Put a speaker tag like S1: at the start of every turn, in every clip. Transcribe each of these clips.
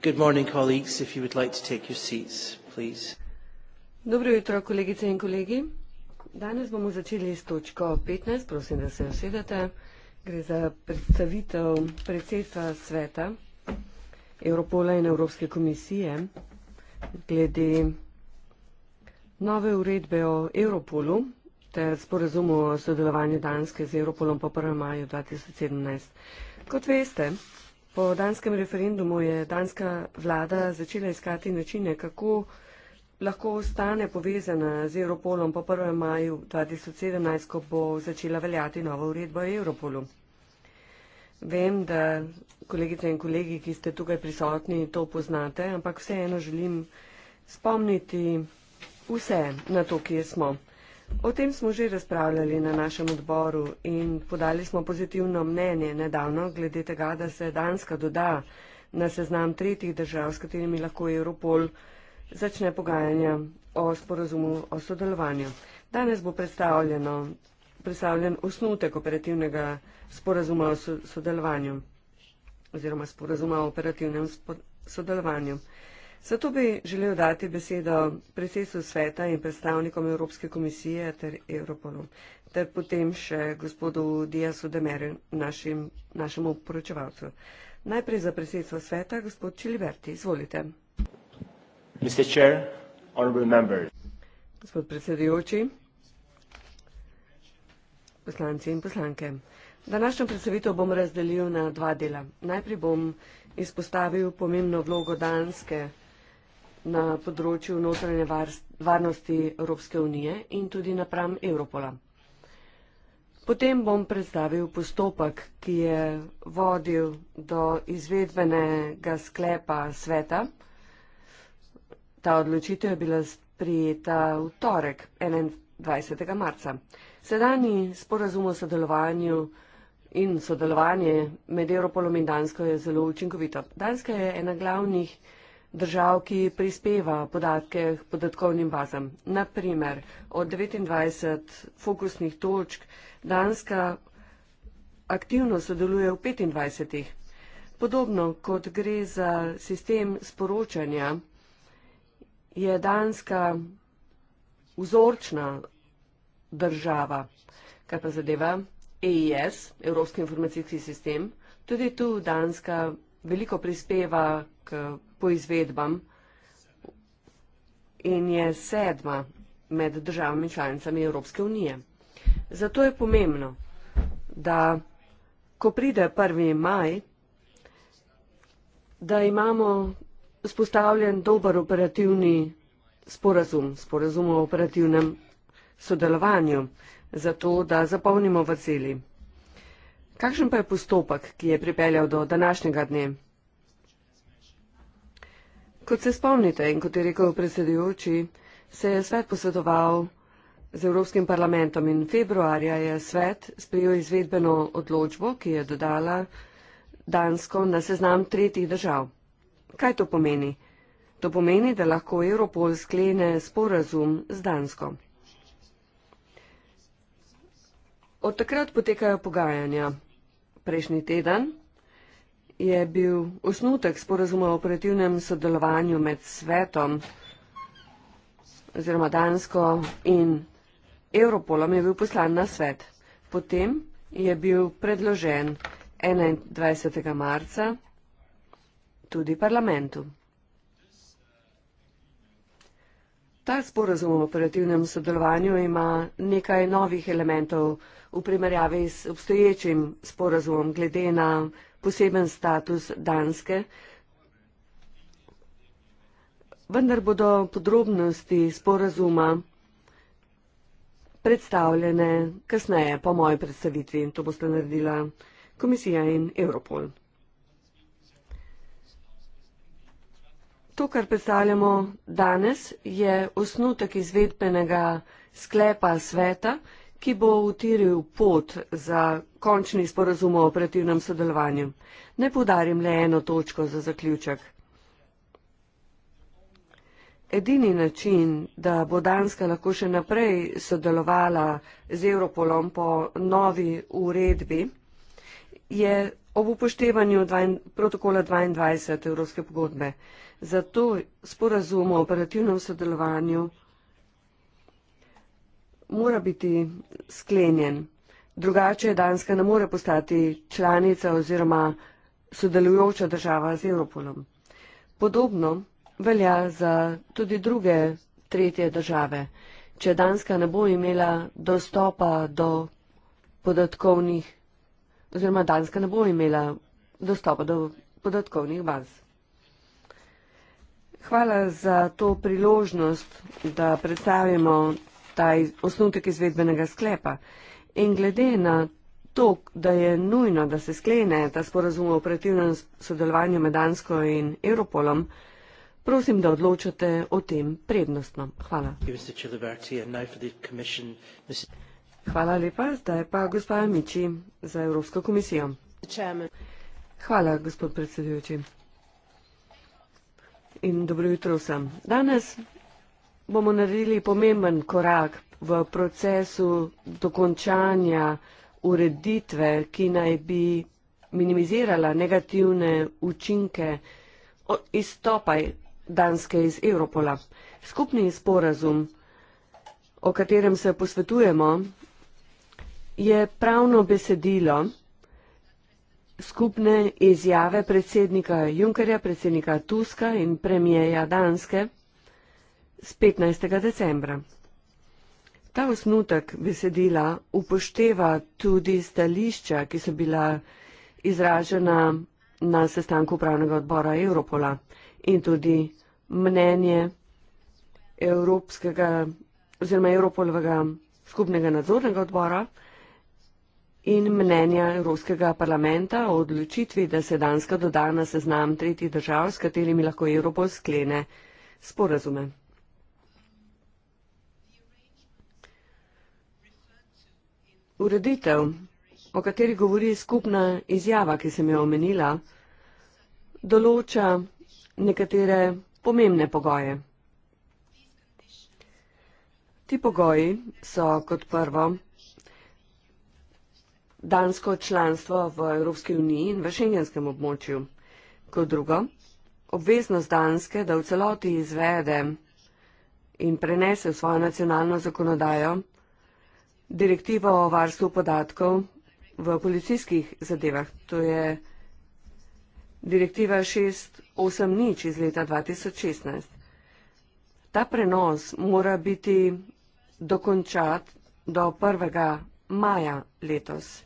S1: Good morning, colleagues. If you would like to take your seats, please.
S2: Dobro jutro, kolegice in kolegi. Danes bomo začeli s točko 15. Prosim, da se usedete. Gre za predstavitev predsedstva sveta Europola in Evropske komisije glede nove uredbe o Europolu ter sporazumu o sodelovanju Danske z Europolom po 1. maju 2017. Kot veste, Po danskem referendumu je danska vlada začela iskati načine, kako lahko ostane povezana z Europolom po 1. maju 2017, ko bo začela veljati nova uredba o Europolu. Vem, da kolegice in kolegi, ki ste tukaj prisotni, to poznate, ampak vseeno želim spomniti vse na to, kje smo. O tem smo že razpravljali na našem odboru in podali smo pozitivno mnenje nedavno glede tega, da se Danska doda na seznam tretjih držav, s katerimi lahko Europol začne pogajanja o sporazumu o sodelovanju. Danes bo predstavljeno, predstavljen osnutek operativnega sporazuma o sodelovanju oziroma sporazuma o operativnem sodelovanju. Zato bi želel dati besedo predsedstvu sveta in predstavnikom Evropske komisije ter Europolu ter potem še gospodu Diasu Demeru, našim, našemu poročevalcu. Najprej za predsedstvo sveta, gospod Čiliberti, izvolite.
S3: Mr. Chair, honorable members.
S2: Gospod predsedujoči, poslanci in poslanke. Današnjo predstavitev bom razdelil na dva dela. Najprej bom izpostavil pomembno vlogo Danske na področju notranje varnosti Evropske unije in tudi napram Evropola. Potem bom predstavil postopek, ki je vodil do izvedbenega sklepa sveta. Ta odločitev je bila sprijeta v torek 21. marca. Sedajni sporazum o sodelovanju in sodelovanje med Evropolom in Dansko je zelo učinkovito. Danska je ena glavnih držav, ki prispeva podatke podatkovnim bazam. Naprimer, od 29 fokusnih točk Danska aktivno sodeluje v 25. Podobno kot gre za sistem sporočanja, je Danska vzorčna država, kar pa zadeva EIS, Evropski informacijski sistem. Tudi tu Danska veliko prispeva k po izvedbam in je sedma med državami članicami Evropske unije. Zato je pomembno, da ko pride 1. maj, da imamo spostavljen dober operativni sporazum, sporazum o operativnem sodelovanju, zato da zapolnimo vaceli. Kakšen pa je postopek, ki je pripeljal do današnjega dne? Kot se spomnite in kot je rekel predsedujoči, se je svet posvetoval z Evropskim parlamentom in februarja je svet sprejel izvedbeno odločbo, ki je dodala Dansko na seznam tretjih držav. Kaj to pomeni? To pomeni, da lahko Europol sklene sporazum z Dansko. Od takrat potekajo pogajanja. Prejšnji teden je bil osnutek sporazuma o operativnem sodelovanju med svetom oziroma Dansko in Europolom je bil poslan na svet. Potem je bil predložen 21. marca tudi parlamentu. Ta sporazum o operativnem sodelovanju ima nekaj novih elementov v primerjavi s obstoječim sporazumom glede na poseben status Danske. Vendar bodo podrobnosti sporazuma predstavljene kasneje po moji predstavitvi in to boste naredila Komisija in Europol. To, kar predstavljamo danes, je osnutek izvedbenega sklepa sveta, ki bo utiril pot za končni sporazum o operativnem sodelovanju. Ne podarim le eno točko za zaključek. Edini način, da bo Danska lahko še naprej sodelovala z Europolom po novi uredbi, je ob upoštevanju protokola 22 Evropske pogodbe. Zato sporazum o operativnem sodelovanju mora biti sklenjen. Drugače Danska ne more postati članica oziroma sodelujoča država z Evropolom. Podobno velja za tudi druge tretje države. Če Danska ne bo imela dostopa do podatkovnih oziroma Danska ne bo imela dostopa do podatkovnih baz. Hvala za to priložnost, da predstavimo ta osnutek izvedbenega sklepa. In glede na to, da je nujno, da se sklene ta sporazum o operativnem sodelovanju med Dansko in Europolom, prosim, da odločate o tem prednostno. Hvala. Hvala lepa. Zdaj pa gospa Miči za Evropsko komisijo. Hvala, gospod predsedujoči. In dobro jutro vsem. Danes bomo naredili pomemben korak v procesu dokončanja ureditve, ki naj bi minimizirala negativne učinke izstopa Danske iz Evropola. Skupni sporazum, o katerem se posvetujemo, je pravno besedilo skupne izjave predsednika Junkerja, predsednika Tuska in premijeja Danske z 15. decembra. Ta osnutek besedila upošteva tudi stališča, ki so bila izražena na sestanku upravnega odbora Europola in tudi mnenje Evropskega oziroma Europolovega skupnega nadzornega odbora in mnenja Evropskega parlamenta o odločitvi, da se Danska dodana seznam tretjih držav, s katerimi lahko Europol sklene sporazume. Ureditev, o kateri govori skupna izjava, ki sem jo omenila, določa nekatere pomembne pogoje. Ti pogoji so kot prvo dansko članstvo v Evropski uniji in v šengenskem območju. Kot drugo, obveznost Danske, da v celoti izvede in prenese v svojo nacionalno zakonodajo direktiva o varstvu podatkov v policijskih zadevah. To je direktiva 680 iz leta 2016. Ta prenos mora biti dokončat do 1. maja letos.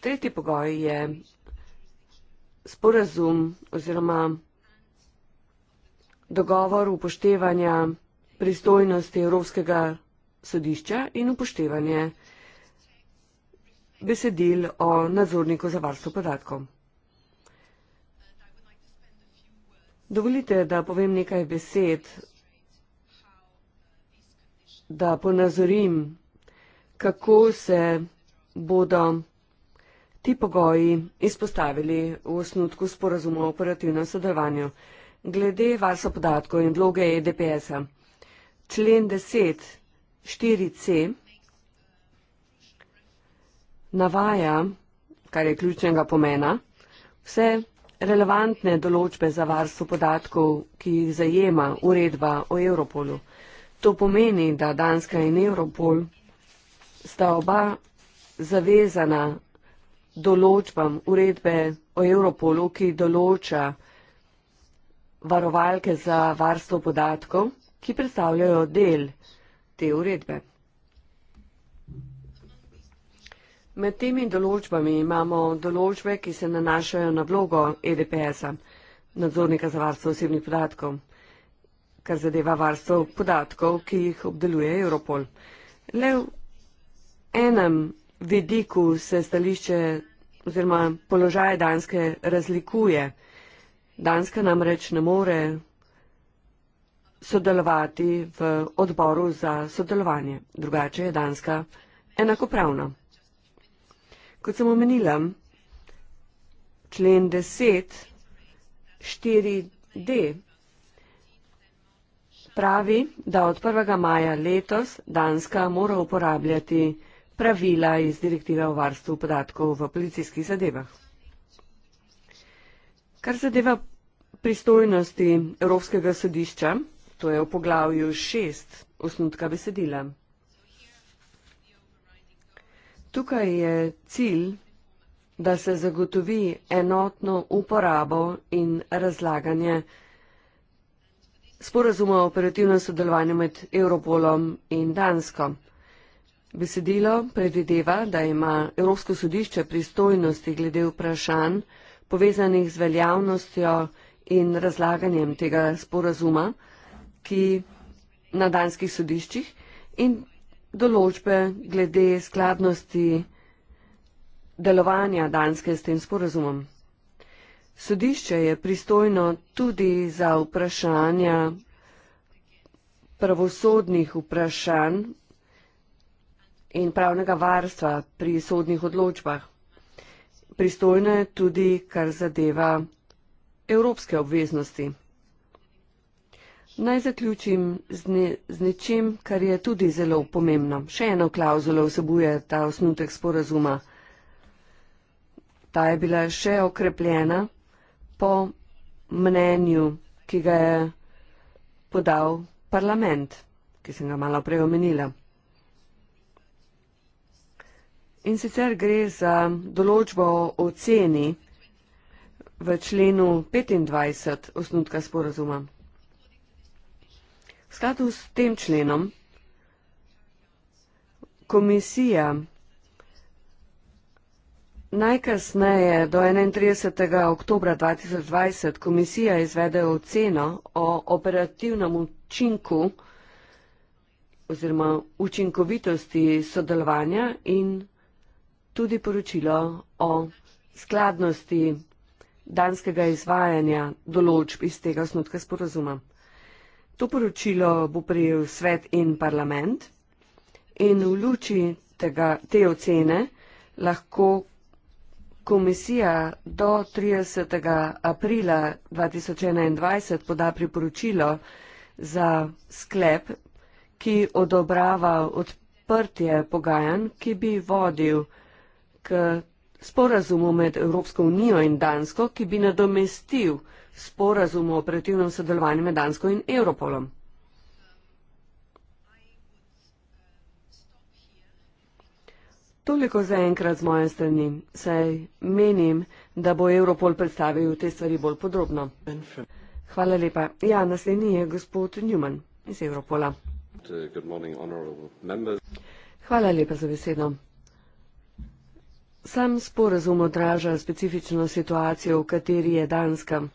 S2: Tretji pogoj je sporazum oziroma dogovor upoštevanja pristojnosti Evropskega sodišča in upoštevanje besedil o nadzorniku za varstvo podatkov. Dovolite, da povem nekaj besed, da ponazorim, kako se bodo ti pogoji izpostavili v osnutku sporazuma o operativnem sodelovanju. Glede varstva podatkov in vloge EDPS-a, člen 10 4c navaja, kar je ključnega pomena, vse relevantne določbe za varstvo podatkov, ki jih zajema uredba o Europolu. To pomeni, da Danska in Europol sta oba zavezana določbam uredbe o Europolu, ki določa varovalke za varstvo podatkov, ki predstavljajo del te uredbe. Med temi določbami imamo določbe, ki se nanašajo na vlogo EDPS-a, nadzornika za varstvo osebnih podatkov, kar zadeva varstvo podatkov, ki jih obdeluje Europol. Le v enem vidiku se stališče oziroma položaj Danske razlikuje. Danska namreč ne more sodelovati v odboru za sodelovanje. Drugače je Danska enakopravna. Kot sem omenila, člen 10, 4D pravi, da od 1. maja letos Danska mora uporabljati pravila iz direktive o varstvu podatkov v policijskih zadevah. Kar zadeva pristojnosti Evropskega sodišča, To je v poglavju šest osnutka besedila. Tukaj je cilj, da se zagotovi enotno uporabo in razlaganje sporazuma o operativnem sodelovanju med Europolom in Dansko. Besedilo predvideva, da ima Evropsko sodišče pristojnosti glede vprašanj povezanih z veljavnostjo in razlaganjem tega sporazuma ki na danskih sodiščih in določbe glede skladnosti delovanja Danske s tem sporazumom. Sodišče je pristojno tudi za vprašanja pravosodnih vprašanj in pravnega varstva pri sodnih odločbah. Pristojno je tudi, kar zadeva evropske obveznosti. Naj zaključim z, ne, z nečim, kar je tudi zelo pomembno. Še eno klauzulo vsebuje ta osnutek sporazuma. Ta je bila še okrepljena po mnenju, ki ga je podal parlament, ki sem ga malo prej omenila. In sicer gre za določbo o ceni v členu 25 osnutka sporazuma skladu s tem členom komisija najkasneje do 31. oktobra 2020 komisija izvede oceno o operativnem učinku oziroma učinkovitosti sodelovanja in tudi poročilo o skladnosti danskega izvajanja določb iz tega osnutka sporozuma. To poročilo bo prijel svet in parlament in v luči tega, te ocene lahko komisija do 30. aprila 2021 poda priporočilo za sklep, ki odobrava odprtje pogajanj, ki bi vodil k sporazumu med Evropsko unijo in Dansko, ki bi nadomestil sporazumu o operativnem sodelovanju med Dansko in Europolom. Toliko zaenkrat z moje strani, saj menim, da bo Europol predstavil te stvari bolj podrobno. Hvala lepa. Ja, naslednji je gospod Newman iz Europola. Hvala lepa za besedo. Sam sporazum odraža specifično situacijo, v kateri je Danska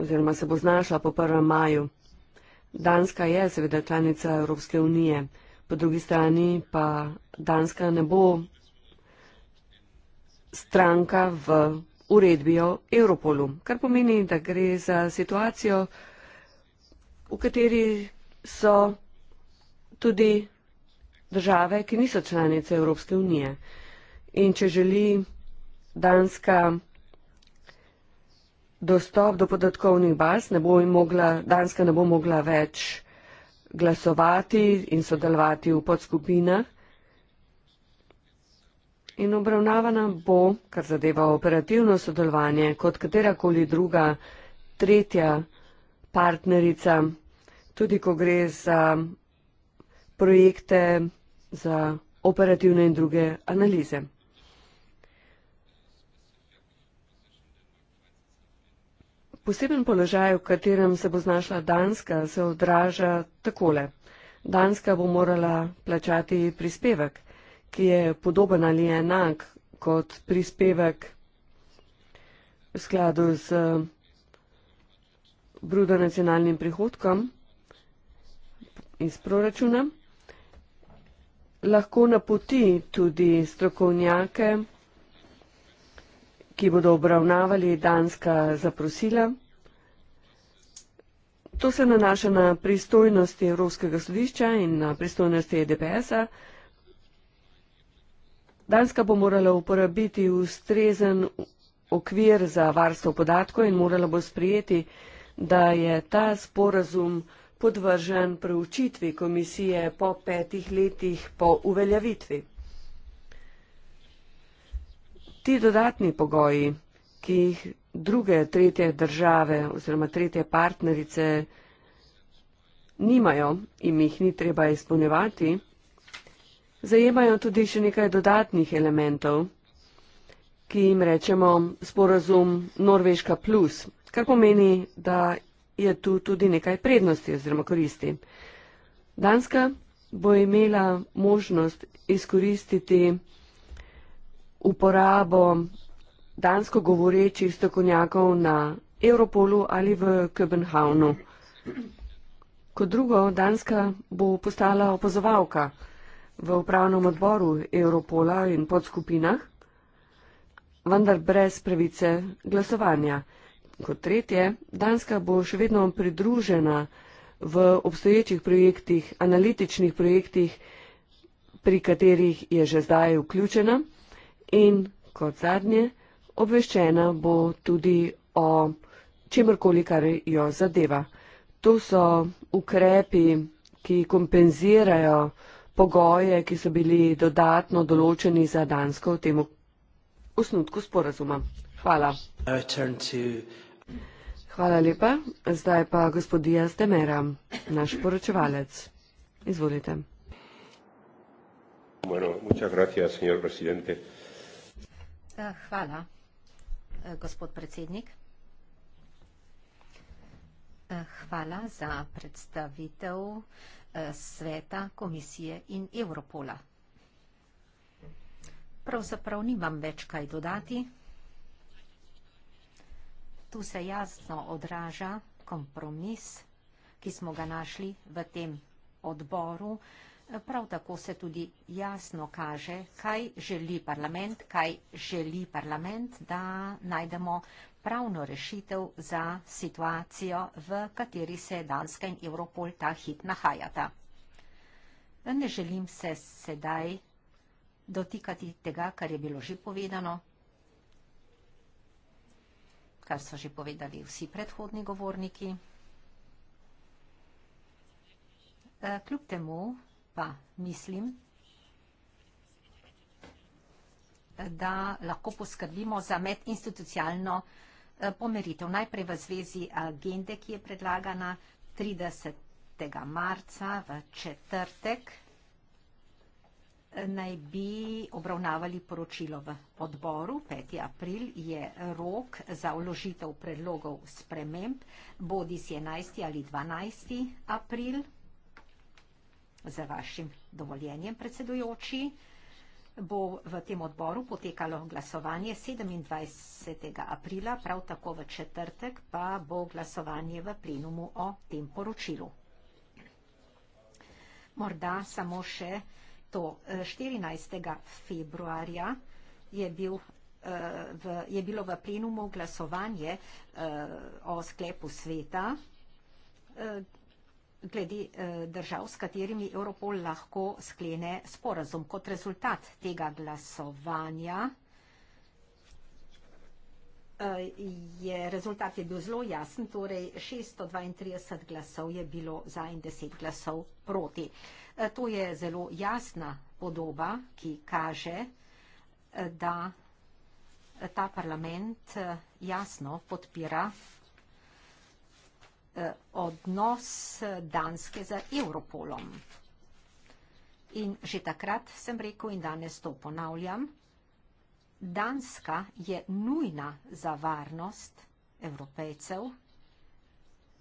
S2: oziroma se bo znašla po 1. maju. Danska je seveda članica Evropske unije, po drugi strani pa Danska ne bo stranka v uredbi o Europolu, kar pomeni, da gre za situacijo, v kateri so tudi države, ki niso članice Evropske unije. In če želi Danska dostop do podatkovnih baz, ne bo imogla, Danska ne bo mogla več glasovati in sodelovati v podskupinah. In obravnavana bo, kar zadeva operativno sodelovanje, kot katerakoli druga, tretja partnerica, tudi ko gre za projekte, za operativne in druge analize. Poseben položaj, v katerem se bo znašla Danska, se odraža takole. Danska bo morala plačati prispevek, ki je podoben ali enak kot prispevek v skladu z brudo nacionalnim prihodkom iz proračuna. Lahko napoti tudi strokovnjake, ki bodo obravnavali danska zaprosila. To se nanaša na pristojnosti Evropskega sodišča in na pristojnosti EDPS-a. Danska bo morala uporabiti ustrezen okvir za varstvo podatkov in morala bo sprijeti, da je ta sporazum podvržen preučitvi komisije po petih letih po uveljavitvi ti dodatni pogoji, ki jih druge tretje države oziroma tretje partnerice nimajo in jih ni treba izpolnjevati, zajemajo tudi še nekaj dodatnih elementov, ki jim rečemo sporazum Norveška plus, kar pomeni, da je tu tudi nekaj prednosti oziroma koristi. Danska bo imela možnost izkoristiti uporabo dansko govorečih strokovnjakov na Europolu ali v Kopenhavnu. Kot drugo, Danska bo postala opazovalka v upravnem odboru Europola in podskupinah, vendar brez pravice glasovanja. Kot tretje, Danska bo še vedno pridružena v obstoječih projektih, analitičnih projektih, pri katerih je že zdaj vključena. In kot zadnje, obveščena bo tudi o čemrkoli, kar jo zadeva. To so ukrepi, ki kompenzirajo pogoje, ki so bili dodatno določeni za Dansko v tem osnutku sporazuma. Hvala. Hvala lepa. Zdaj pa gospodija Stemera, naš poročevalec. Izvolite.
S1: Bueno, muchas gracias, señor presidente.
S4: Eh, hvala, eh, gospod predsednik. Eh, hvala za predstavitev Sveta, Komisije in Evropola. Pravzaprav nimam več kaj dodati. Tu se jasno odraža kompromis, ki smo ga našli v tem odboru, Prav tako se tudi jasno kaže, kaj želi parlament, kaj želi parlament, da najdemo pravno rešitev za situacijo, v kateri se Danska in Evropol ta hit nahajata. Ne želim se sedaj dotikati tega, kar je bilo že povedano, kar so že povedali vsi predhodni govorniki. Eh, kljub temu pa mislim, da lahko poskrbimo za medinstitucionalno eh, pomeritev. Najprej v zvezi agende, ki je predlagana 30. marca v četrtek, eh, naj bi obravnavali poročilo v odboru. 5. april je rok za vložitev predlogov sprememb, bodi si 11. ali 12. april. Za vašim dovoljenjem, predsedujoči, bo v tem odboru potekalo glasovanje 27. aprila, prav tako v četrtek pa bo glasovanje v plenumu o tem poročilu. Morda samo še to. 14. E, februarja je, bil, e, v, je bilo v plenumu glasovanje e, o sklepu sveta glede eh, držav, s katerimi Europol lahko sklene sporazum. Kot rezultat tega glasovanja eh, je rezultat je bil zelo jasen, torej 632 glasov je bilo za in 10 glasov proti. Eh, to je zelo jasna podoba, ki kaže, da ta parlament jasno podpira Eh, odnos eh, Danske z Evropolom. In že takrat sem rekel in danes to ponavljam, Danska je nujna za varnost evropejcev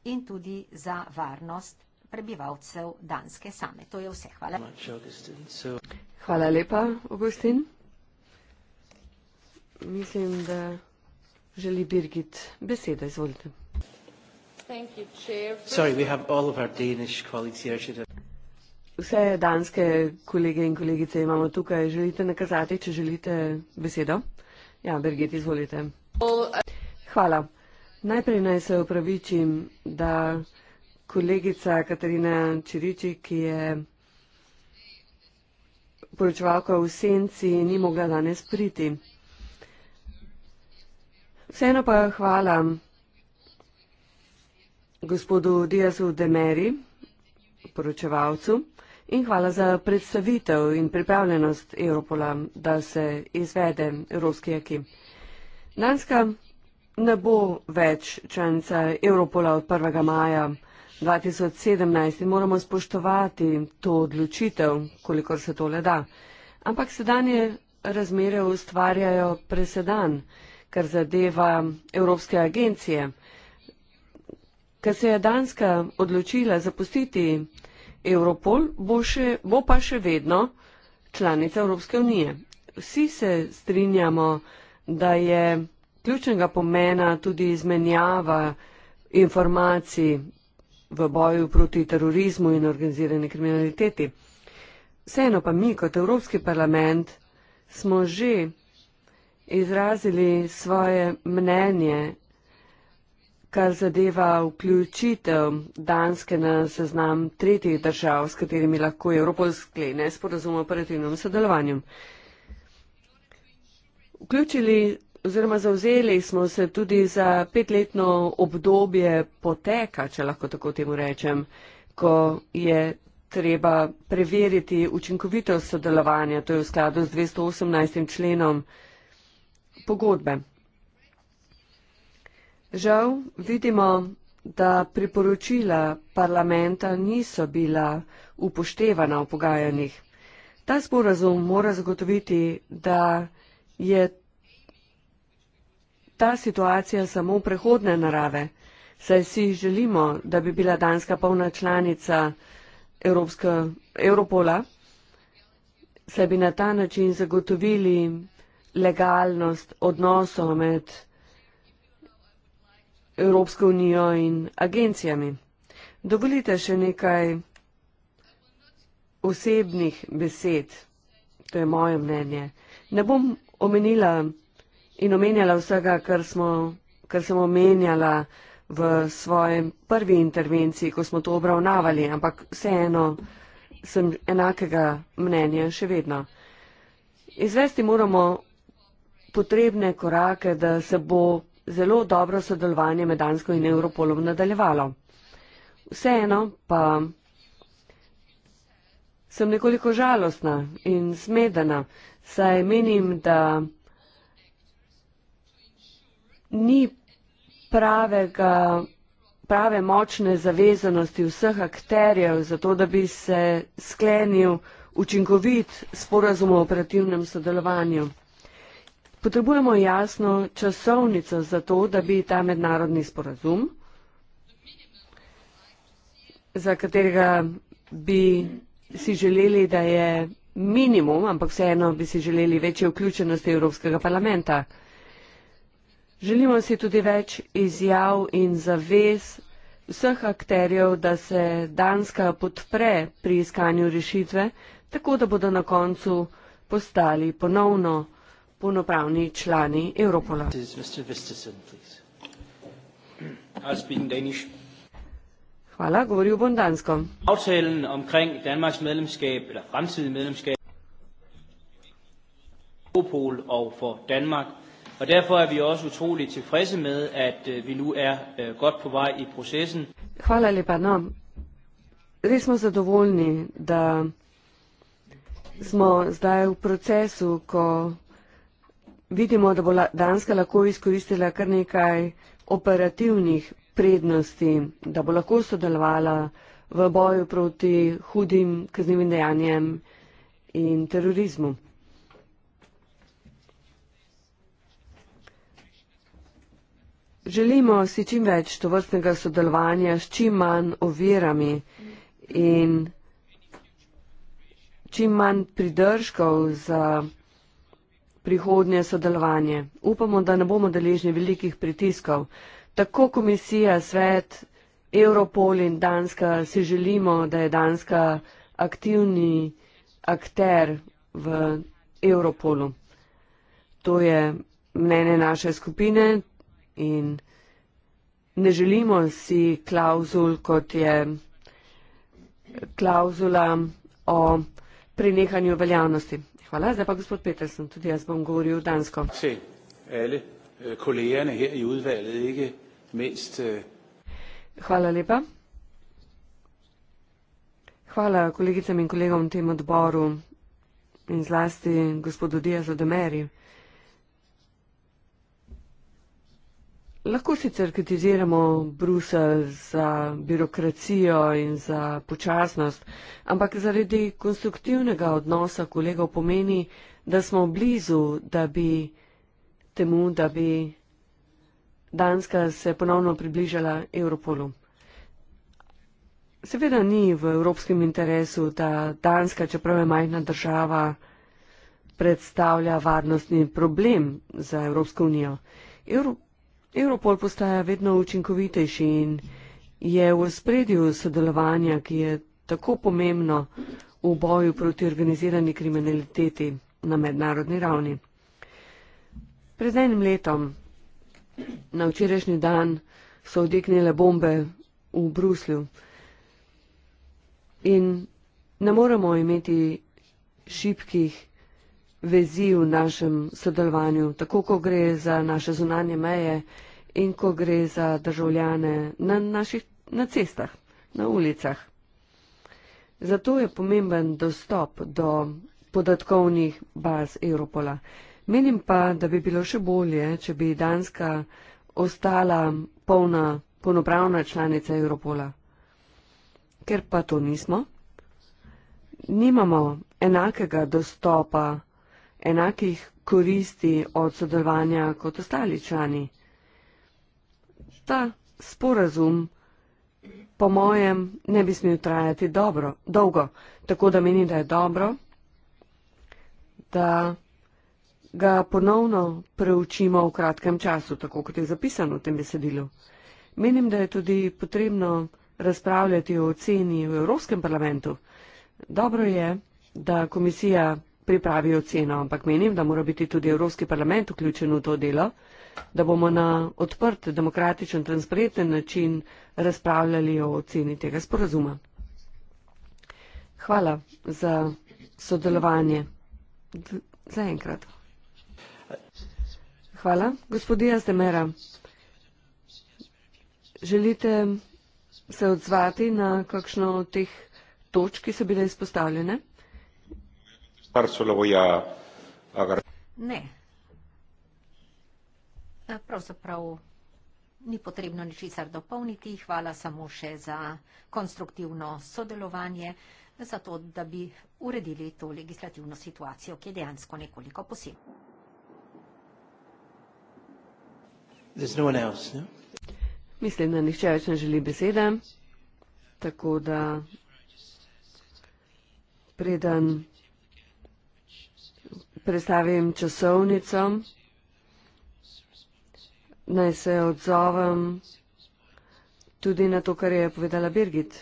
S4: in tudi za varnost prebivalcev Danske same. To je vse. Hvala.
S2: Hvala lepa, Augustin. Mislim, da želi Birgit besedo. Izvolite. Thank you, Chair. Sorry,
S1: we have all of our Danish colleagues here. Should have...
S2: Vse danske kolege in kolegice imamo tukaj. Želite nakazati, če želite besedo? Ja, Birgit, izvolite. Hvala. Najprej naj se upravičim, da kolegica Katarina Čiriči, ki je poročevalka v senci, ni mogla danes priti. Vseeno pa hvala gospodu Diazu Demeri, poročevalcu, in hvala za predstavitev in pripravljenost Europola, da se izvede evropski jaki. Danska ne bo več članica Europola od 1. maja 2017 in moramo spoštovati to odločitev, kolikor se tole da. Ampak sedanje razmere ustvarjajo presedan, kar zadeva evropske agencije ker se je Danska odločila zapustiti Europol, bo, še, bo pa še vedno članica Evropske unije. Vsi se strinjamo, da je ključnega pomena tudi izmenjava informacij v boju proti terorizmu in organizirani kriminaliteti. Vseeno pa mi kot Evropski parlament smo že izrazili svoje mnenje Kar zadeva vključitev Danske na seznam tretjih držav, s katerimi lahko Evropo sklene sporozum o operativnem sodelovanju. Vključili oziroma zauzeli smo se tudi za petletno obdobje poteka, če lahko tako temu rečem, ko je treba preveriti učinkovitost sodelovanja, to je v skladu z 218 členom pogodbe. Žal vidimo, da priporočila parlamenta niso bila upoštevana v pogajanjih. Ta sporazum mora zagotoviti, da je ta situacija samo prehodne narave, saj si želimo, da bi bila Danska polna članica Evropska, Evropola, saj bi na ta način zagotovili legalnost odnosov med Evropsko unijo in agencijami. Dovolite še nekaj osebnih besed, to je moje mnenje. Ne bom omenila in omenjala vsega, kar, smo, kar sem omenjala v svojem prvi intervenciji, ko smo to obravnavali, ampak vseeno sem enakega mnenja še vedno. Izvesti moramo potrebne korake, da se bo zelo dobro sodelovanje med Dansko in Europolom nadaljevalo. Vseeno pa sem nekoliko žalostna in smedena, saj menim, da ni pravega, prave močne zavezanosti vseh akterjev za to, da bi se sklenil učinkovit sporazum o operativnem sodelovanju. Potrebujemo jasno časovnico za to, da bi ta mednarodni sporazum, za katerega bi si želeli, da je minimum, ampak vseeno bi si želeli večje vključenosti Evropskega parlamenta. Želimo si tudi več izjav in zavez vseh akterjev, da se Danska podpre pri iskanju rešitve, tako da bodo na koncu postali ponovno polnopravni člani Europola. Hvala, govoril bom dansko.
S3: Europol og for Danmark. Og derfor er vi også utroligt tilfredse med, at øh, vi nu er øh, godt på vej i processen.
S2: Hvala lepa. No. Res smo zadovoljni, da smo zdaj v procesu, ko vidimo, da bo Danska lahko izkoristila kar nekaj operativnih prednosti, da bo lahko sodelovala v boju proti hudim kaznjivim dejanjem in terorizmu. Želimo si čim več to vrstnega sodelovanja s čim manj ovirami in čim manj pridržkov za prihodnje sodelovanje. Upamo, da ne bomo deležni velikih pritiskov. Tako komisija, svet, Europol in Danska si želimo, da je Danska aktivni akter v Europolu. To je mnenje naše skupine in ne želimo si klauzul, kot je klauzula o prenehanju veljavnosti. Hvala. Zdaj pa gospod Petersen, tudi jaz bom govoril dansko. Se,
S1: alle øh, kolegerne her i udvalget, ikke mindst... Øh,
S2: Hvala lepa. Hvala kolegicam in kolegom v tem odboru in zlasti gospodu Diazu Demeri. Lahko sicer kritiziramo Brusel za birokracijo in za počasnost, ampak zaradi konstruktivnega odnosa kolegov pomeni, da smo blizu, da bi temu, da bi Danska se ponovno približala Evropolu. Seveda ni v evropskem interesu, da Danska, čeprav je majhna država, predstavlja varnostni problem za Evropsko unijo. Evrop Europol postaja vedno učinkovitejši in je v spredju sodelovanja, ki je tako pomembno v boju proti organizirani kriminaliteti na mednarodni ravni. Pred enim letom, na včerajšnji dan, so odeknile bombe v Bruslju in ne moremo imeti šipkih vezi v našem sodelovanju, tako ko gre za naše zunanje meje in ko gre za državljane na naših na cestah, na ulicah. Zato je pomemben dostop do podatkovnih baz Europola. Menim pa, da bi bilo še bolje, če bi Danska ostala polna, polnopravna članica Europola. Ker pa to nismo, nimamo enakega dostopa enakih koristi od sodelovanja kot ostali člani. Ta sporazum, po mojem, ne bi smel trajati dobro, dolgo, tako da meni, da je dobro, da ga ponovno preučimo v kratkem času, tako kot je zapisano v tem besedilu. Menim, da je tudi potrebno razpravljati o oceni v Evropskem parlamentu. Dobro je, da komisija pripravi oceno, ampak menim, da mora biti tudi Evropski parlament vključen v to delo, da bomo na odprt, demokratičen, transparenten način razpravljali o oceni tega sporazuma. Hvala za sodelovanje. Za enkrat. Hvala. Gospodija Zemera, želite se odzvati na kakšno od teh točk, ki so bile izpostavljene?
S1: par solo voy a agarrar.
S2: Ne.
S4: Eh, pravzaprav ni potrebno ničesar dopolniti. Hvala samo še za konstruktivno sodelovanje, za to, da bi uredili to legislativno situacijo, ki je dejansko nekoliko posebna.
S2: No no? Mislim, da nihče več ne želi besede, tako da preden. Okay predstavim časovnico, naj se odzovem tudi na to, kar je povedala Birgit.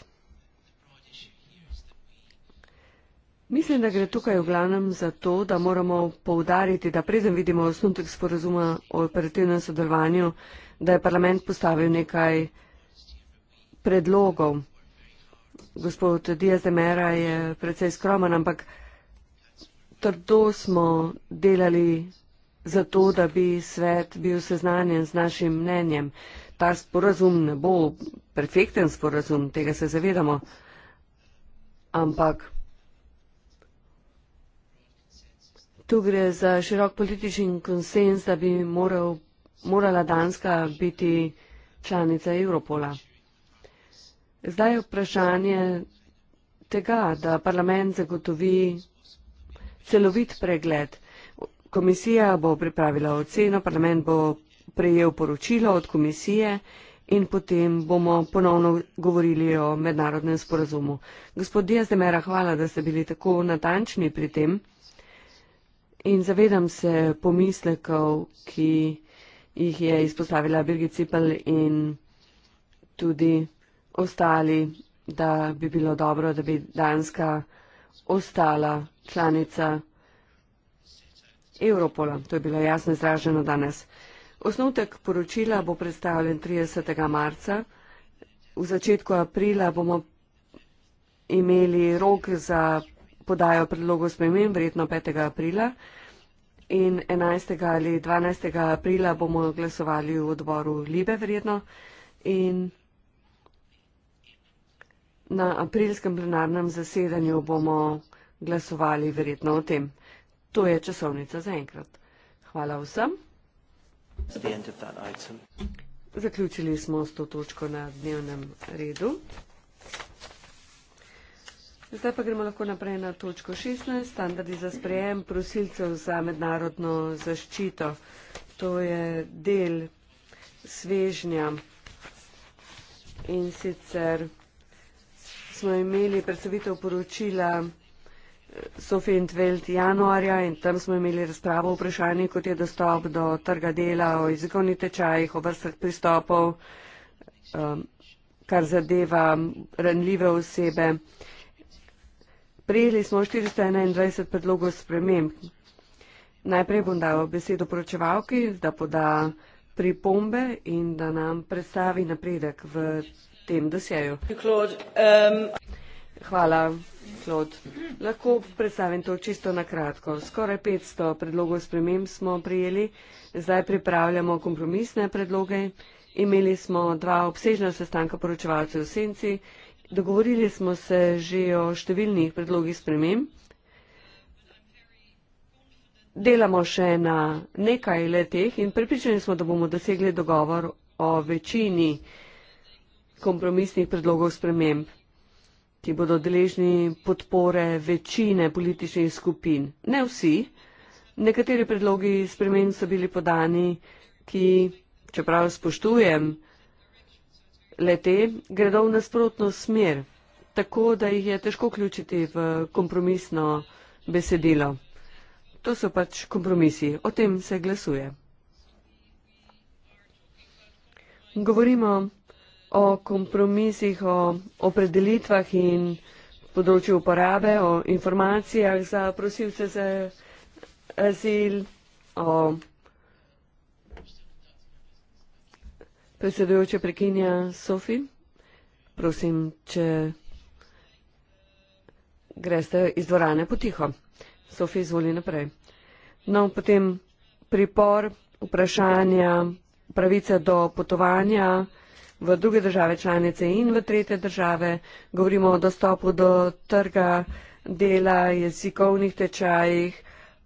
S2: Mislim, da gre tukaj v glavnem za to, da moramo poudariti, da preden vidimo osnutek sporozuma o operativnem sodelovanju, da je parlament postavil nekaj predlogov. Gospod Diaz de Mera je precej skromen, ampak trdo smo delali za to, da bi svet bil seznanjen z našim mnenjem. Ta sporazum ne bo perfekten sporazum, tega se zavedamo, ampak tu gre za širok politični konsens, da bi moral, morala Danska biti članica Evropola. Zdaj je vprašanje tega, da parlament zagotovi celovit pregled. Komisija bo pripravila oceno, parlament bo prejel poročilo od komisije in potem bomo ponovno govorili o mednarodnem sporazumu. Gospod Diaz de Mera, hvala, da ste bili tako natančni pri tem. In zavedam se pomislekov, ki jih je izpostavila Birgit Cipel in tudi ostali, da bi bilo dobro, da bi Danska ostala članica Europola. To je bilo jasno izraženo danes. Osnutek poročila bo predstavljen 30. marca. V začetku aprila bomo imeli rok za podajo predlogov spremem, verjetno 5. aprila. In 11. ali 12. aprila bomo glasovali v odboru Libe, verjetno. In na aprilskem plenarnem zasedanju bomo glasovali verjetno o tem. To je časovnica za enkrat. Hvala vsem. Zaključili smo s to točko na dnevnem redu. Zdaj pa gremo lahko naprej na točko 16, standardi za sprejem prosilcev za mednarodno zaščito. To je del svežnja. In sicer smo imeli predstavitev poročila Sofintveld januarja in tam smo imeli razpravo o vprašanju, kot je dostop do trga dela, o jezikovni tečajih, o vrstah pristopov, um, kar zadeva ranljive osebe. Prijeli smo 421 predlogov sprememb. Najprej bom dal besedo poročevalki, da poda pripombe in da nam predstavi napredek v tem dosjeju. Um, Hvala. Klod. Lahko predstavim to čisto na kratko. Skoraj 500 predlogov sprememb smo prijeli, zdaj pripravljamo kompromisne predloge. Imeli smo dva obsežna sestanka poročevalcev v Senci, dogovorili smo se že o številnih predlogih sprememb. Delamo še na nekaj letih in pripričani smo, da bomo dosegli dogovor o večini kompromisnih predlogov sprememb ki bodo deležni podpore večine političnih skupin. Ne vsi. Nekateri predlogi spremen so bili podani, ki, čeprav spoštujem, lete, gredo v nasprotno smer, tako da jih je težko vključiti v kompromisno besedilo. To so pač kompromisi, o tem se glasuje. Govorimo o kompromisih, o opredelitvah in področju uporabe, o informacijah za prosilce za azil, o predsedujoče prekinja Sofi. Prosim, če greste iz dvorane potiho. Sofi, izvoli naprej. No, potem pripor, vprašanja, pravica do potovanja v druge države članice in v tretje države. Govorimo o dostopu do trga dela, jezikovnih tečajih,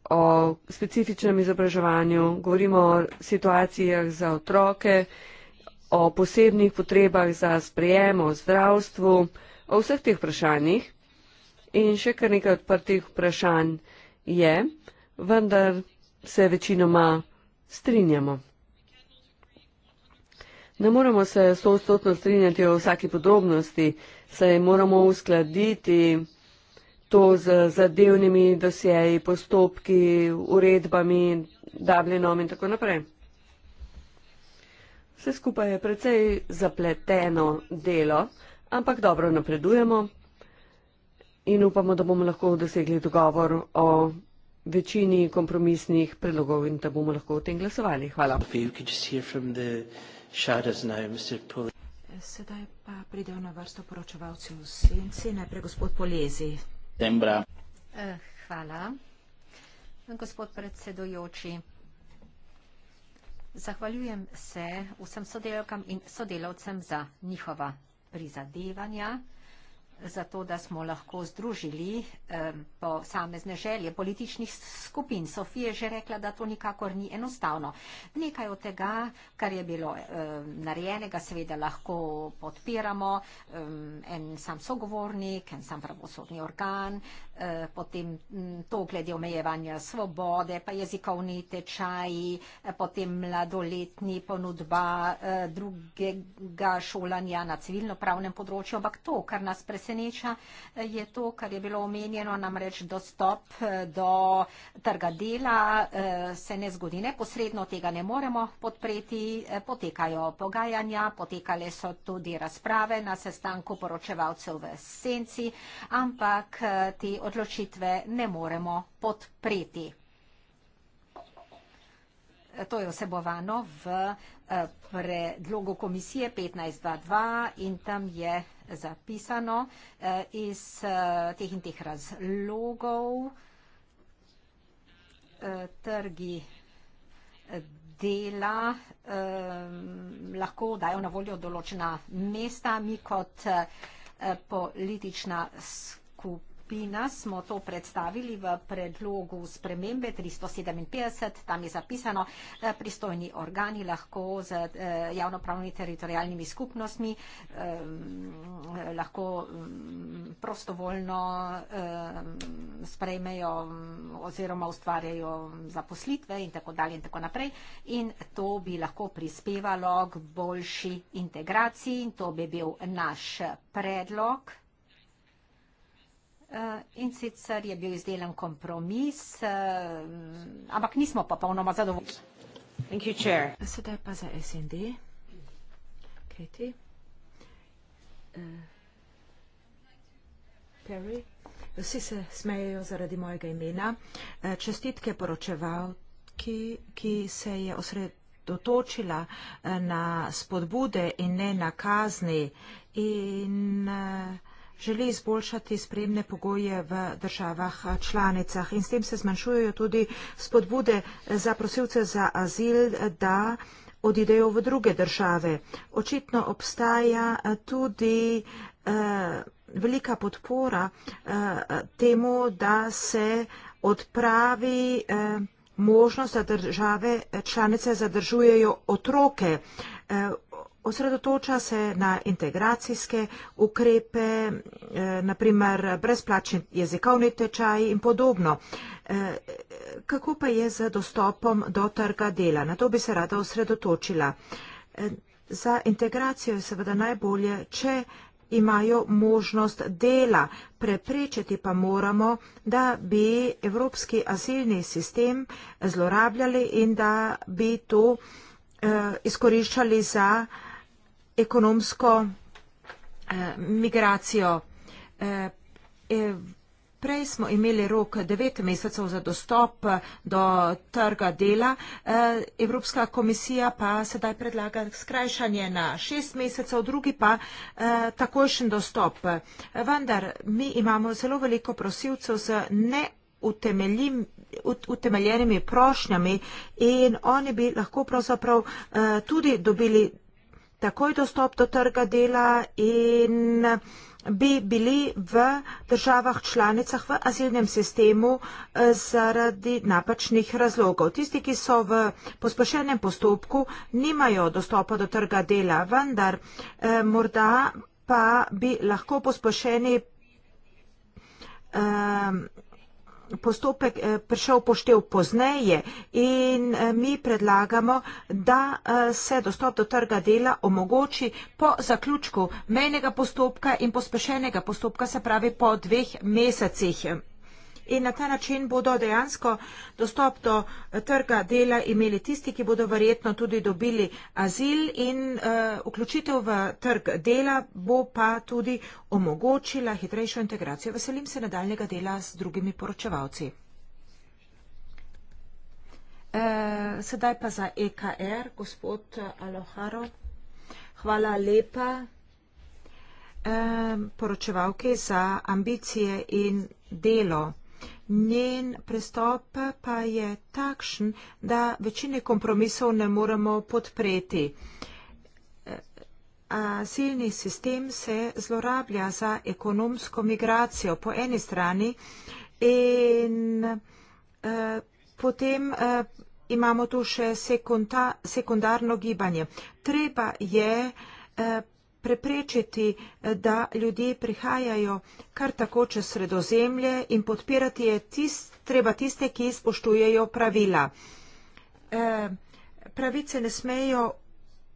S2: o specifičnem izobraževanju, govorimo o situacijah za otroke, o posebnih potrebah za sprejem, o zdravstvu, o vseh teh vprašanjih. In še kar nekaj odprtih vprašanj je, vendar se večinoma strinjamo. Ne moramo se stotno strinjati o vsaki podrobnosti, saj moramo uskladiti to z zadevnimi dosjeji, postopki, uredbami, Dublinom in tako naprej. Vse skupaj je precej zapleteno delo, ampak dobro napredujemo in upamo, da bomo lahko dosegli dogovor o večini kompromisnih predlogov in da bomo lahko o tem glasovali. Hvala. Sophie, Sedaj
S5: pa pridejo na vrsto poročevalci v senci, najprej gospod Polezi.
S4: Dembra. Eh, hvala. Gospod predsedojoči, zahvaljujem se vsem sodelavkam in sodelavcem za njihova prizadevanja zato da smo lahko združili eh, posamezne želje političnih skupin. Sofija je že rekla, da to nikakor ni enostavno. Nekaj od tega, kar je bilo eh, narejenega, seveda lahko podpiramo. Eh, en sam sogovornik, en sam pravosodni organ, Eh, potem mm, to glede omejevanja svobode, pa jezikovni tečaji, eh, potem mladoletni ponudba eh, drugega šolanja na civilno-pravnem področju. Ampak to, kar nas preseneča, je to, kar je bilo omenjeno, namreč dostop do trga dela se ne zgodi neposredno, tega ne moremo podpreti, potekajo pogajanja, potekale so tudi razprave na sestanku poročevalcev v senci, ampak te organizacije odločitve ne moremo podpreti. To je osebovano v eh, predlogu komisije 15.2.2 in tam je zapisano eh, iz eh, teh in teh razlogov trgi dela lahko dajo na voljo določena mesta. Mi kot politična skupina skupina smo to predstavili v predlogu spremembe 357. Tam je zapisano, da pristojni organi lahko z eh, javnopravnimi teritorijalnimi skupnostmi eh, lahko mm, prostovoljno eh, sprejmejo mm, oziroma ustvarjajo zaposlitve in tako dalje in tako naprej. In to bi lahko prispevalo k boljši integraciji in to bi bil naš predlog. Eh, in sicer je bil izdelan kompromis, eh, ampak nismo popolnoma zadovoljni. Thank you, chair. Sedaj pa za SND. Katie.
S5: Eh, Perry. Vsi se smejejo zaradi mojega imena. Čestitke poročevalki, ki se je osredotočila na spodbude in ne na kazni in želi izboljšati spremne pogoje v državah eh, članicah in s tem se zmanjšujejo tudi spodbude eh, za prosilce za azil, eh, da odidejo v druge države. Očitno obstaja tudi eh, velika podpora eh, temu, da se odpravi eh, možnost, da države članice zadržujejo otroke. Eh, osredotoča se na integracijske ukrepe, eh, naprimer brezplačni jezikovni tečaj in podobno. Eh, kako pa je z dostopom do trga dela? Na to bi se rada osredotočila. Eh, za integracijo je seveda najbolje, če imajo možnost dela. Preprečiti pa moramo, da bi evropski asilni sistem zlorabljali in da bi to eh, izkoriščali za eh, ekonomsko eh, migracijo. Eh, eh, prej smo imeli rok 9 mesecev za dostop do trga dela, Evropska komisija pa sedaj predlaga skrajšanje na 6 mesecev, drugi pa takojšen dostop. Vendar mi imamo zelo veliko prosilcev z neutemeljenimi prošnjami in oni bi lahko pravzaprav tudi dobili takoj dostop do trga dela in bi bili v državah članicah v azilnem sistemu eh, zaradi napačnih razlogov. Tisti, ki so v pospešenem postopku, nimajo dostopa do trga dela, vendar eh, morda pa bi lahko pospešeni postopki eh, postopek eh, prišel poštev pozneje in eh, mi predlagamo, da eh, se dostop do trga dela omogoči po zaključku mejnega postopka in pospešenega postopka, se pravi po dveh mesecih. In na ta način bodo dejansko dostop do eh, trga dela imeli tisti, ki bodo verjetno tudi dobili azil in uh, vključitev v trg dela bo pa tudi omogočila hitrejšo integracijo. Veselim se nadaljnega dela z drugimi poročevalci. Uh, sedaj pa za EKR, gospod Aloharo. Hvala lepa uh, poročevalki za ambicije in delo. Njen pristop pa je takšen, da večine kompromisov ne moremo podpreti. Eh, azilni sistem se zlorablja za ekonomsko migracijo po eni strani in eh, potem eh, imamo tu še sekunda, sekundarno gibanje. Treba je eh, preprečiti, eh, da ljudje prihajajo kar tako čez sredozemlje in podpirati je tist, treba tiste, ki spoštujejo pravila. E, pravice ne smejo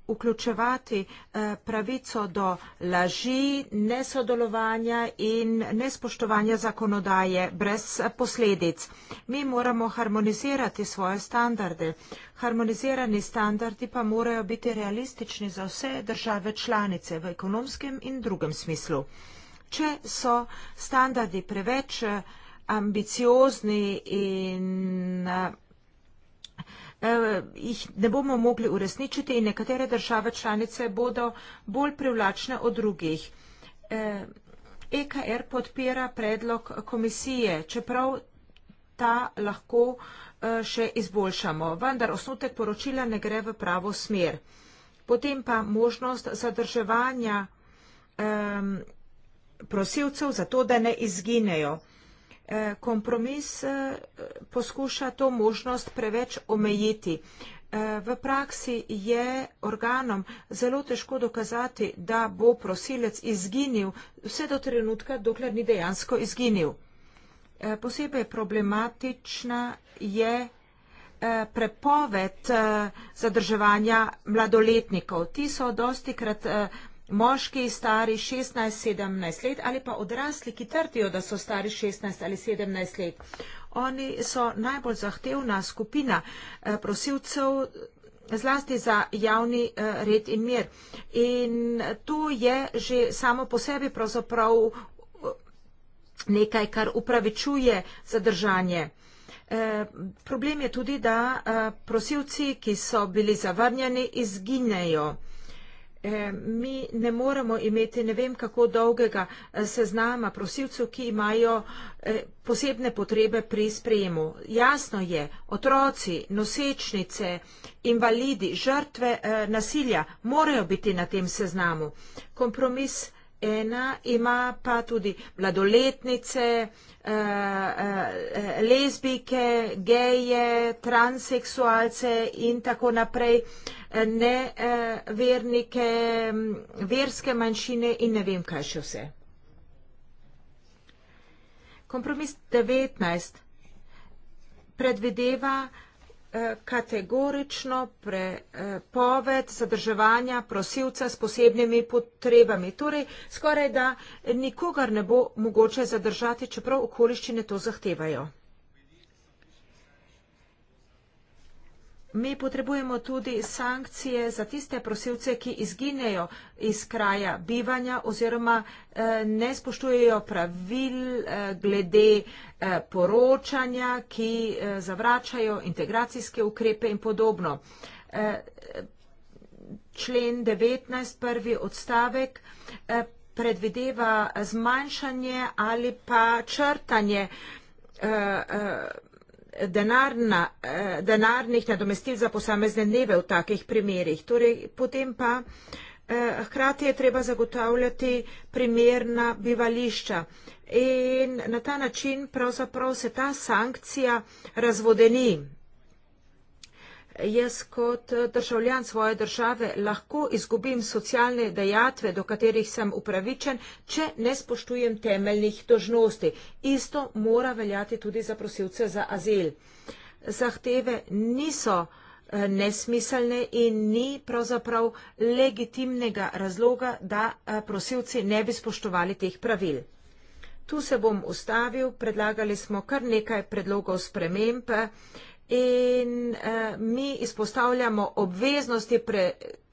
S5: vključevati eh, pravico do laži, nesodelovanja in nespoštovanja zakonodaje brez posledic. Mi moramo harmonizirati svoje standarde. Harmonizirani standardi pa morajo biti realistični za vse države članice v ekonomskem in drugem smislu. Če so standardi preveč eh, ambiciozni in eh, Eh, jih ne bomo mogli uresničiti in nekatere države članice bodo bolj privlačne od drugih. EKR eh, e podpira predlog komisije, čeprav ta lahko eh, še izboljšamo, vendar osnutek poročila ne gre v pravo smer. Potem pa možnost zadrževanja prosilcev za to, da ne izginejo. Eh, kompromis eh, poskuša to možnost preveč omejiti. Eh, v praksi je organom zelo težko dokazati, da bo prosilec izginil vse do trenutka, dokler ni dejansko izginil. Posebej problematična je prepoved zadrževanja mladoletnikov. Ti so dosti krat prosilci, moški stari 16-17 let ali pa odrasli, ki trdijo, da so stari 16 ali 17 let. Oni so najbolj zahtevna skupina eh, prosilcev zlasti za javni eh, red in mir. In to je že samo po sebi pravzaprav eh, nekaj, kar upravičuje zadržanje. Problem je tudi, da prosilci, ki so bili zavrnjeni, izginjajo. Eh, mi ne moremo imeti ne vem kako dolgega eh, seznama prosilcev, ki imajo eh, posebne potrebe pri sprejemu. Jasno je, otroci, nosečnice, invalidi, žrtve nasilja morajo biti na tem seznamu. Kompromis ena ima pa tudi mladoletnice, lezbike, geje, transseksualce in tako naprej ne vernike, verske manjšine in ne vem kaj še vse. Kompromis 19 predvideva eh, kategorično prepoved zadrževanja prosilca s posebnimi potrebami. Torej, skoraj da nikogar ne bo mogoče zadržati, čeprav okoliščine to zahtevajo. mi potrebujemo tudi sankcije za tiste prosilce, ki izginejo iz kraja bivanja oziroma eh, ne spoštujejo pravil eh, glede eh, poročanja, ki zavračajo integracijske ukrepe in podobno. Člen 19, prvi odstavek, predvideva zmanjšanje ali pa črtanje denarna, eh, denarnih nadomestil za posamezne dneve v takih primerih. Torej, potem pa eh, hkrati je treba zagotavljati primerna bivališča. In na ta način pravzaprav se ta sankcija razvodeni jaz kot državljan svoje države lahko izgubim socialne dejatve, do katerih sem upravičen, če ne spoštujem temeljnih dožnosti. Isto mora veljati tudi za prosilce za azil. Zahteve niso eh, nesmiselne in ni pravzaprav legitimnega razloga, da eh, prosilci ne bi spoštovali teh pravil. Tu se bom ustavil, predlagali smo kar nekaj predlogov sprememb, In eh, mi izpostavljamo obveznosti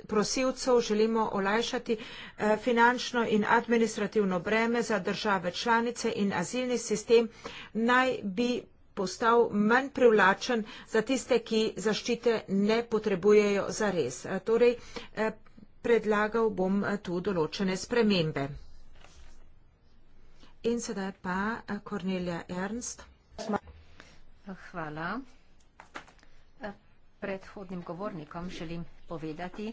S5: prosilcev, želimo olajšati eh, finančno in administrativno breme za države članice in azilni sistem naj bi postal manj privlačen za tiste, ki zaščite ne potrebujejo za res. Eh, torej, predlagal bom tu določene spremembe. In sedaj pa Kornelija
S4: Ernst. Hvala predhodnim govornikom želim povedati,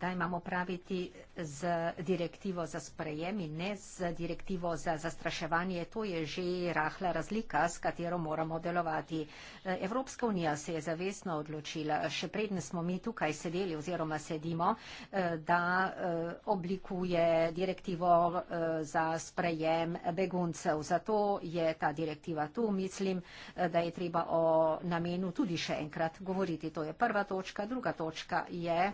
S4: da imamo opraviti z direktivo za sprejem in ne z direktivo za zastraševanje. To je že rahla razlika, s katero moramo delovati. Evropska unija se je zavestno odločila, še preden smo mi tukaj sedeli oziroma sedimo, da oblikuje direktivo za sprejem beguncev. Zato je ta direktiva tu. Mislim, da je treba o namenu tudi še enkrat govoriti. To je prva točka. Druga točka je,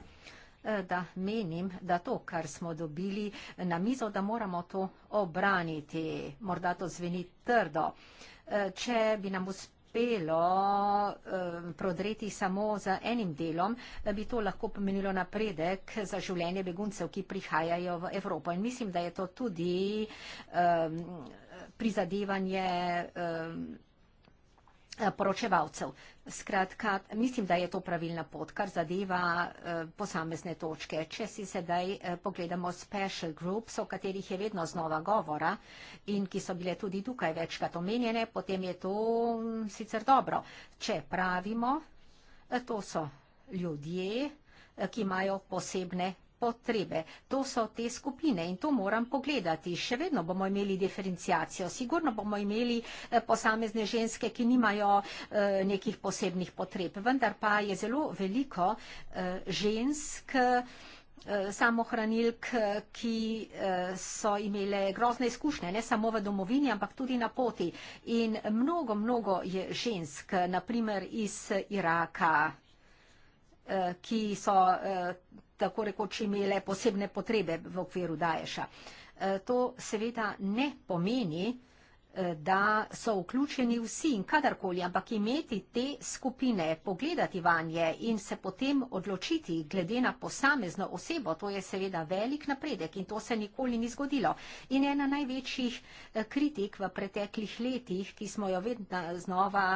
S4: Eh, da menim, da to, kar smo dobili na mizo, da moramo to obraniti. Morda to zveni trdo. Eh, če bi nam uspelo eh, prodreti samo z enim delom, bi to lahko pomenilo napredek za življenje beguncev, ki prihajajo v Evropo. In mislim, da je to tudi prizadevanje Eh, poročevalcev. Skratka, mislim, da je to pravilna pot, kar zadeva eh, posamezne točke. Če si sedaj eh, pogledamo special groups, o katerih je vedno znova govora in ki so bile tudi tukaj večkrat omenjene, potem je to mm, sicer dobro. Če pravimo, to so ljudje, ki imajo posebne potrebe. To so te skupine in to moram pogledati. Še vedno bomo imeli diferencijacijo. Sigurno bomo imeli eh, posamezne ženske, ki nimajo eh, nekih posebnih potreb. Vendar pa je zelo veliko eh, žensk samohranilk, ki so imele grozne izkušnje, ne samo v domovini, ampak tudi na poti. In mnogo, mnogo je žensk, naprimer iz Iraka, ki so tako rekoč imele posebne potrebe v okviru Daješa. E, to seveda ne pomeni, e, da so vključeni vsi in kadarkoli, ampak imeti te skupine, pogledati vanje in se potem odločiti glede na posamezno osebo, to je seveda velik napredek in to se nikoli ni zgodilo. In ena največjih e, kritik v preteklih letih, ki smo jo vedno znova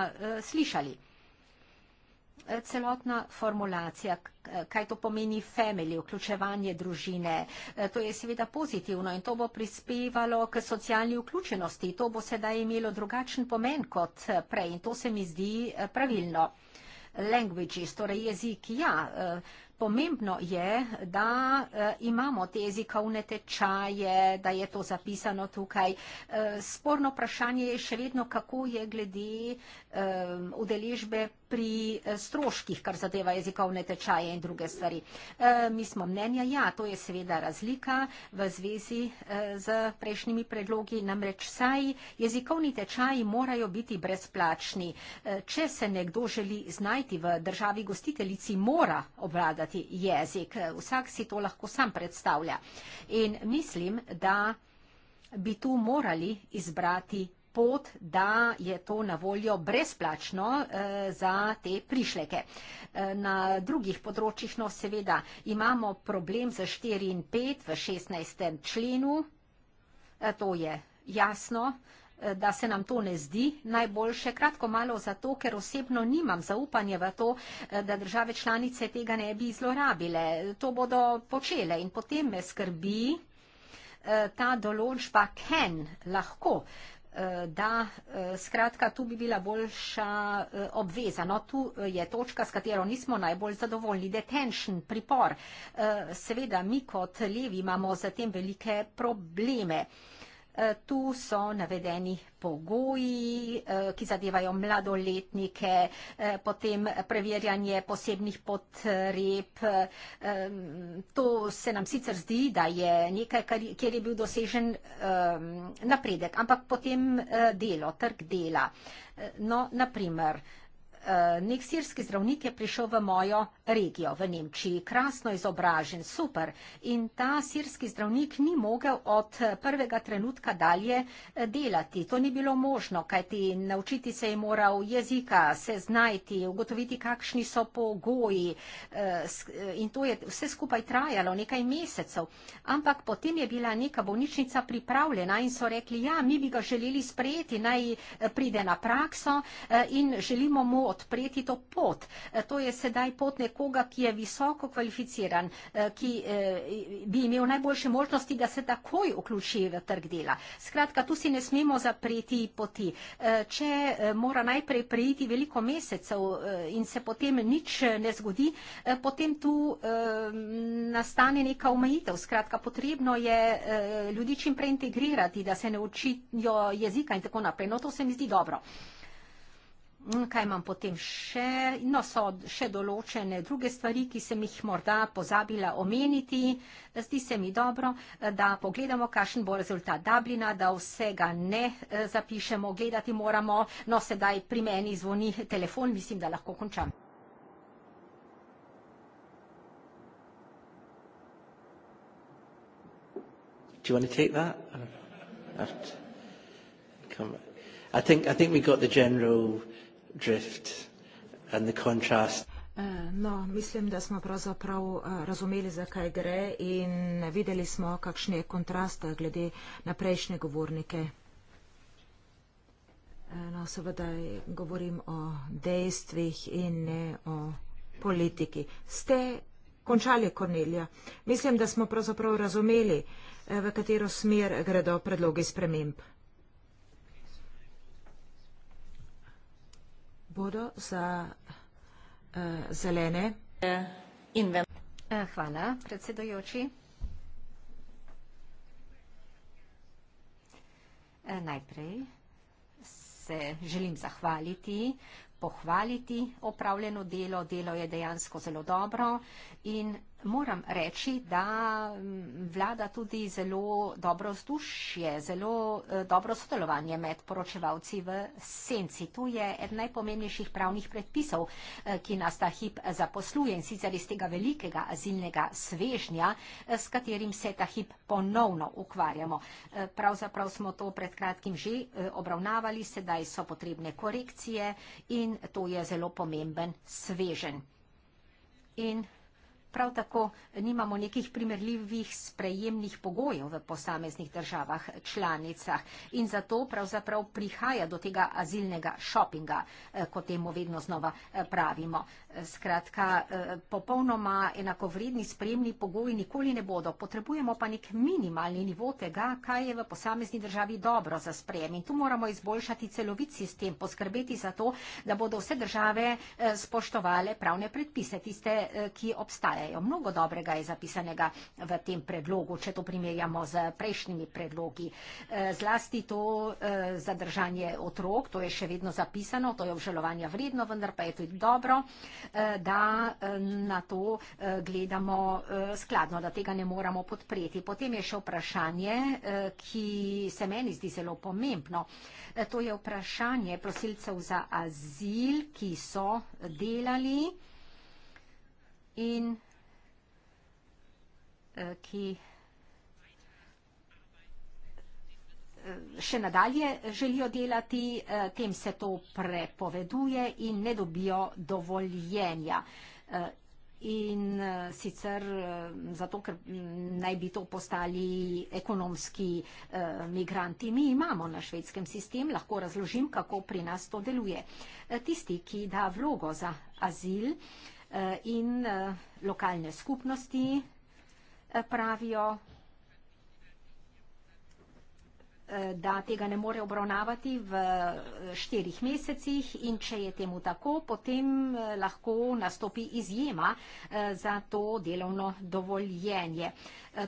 S4: slišali celotna formulacija, kaj to pomeni family, vključevanje družine. E, to je seveda pozitivno in to bo prispevalo k socialni vključenosti. To bo sedaj imelo drugačen pomen kot prej in to se mi zdi e, pravilno. Languages, torej jezik, ja, uh, Pomembno je, da eh, imamo te jezikovne tečaje, da je to zapisano tukaj. Eh, sporno vprašanje je še vedno, kako je glede eh, udeležbe pri stroških, kar zadeva jezikovne tečaje in druge stvari. Mi smo mnenja, ja, to je seveda razlika v zvezi z prejšnjimi predlogi, namreč saj jezikovni tečaji morajo biti brezplačni. Če se nekdo želi znajti v državi gostiteljici, mora obvladati povedati jezik. Vsak si to lahko sam predstavlja. In mislim, da bi tu morali izbrati pot, da je to na voljo brezplačno eh, za te prišleke. Eh, na drugih področjih, no seveda, imamo problem z 4 in 5 v 16. členu, eh, to je jasno, Eh, da se nam to ne zdi najboljše. Kratko malo zato, ker osebno nimam zaupanje v to, eh, da države članice tega ne bi zlorabile. To bodo počele in potem me skrbi eh, ta določba can, lahko, da skratka tu bi bila boljša obveza. No, tu je točka, s katero nismo najbolj zadovoljni. Detention, pripor. Seveda mi kot levi imamo zatem velike probleme. Tu so navedeni pogoji, eh, ki zadevajo mladoletnike, eh, potem preverjanje posebnih potreb. Eh, to se nam sicer zdi, da je nekaj, kjer je bil dosežen napredek, ampak potem delo, trg dela. No, naprimer, Eh, nek sirski zdravnik je prišel v mojo regijo v Nemčiji, krasno izobražen, super. In ta sirski zdravnik ni mogel od prvega trenutka dalje eh, delati. To ni bilo možno, kajti naučiti se je moral jezika, se znajti, ugotoviti, kakšni so pogoji. Eh, in to je vse skupaj trajalo nekaj mesecev. Ampak potem je bila neka bolnišnica pripravljena in so rekli, ja, mi bi ga želeli sprejeti, naj pride na prakso in želimo mu odpreti to pot. E, to je sedaj pot nekoga, ki je visoko kvalificiran, e, ki e, bi imel najboljše možnosti, da se takoj vključi v trg dela. Skratka, tu si ne smemo zapreti poti. Če mora najprej prejiti veliko mesecev in se potem nič ne zgodi, potem tu nastane neka omejitev. Skratka, potrebno je ljudi čim prej integrirati, da se ne učijo jezika in tako naprej. No, to se mi zdi dobro. Mm, kaj imam potem še? No, so še določene druge stvari, ki sem jih morda pozabila omeniti. Zdi se mi dobro, da pogledamo, kakšen bo rezultat Dublina, da vsega ne eh, zapišemo, gledati moramo. No, sedaj pri meni zvoni telefon, mislim, da lahko končam.
S3: Do you want to take that? I, to come. I, think,
S1: I think we got the general drift and the contrast.
S3: Eh,
S5: no, mislim, da smo pravzaprav eh, razumeli, zakaj gre in videli smo, kakšen je kontrast eh, glede na prejšnje govornike. No, seveda govorim o dejstvih in ne o politiki. Ste končali, Kornelija. Mislim, da smo pravzaprav razumeli, v katero smer gredo predloge sprememb. podporo za uh, zelene.
S4: Eh, hvala, predsedujoči. Eh, najprej se želim zahvaliti, pohvaliti opravljeno delo. Delo je dejansko zelo dobro in moram reči, da mm, vlada tudi zelo dobro vzdušje, zelo eh, dobro sodelovanje med poročevalci v senci. To je eden najpomembnejših pravnih predpisov, eh, ki nas ta hip zaposluje in sicer iz tega velikega azilnega svežnja, eh, s katerim se ta hip ponovno ukvarjamo. Pravzaprav smo to pred kratkim že obravnavali, sedaj so potrebne korekcije in to je zelo pomemben svežen. In prav tako nimamo nekih primerljivih sprejemnih pogojev v posameznih državah članicah in zato pravzaprav prihaja do tega azilnega šopinga, eh, kot temu vedno znova eh, pravimo. Eh, skratka, popolnoma enakovredni sprejemni pogoji nikoli ne bodo, potrebujemo pa nek minimalni nivo tega, kaj je v posamezni državi dobro za sprejem in tu moramo izboljšati celovit sistem, poskrbeti za to, da bodo vse države spoštovale pravne predpise, tiste, ki obstajajo idejo. Mnogo dobrega je zapisanega v tem predlogu, če to primerjamo z prejšnjimi predlogi. E, zlasti to e, zadržanje otrok, to je še vedno zapisano, to je obžalovanja vredno, vendar pa je tudi dobro, e, da na to gledamo skladno, da tega ne moramo podpreti. Potem je še vprašanje, ki se meni zdi zelo pomembno. To je vprašanje prosilcev za azil, ki so delali in Eh, ki eh, še nadalje želijo delati, eh, tem se to prepoveduje in ne dobijo dovoljenja. In sicer zato, ker mm, naj bi to postali ekonomski migranti. Mi imamo na švedskem sistem, lahko razložim, kako pri nas to deluje. Tisti, ki da vlogo za azil in lokalne skupnosti, Eh, pravijo, eh, da tega ne more obravnavati v eh, štirih mesecih in če je temu tako, potem lahko nastopi izjema za to delovno dovoljenje.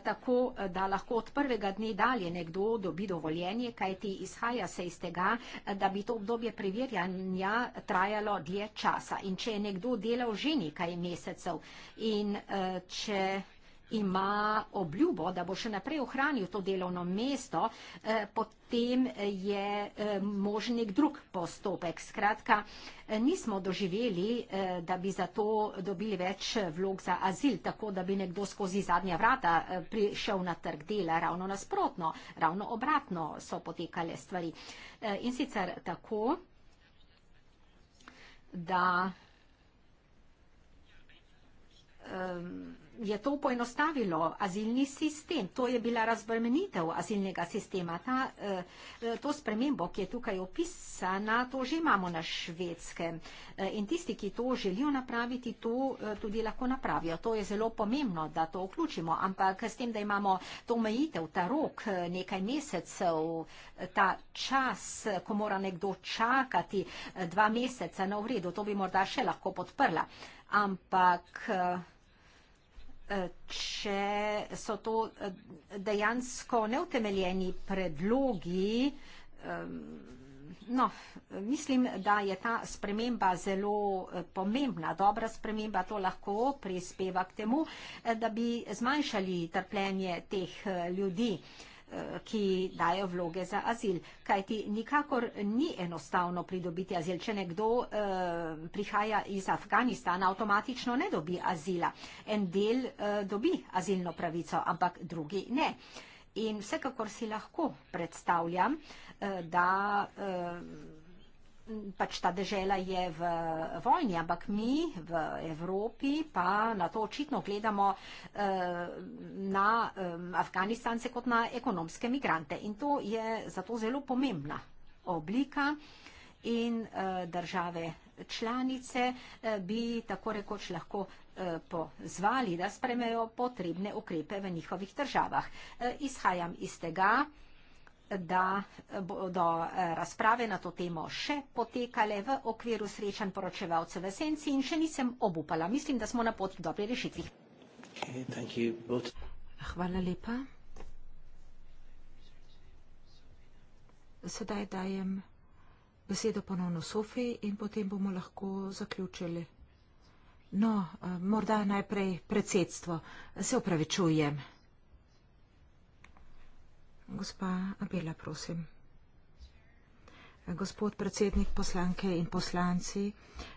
S4: Tako, da lahko od prvega dne dalje nekdo dobi dovoljenje, kajti izhaja se iz tega, da bi to obdobje preverjanja trajalo dlje časa. In če je nekdo delal že nekaj mesecev in če ima obljubo, da bo še naprej ohranil to delovno mesto, eh, potem eh, je eh, možen nek drug postopek. Skratka, nismo doživeli, da bi za to dobili več vlog za azil, tako da bi nekdo skozi zadnja vrata prišel na trg dela. Ravno nasprotno, ravno obratno so potekale stvari. In sicer tako, da um, je to poenostavilo azilni sistem. To je bila razbremenitev azilnega sistema. Ta, eh, to spremembo, ki je tukaj opisana, to že imamo na švedskem. Eh, in tisti, ki to želijo napraviti, to eh, tudi lahko napravijo. To je zelo pomembno, da to vključimo. Ampak s tem, da imamo to omejitev, ta rok, nekaj mesecev, ta čas, ko mora nekdo čakati dva meseca na uredu, to bi morda še lahko podprla. Ampak uh, če so to eh, dejansko neutemeljeni predlogi, ehm, no, mislim, da je ta sprememba zelo eh, pomembna, dobra sprememba, to lahko prispeva k temu, eh, da bi zmanjšali trpljenje teh ljudi ki dajo vloge za azil. Kajti nikakor ni enostavno pridobiti azil. Če nekdo eh, prihaja iz Afganistana, avtomatično ne dobi azila. En del eh, dobi azilno pravico, ampak drugi ne. In vsekakor si lahko predstavljam, eh, da pač ta dežela je v vojni, ampak mi v Evropi pa na to očitno gledamo eh, na Afganistance kot na ekonomske migrante. In to je zato zelo pomembna oblika in eh, države članice eh, bi tako rekoč lahko pozvali, da spremejo potrebne ukrepe v njihovih državah. Izhajam iz tega, da da bodo eh, razprave na to temo še potekale v okviru srečanj poročevalcev v senci in še nisem obupala. Mislim, da smo na pot v dobri rešitvi. Hvala lepa.
S5: Sedaj dajem besedo ponovno Sofiji in potem bomo lahko zaključili. No, eh, morda najprej predsedstvo. Se opravičujem. Gospa Abela, prosim. Gospod predsednik poslanke in poslanci,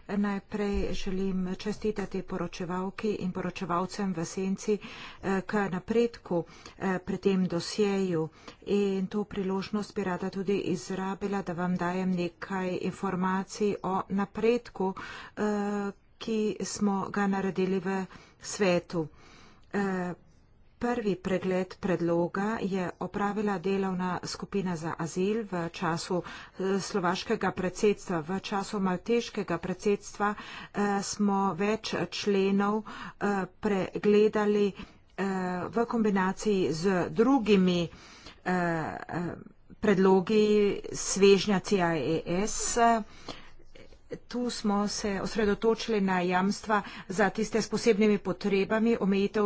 S5: najprej želim čestitati poročevalki in poročevalcem v senci eh, k napredku eh, pri tem dosjeju in to priložnost bi rada tudi izrabila, da vam dajem nekaj informacij o napredku, eh, ki smo ga naredili v svetu. Prvi pregled predloga je opravila delovna skupina za azil v času eh, slovaškega predsedstva. V času malteškega predsedstva eh, smo več členov eh, pregledali v kombinaciji z drugimi predlogi svežnja CIAS. E tu smo se osredotočili na jamstva za tiste s posebnimi potrebami, omejitev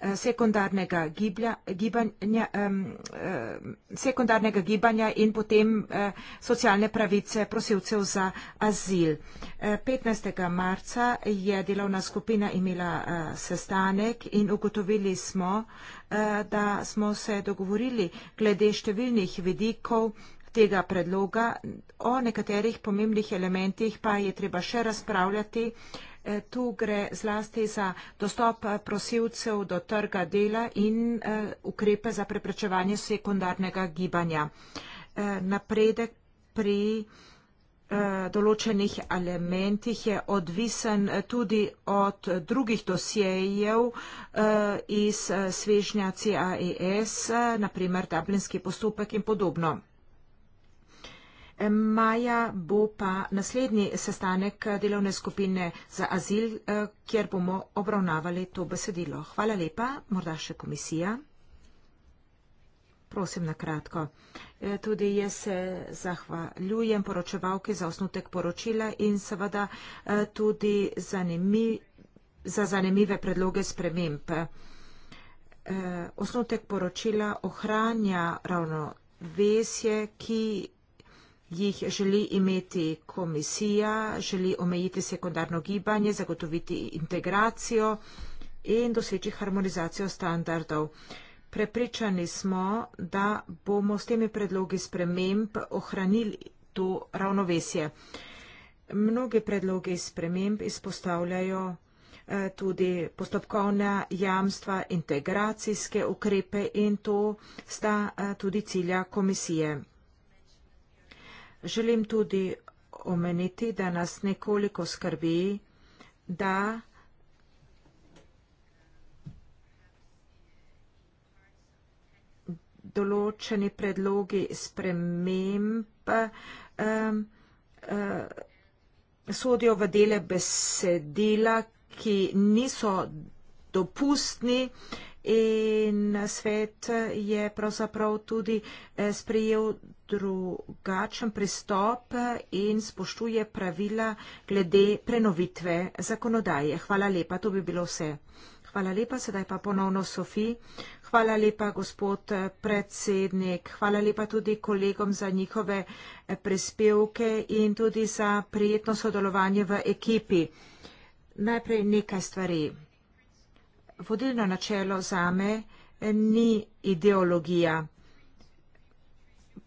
S5: Eh, sekundarnega giblja, gibanja, um, uh, sekundarnega gibanja in potem uh, socialne pravice prosilcev za azil. Uh, 15. marca je delovna skupina imela uh, sestanek in ugotovili smo, uh, da smo se dogovorili glede številnih vidikov tega predloga. O nekaterih pomembnih elementih pa je treba še razpravljati. Uh, Eh, tu gre zlasti za dostop eh, prosilcev do trga dela in eh, ukrepe za preprečevanje sekundarnega gibanja. Napredek pri določenih elementih je odvisen tudi od drugih dosjejev iz svežnja CAES, naprimer Dublinski postopek in podobno. Maja bo pa naslednji sestanek delovne skupine za azil, eh, kjer bomo obravnavali to besedilo. Hvala lepa, morda še komisija. Prosim na kratko. Eh, tudi jaz se zahvaljujem poročevalki za osnutek poročila in seveda eh, tudi zanimi, za zanimive predloge sprememb. Osnutek poročila ohranja ravno vesje, ki jih želi imeti komisija, želi omejiti sekundarno gibanje, zagotoviti integracijo in doseči harmonizacijo standardov. Prepričani smo, da bomo s temi predlogi sprememb ohranili to ravnovesje. Mnogi predlogi sprememb izpostavljajo eh, tudi postopkovna jamstva, integracijske ukrepe in to sta eh, tudi cilja komisije. Želim tudi omeniti, da nas nekoliko skrbi, da določeni predlogi sprememb um, uh, sodijo v dele besedila, ki niso dopustni, uh, in svet je pravzaprav tudi eh, sprejel drugačen pristop eh, in spoštuje pravila glede prenovitve zakonodaje. Hvala lepa, to bi bilo vse. Hvala lepa, sedaj pa ponovno Sofi. Hvala lepa, gospod eh, predsednik. Hvala lepa tudi kolegom za njihove prispevke in tudi za prijetno sodelovanje v ekipi. Najprej nekaj stvari vodilno načelo zame ni ideologija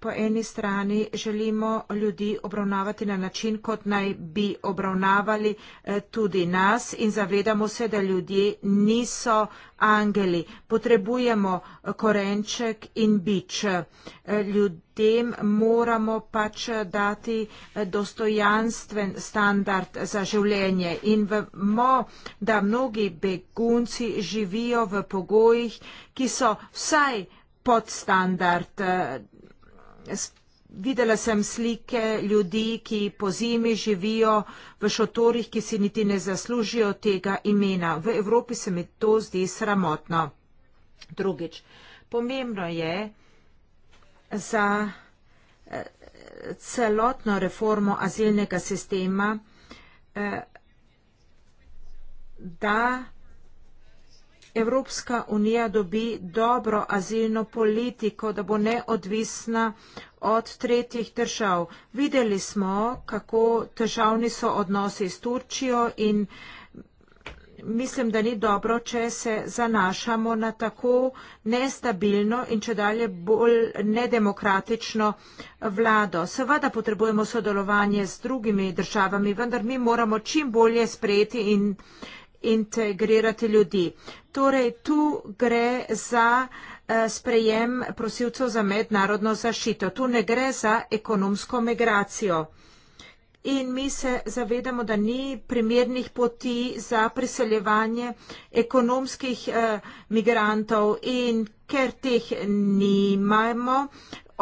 S5: po eni strani želimo ljudi obravnavati na način, kot naj bi obravnavali eh, tudi nas in zavedamo se, da ljudje niso angeli. Potrebujemo eh, korenček in bič. Eh, ljudem moramo pač dati dostojanstven standard za življenje in vemo, da mnogi begunci živijo v pogojih, ki so vsaj podstandard Videla sem slike ljudi, ki po zimi živijo v šotorih, ki si niti ne zaslužijo tega imena. V Evropi se mi to zdi sramotno. Drugič, pomembno je za eh, celotno reformo azilnega sistema, eh, da Evropska unija dobi dobro azilno politiko, da bo neodvisna od tretjih držav. Videli smo, kako težavni so odnosi s Turčijo in mislim, da ni dobro, če se zanašamo na tako nestabilno in če dalje bolj nedemokratično vlado. Seveda potrebujemo sodelovanje z drugimi državami, vendar mi moramo čim bolje sprejeti in integrirati ljudi. Torej, tu gre za eh, sprejem prosilcev za mednarodno zašito. Tu ne gre za ekonomsko migracijo. In mi se zavedamo, da ni primernih poti za priseljevanje ekonomskih eh, migrantov. In ker teh nimamo,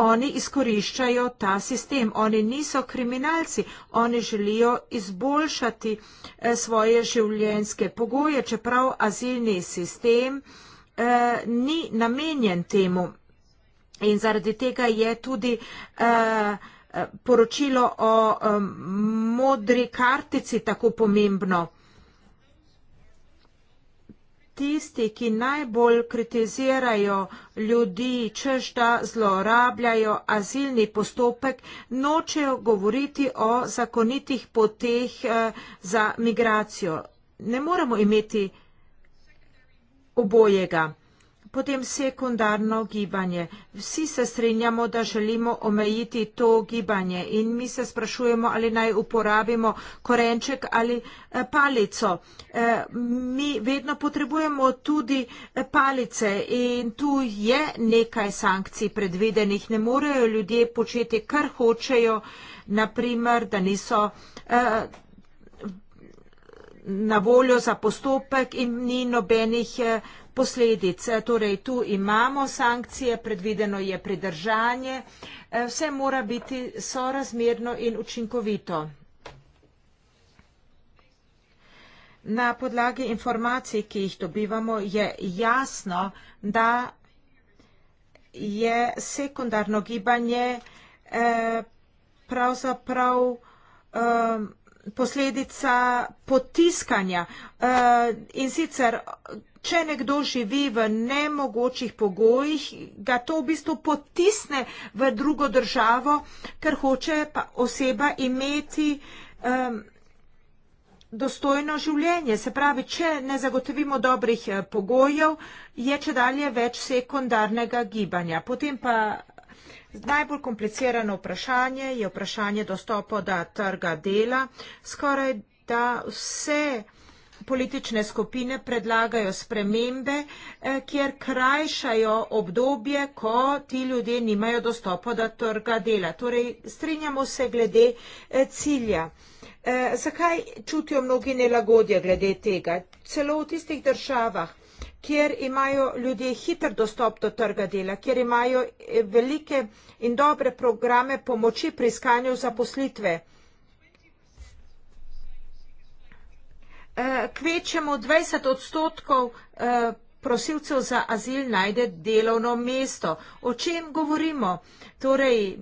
S5: oni izkoriščajo ta sistem, oni niso kriminalci, oni želijo izboljšati eh, svoje življenjske pogoje, čeprav azilni sistem eh, ni namenjen temu. In zaradi tega je tudi eh, eh poročilo o eh, modri kartici tako pomembno tisti, ki najbolj kritizirajo ljudi, čež da zlorabljajo azilni postopek, nočejo govoriti o zakonitih poteh eh, za migracijo. Ne moremo imeti obojega potem sekundarno gibanje. Vsi se strinjamo, da želimo omejiti to gibanje in mi se sprašujemo, ali naj uporabimo korenček ali eh, palico. Eh, mi vedno potrebujemo tudi eh, palice in tu je nekaj sankcij predvidenih. Ne morejo ljudje početi, kar hočejo, naprimer, da niso na voljo za postopek in ni nobenih posledice. Torej, tu imamo sankcije, predvideno je pridržanje, eh, vse mora biti sorazmerno in učinkovito. Na podlagi informacij, ki jih dobivamo, je jasno, da je sekundarno gibanje eh, pravzaprav um, posledica potiskanja. Eh, in sicer, če nekdo živi v nemogočih pogojih, ga to v bistvu potisne v drugo državo, ker hoče pa oseba imeti dostojno življenje. Se pravi, če ne zagotovimo dobrih eh, pogojev, je če dalje več sekundarnega gibanja. Potem pa Najbolj komplicirano vprašanje je vprašanje dostopa do trga dela. Skoraj da vse politične skupine predlagajo spremembe, eh, kjer krajšajo obdobje, ko ti ljudje nimajo dostopa do trga dela. Torej, strinjamo se glede eh, cilja. Eh, zakaj čutijo mnogi nelagodje glede tega? Celo v tistih državah, kjer imajo ljudje hiter dostop do trga dela, kjer imajo eh, velike in dobre programe pomoči pri iskanju zaposlitve. Eh, Kvečemo 20 odstotkov eh, prosilcev za azil najde delovno mesto. O čem govorimo? Torej,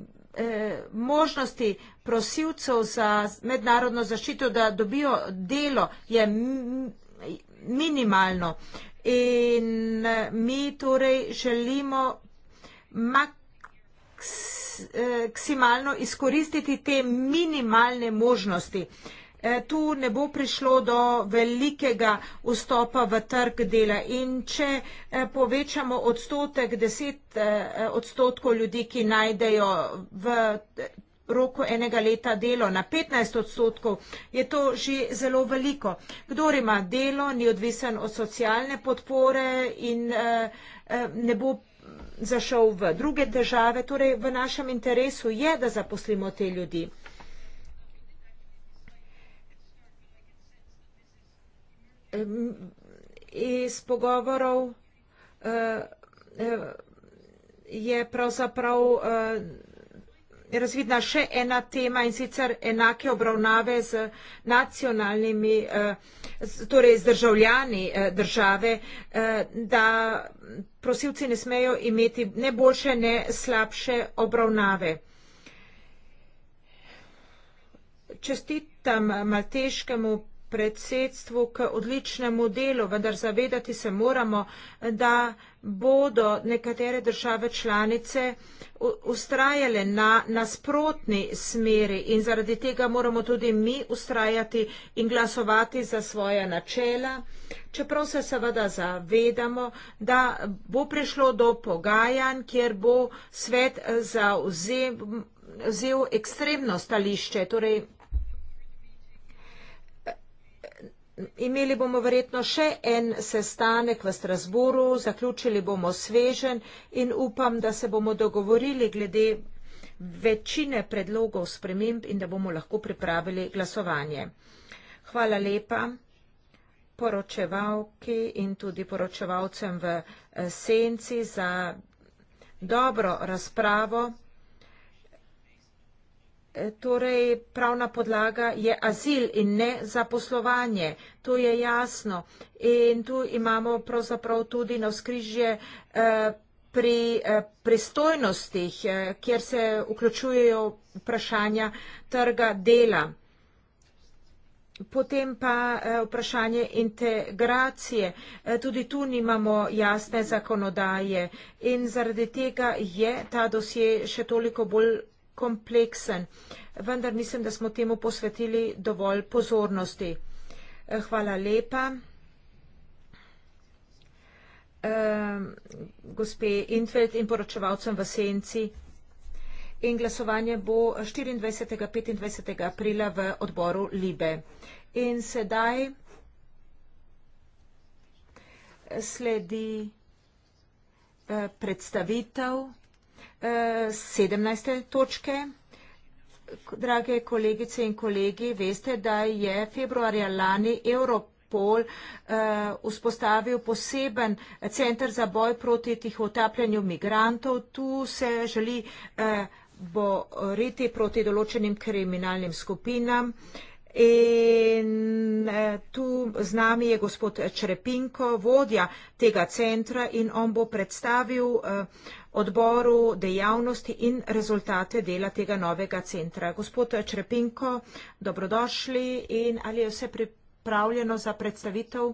S5: možnosti prosilcev za mednarodno zaščito, da dobijo delo, je minimalno in eh, mi torej želimo eh, maksimalno izkoristiti te minimalne možnosti. Eh, tu ne bo prišlo do velikega vstopa v trg dela in če povečamo odstotek 10 odstotkov ljudi, ki najdejo v roku enega leta delo na 15 odstotkov, je to že zelo veliko. Kdor ima delo, ni odvisen od socialne podpore in eh, eh, ne bo zašel v druge države, torej v našem interesu je, da zaposlimo te ljudi. Iz pogovorov eh, je pravzaprav nekaj, razvidna še ena tema in sicer enake obravnave z nacionalnimi, eh, torej z državljani eh, države, eh, da prosilci ne smejo imeti ne boljše, ne slabše obravnave. Čestitam malteškemu predsedstvu k odličnemu delu, vendar zavedati se moramo, da bodo nekatere države članice ustrajale na nasprotni smeri in zaradi tega moramo tudi mi ustrajati in glasovati za svoja načela, čeprav se seveda zavedamo, da bo prišlo do pogajanj, kjer bo svet zauzel ekstremno stališče, torej Imeli bomo verjetno še en sestanek v Strasboru, zaključili bomo svežen in upam, da se bomo dogovorili glede večine predlogov sprememb in da bomo lahko pripravili glasovanje. Hvala lepa poročevalki in tudi poročevalcem v eh, senci za dobro razpravo. E, torej pravna podlaga je azil in ne zaposlovanje. To je jasno. In tu imamo pravzaprav tudi na skrižje e, pri e, pristojnostih, kjer se vključujejo vprašanja trga dela. Potem pa vprašanje integracije. Tudi tu nimamo jasne zakonodaje in zaradi tega je ta dosje še toliko bolj kompleksen, vendar mislim, da smo temu posvetili dovolj pozornosti. Eh, hvala lepa. Ehm, gospe Intveld in poročevalcem v Senci. In glasovanje bo 24. 25. aprila v odboru Libe. In sedaj sledi eh, predstavitev 17. točke. Drage kolegice in kolegi, veste, da je februarja lani Europol eh, vzpostavil poseben eh, centr za boj proti tih otapljanju migrantov. Tu se želi eh, boriti proti določenim kriminalnim skupinam. In eh, tu z nami je gospod Črepinko, vodja tega centra in on bo predstavil eh, odboru dejavnosti in rezultate dela tega novega centra. Gospod Črepinko, dobrodošli in ali je vse pripravljeno za predstavitev?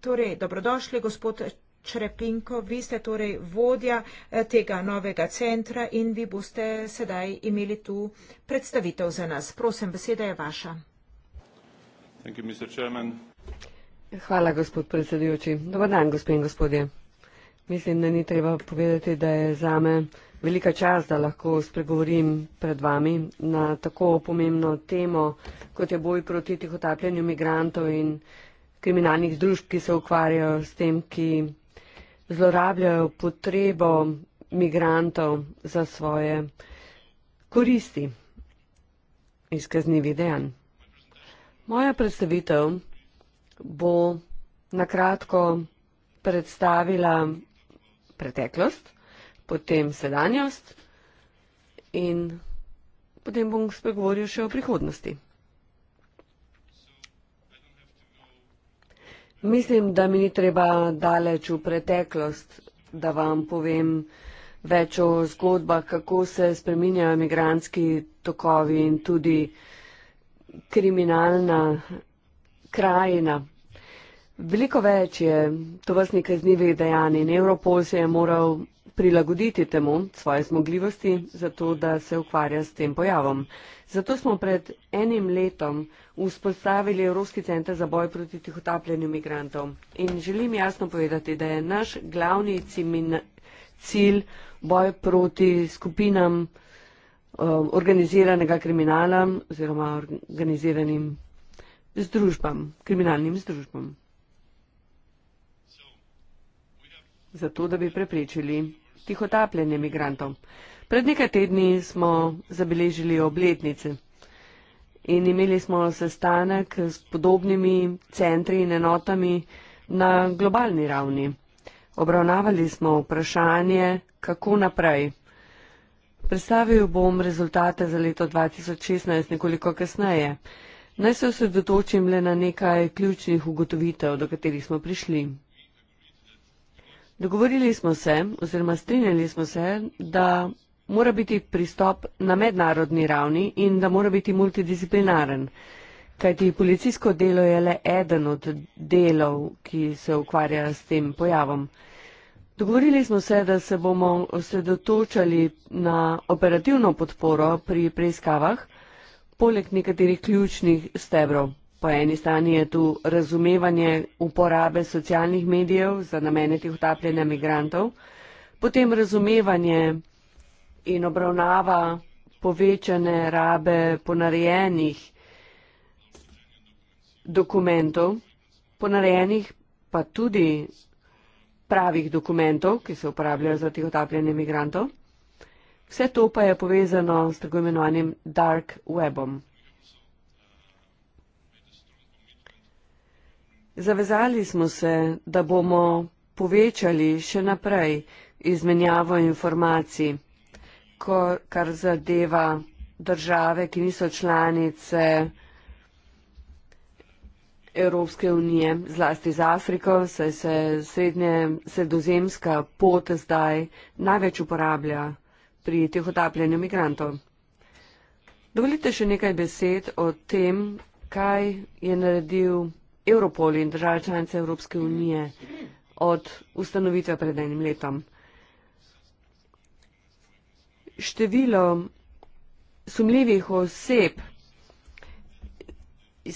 S5: Torej, dobrodošli, gospod Črepinko. Črepinko, vi ste torej vodja eh, tega novega centra in vi boste sedaj imeli tu
S2: predstavitev za nas. Prosim, beseda je vaša. Hvala, gospod predsedujoči. Dobar dan, gospod in gospodje. Mislim, da ni treba povedati, da je za me velika čast, da lahko spregovorim pred vami na tako pomembno temo, kot je boj proti tih otapljanju migrantov in kriminalnih družb, ki se ukvarjajo s tem, ki zlorabljajo potrebo migrantov za svoje koristi iz kaznjivih dejanj. Moja predstavitev bo na kratko predstavila preteklost, potem sedanjost in potem bom spregovoril še o prihodnosti. Mislim, da mi ni treba daleč v preteklost, da vam povem več o zgodbah, kako se spreminjajo imigranski tokovi in tudi kriminalna krajina. Veliko več je to vrstni kaznivih dejanj in Europol se je moral prilagoditi temu svoje zmogljivosti, zato da se ukvarja s tem pojavom. Zato smo pred enim letom vzpostavili Evropski center za boj proti tihotapljenju migrantov. In želim jasno povedati, da je naš glavni cilj boj proti skupinam eh, organiziranega kriminala oziroma organiziranim združbam, kriminalnim združbam. Zato, da bi preprečili tihotapljenje migrantov. Pred nekaj tedni smo zabeležili obletnice in imeli smo sestanek s podobnimi centri in enotami na globalni ravni. Obravnavali smo vprašanje, kako naprej. Predstavil bom rezultate za leto 2016 nekoliko kasneje. Naj se osredotočim le na nekaj ključnih ugotovitev, do katerih smo prišli. Dogovorili smo se oziroma strinjali smo se, da mora biti pristop na mednarodni ravni in da mora biti multidisciplinaren. Kajti policijsko delo je le eden od delov, ki se ukvarja s tem pojavom. Dogovorili smo se, da se bomo osredotočali na operativno podporo pri preiskavah, poleg nekaterih ključnih stebrov. Po eni strani je tu razumevanje uporabe socialnih medijev za namene tih utapljanja migrantov, potem razumevanje in obravnava povečane rabe ponarejenih dokumentov, ponarejenih pa tudi pravih dokumentov, ki se uporabljajo za tih utapljanja migrantov. Vse to pa je povezano s tako imenovanim dark webom. Zavezali smo se, da bomo povečali še naprej izmenjavo informacij, ko, kar zadeva države, ki niso članice Evropske unije, zlasti z Afriko, saj se srednje sredozemska pot zdaj največ uporablja pri teh otapljanju migrantov. Dovolite še nekaj besed o tem, kaj je naredil Europol in države članice Evropske unije od ustanovitve pred enim letom. Število sumljivih oseb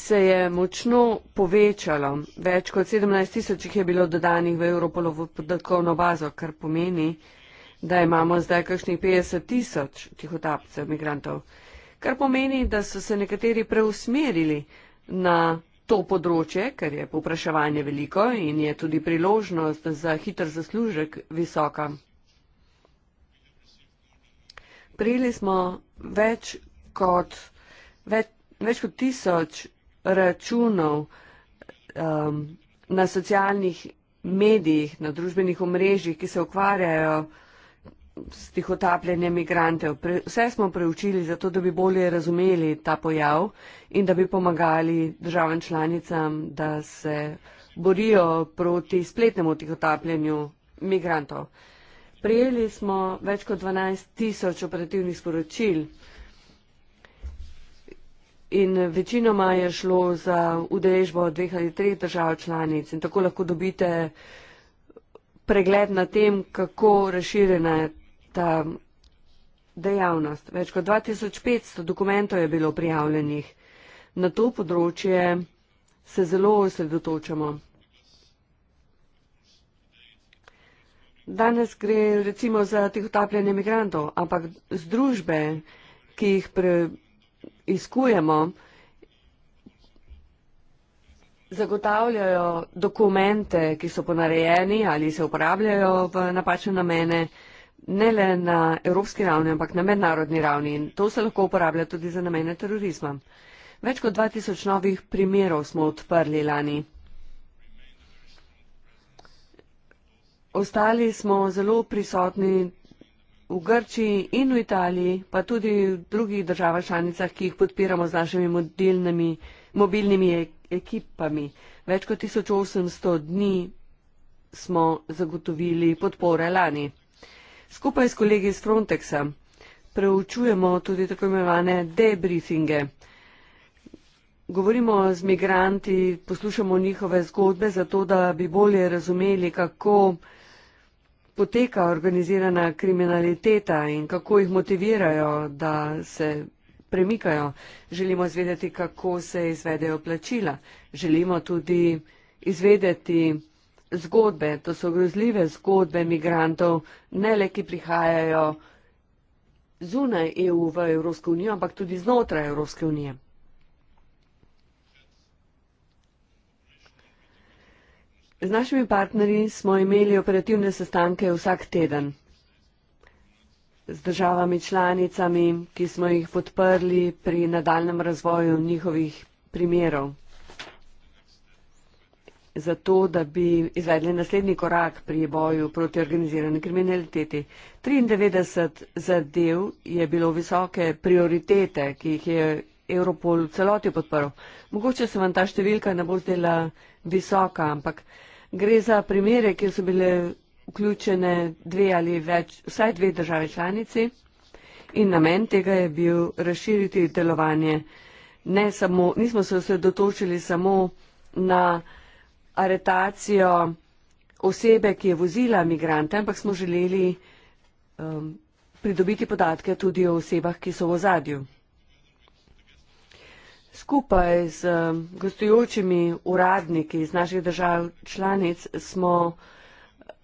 S2: se je močno povečalo. Več kot 17 tisoč jih je bilo dodanih v Europolovo podatkovno bazo, kar pomeni, da imamo zdaj kakšnih 50 tisoč tih otapcev, migrantov. Kar pomeni, da so se nekateri preusmerili na to področje, ker je povpraševanje veliko in je tudi priložnost za hiter zaslužek visoka. Prijeli smo več kot, več, več kot tisoč računov um, na socialnih medijih, na družbenih omrežjih, ki se ukvarjajo s tihotapljenjem migrantev. Pre, vse smo preučili zato, da bi bolje razumeli ta pojav in da bi pomagali državam članicam, da se borijo proti spletnemu tihotapljenju migrantov. Prijeli smo več kot 12 tisoč operativnih sporočil in večinoma je šlo za udeležbo dveh ali treh držav članic in tako lahko dobite pregled na tem, kako razširjena je ta dejavnost. Več kot 2500 dokumentov je bilo prijavljenih. Na to področje se zelo osredotočamo. Danes gre recimo za tihotapljanje migrantov, ampak združbe, ki jih preiskujemo, zagotavljajo dokumente, ki so ponarejeni ali se uporabljajo v napačne namene ne le na evropski ravni, ampak na mednarodni ravni in to se lahko uporablja tudi za namene terorizma. Več kot 2000 novih primerov smo odprli lani. Ostali smo zelo prisotni v Grčiji in v Italiji, pa tudi v drugih državah članicah, ki jih podpiramo z našimi mobilnimi e-, ekipami. Več kot 1800 dni smo zagotovili podpore lani. Skupaj s kolegi iz Frontexa preučujemo tudi tako imenovane debriefinge. Govorimo z migranti, poslušamo njihove zgodbe, zato da bi bolje razumeli, kako poteka organizirana kriminaliteta in kako jih motivirajo, da se premikajo. Želimo izvedeti, kako se izvedejo plačila. Želimo tudi izvedeti, zgodbe, to so grozljive zgodbe migrantov, ne le, ki prihajajo zunaj EU v Evropsko unijo, ampak tudi znotraj Evropske unije. Z našimi partnerji smo imeli operativne sestanke vsak teden z državami članicami, ki smo jih podprli pri nadaljem razvoju njihovih primerov za to, da bi izvedli naslednji korak pri boju proti organizirani kriminaliteti. 93 zadev je bilo visoke prioritete, ki jih je Europol v celoti podprl. Mogoče se vam ta številka ne bo zdela visoka, ampak gre za primere, kjer so bile vključene dve ali več, vsaj dve države članici in namen tega je bil razširiti delovanje. Ne samo, nismo se osredotočili samo na aretacijo osebe, ki je vozila migrante, ampak smo želeli um, pridobiti podatke tudi o osebah, ki so v ozadju. Skupaj z um, gostujočimi uradniki iz naših držav članic smo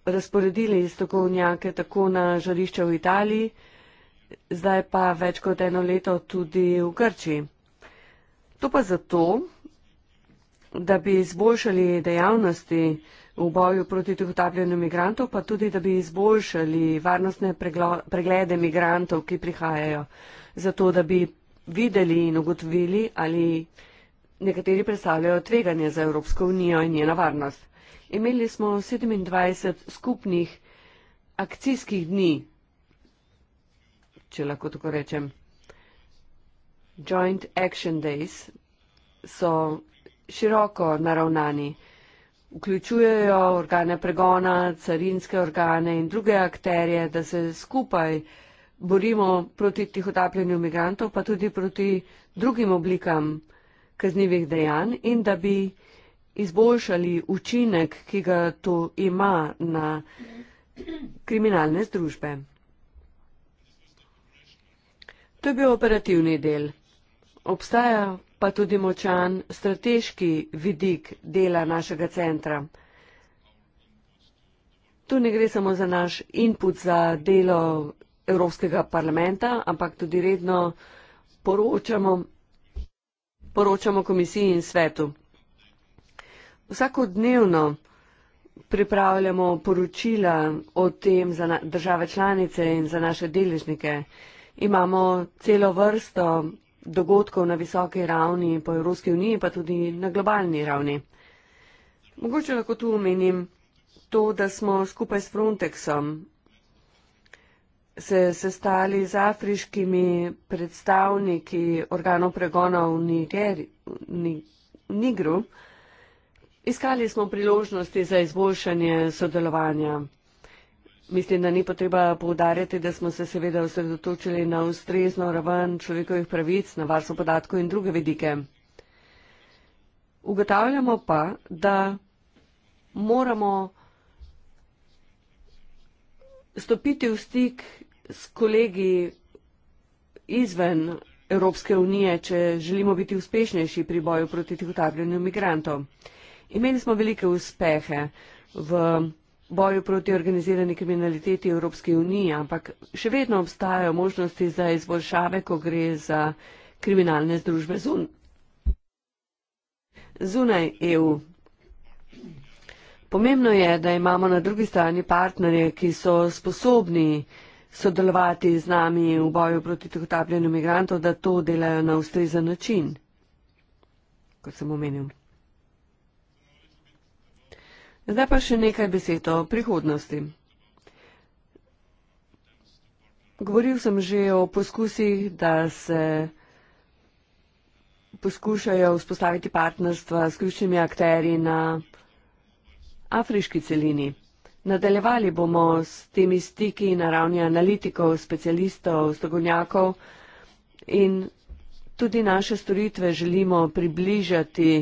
S2: razporedili strokovnjake tako na žarišče v Italiji, zdaj pa več kot eno leto tudi v Grčiji. To pa zato, da bi izboljšali dejavnosti v boju proti tihotapljenju migrantov, pa tudi, da bi izboljšali varnostne preglede migrantov, ki prihajajo, zato da bi videli in ugotovili, ali nekateri predstavljajo tveganje za Evropsko unijo in njena varnost. Imeli smo 27 skupnih akcijskih dni, če lahko tako rečem. Joint Action Days so široko naravnani. Vključujejo organe pregona, carinske organe in druge akterje, da se skupaj borimo proti tihotapljenju migrantov, pa tudi proti drugim oblikam kaznjivih dejanj in da bi izboljšali učinek, ki ga to ima na kriminalne združbe. To je bil operativni del. Obstaja pa tudi močan strateški vidik dela našega centra. Tu ne gre samo za naš input za delo Evropskega parlamenta, ampak tudi redno poročamo, poročamo komisiji in svetu. Vsakodnevno pripravljamo poročila o tem za države članice in za naše deležnike. Imamo celo vrsto dogodkov na visoki ravni po Evropski uniji, pa tudi na globalni ravni. Mogoče lahko tu omenim to, da smo skupaj s Frontexom se sestali z afriškimi predstavniki organov pregona v Nigru. Iskali smo priložnosti za izboljšanje sodelovanja. Mislim, da ni potreba povdarjati, da smo se seveda osredotočili na ustrezno raven človekovih pravic, na varstvo podatkov in druge vidike. Ugotavljamo pa, da moramo stopiti v stik s kolegi izven Evropske unije, če želimo biti uspešnejši pri boju proti tihotapljenju migrantov. Imeli smo velike uspehe v boju proti organizirani kriminaliteti Evropske unije, ampak še vedno obstajajo možnosti za izboljšave, ko gre za kriminalne združbe zun zunaj EU. Pomembno je, da imamo na drugi strani partnerje, ki so sposobni sodelovati z nami v boju proti tihotapljenju migrantov, da to delajo na ustrezen način, kot sem omenil. Zdaj pa še nekaj besed o prihodnosti. Govoril sem že o poskusih, da se poskušajo vzpostaviti partnerstva s ključnimi akteri na afriški celini. Nadaljevali bomo s temi stiki na ravni analitikov, specialistov, strokovnjakov in tudi naše storitve želimo približati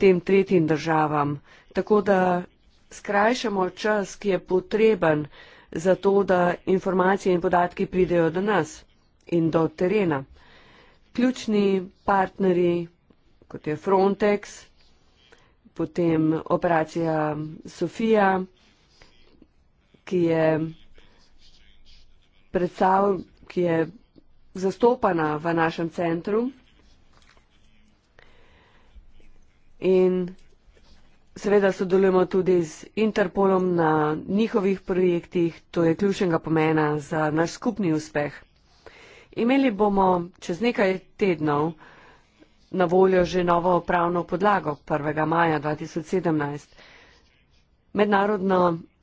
S2: tem tretjim državam, tako da skrajšamo čas, ki je potreben za to, da informacije in podatki pridejo do nas in do terena. Ključni partnerji, kot je Frontex, potem operacija Sofija, ki je predstav, ki je zastopana v našem centru. In Seveda sodelujemo tudi z Interpolom na njihovih projektih, to je ključnega pomena za naš skupni uspeh. Imeli bomo čez nekaj tednov na voljo že novo pravno podlago 1. maja 2017. Mednarodna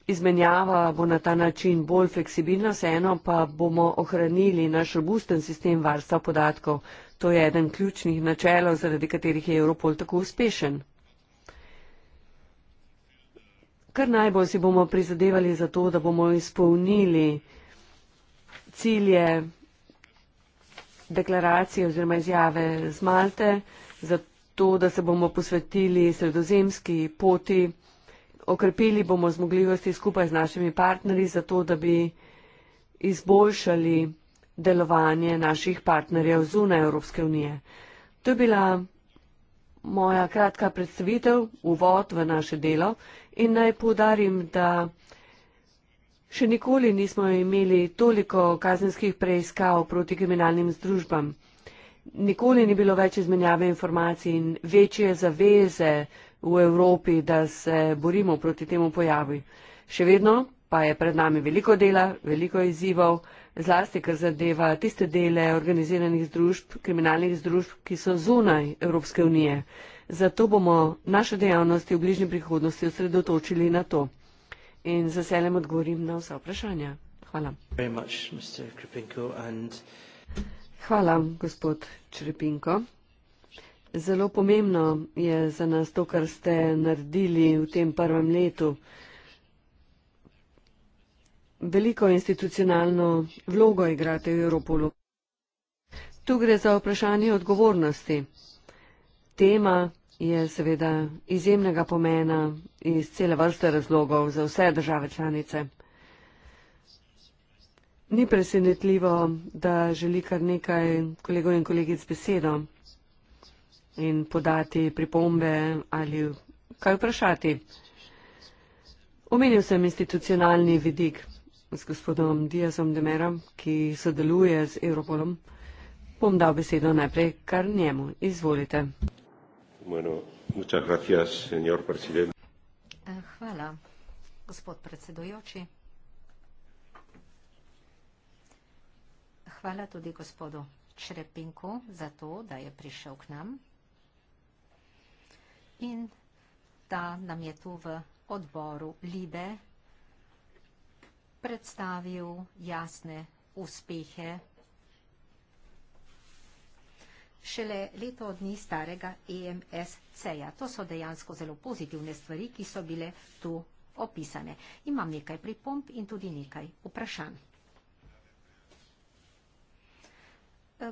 S2: izmenjava bo na ta način bolj fleksibilna, vseeno pa bomo ohranili naš robusten sistem varstva podatkov. To je eden ključnih načelov, zaradi katerih je Europol tako uspešen kar najbolj si bomo prizadevali za to, da bomo izpolnili cilje deklaracije oziroma izjave z Malte, za to, da se bomo posvetili sredozemski poti, okrepili bomo zmogljivosti skupaj z našimi partnerji, za to, da bi izboljšali delovanje naših partnerjev zunaj Evropske unije. To je bila moja kratka predstavitev, uvod v naše delo In naj povdarim, da še nikoli nismo imeli toliko kazenskih preiskav proti kriminalnim združbam. Nikoli ni bilo več izmenjave informacij in večje zaveze v Evropi, da se borimo proti temu pojavi. Še vedno pa je pred nami veliko dela, veliko izzivov, zlasti kar zadeva tiste dele organiziranih združb, kriminalnih združb, ki so zunaj Evropske unije. Zato bomo naše dejavnosti v bližnji prihodnosti osredotočili na to. In z veseljem odgovorim na vsa vprašanja. Hvala. Hvala, gospod Črepinko. Zelo pomembno je za nas to, kar ste naredili v tem prvem letu. Veliko institucionalno vlogo igrate v Europolu. Tu gre za vprašanje odgovornosti. Tema, je seveda izjemnega pomena iz cele vrste razlogov za vse države članice. Ni presenetljivo, da želi kar nekaj kolegov in kolegic besedo in podati pripombe ali kaj vprašati. Omenil sem institucionalni vidik z gospodom Diazom Demerom, ki sodeluje z Europolom. Bom dal besedo najprej kar njemu. Izvolite.
S1: Bueno, muchas gracias, señor presidente.
S2: Eh, hvala, gospod predsedujoči.
S4: Hvala tudi gospodu Črepinku za to, da je prišel k nam in da nam je tu v odboru Libe predstavil jasne uspehe šele leto dni starega EMS-ceja. To so dejansko zelo pozitivne stvari, ki so bile tu opisane. Imam nekaj pripomp in tudi nekaj vprašanj. E,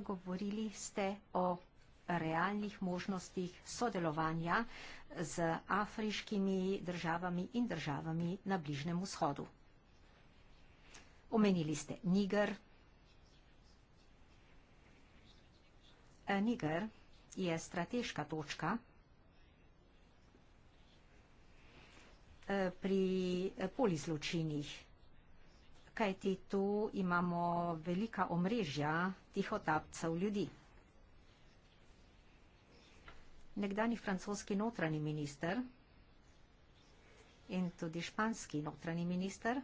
S4: govorili ste o realnih možnostih sodelovanja z afriškimi državami in državami na Bližnem vzhodu. Omenili ste Niger, Niger je strateška točka eh, pri polizločinih, kajti tu imamo velika omrežja tihotapcev ljudi. Nekdani francoski notranji minister in tudi španski notranji minister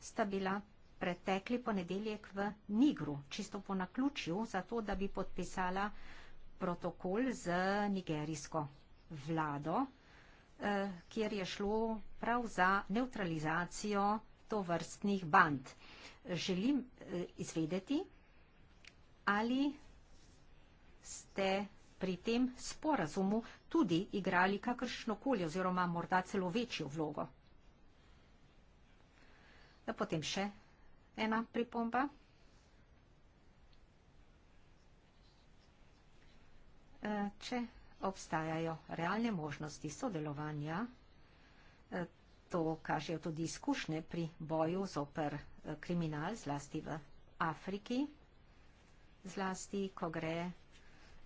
S4: sta bila pretekli ponedeljek v Nigru, čisto po naključju, zato da bi podpisala protokol z nigerijsko vlado, eh, kjer je šlo prav za neutralizacijo to vrstnih band. Želim eh, izvedeti, ali ste pri tem sporazumu tudi igrali kakršno koli oziroma morda celo večjo vlogo. Da potem še ena pripomba. E, če obstajajo realne možnosti sodelovanja, e, to kažejo tudi izkušnje pri boju zoper e, kriminal, zlasti v Afriki, zlasti, ko gre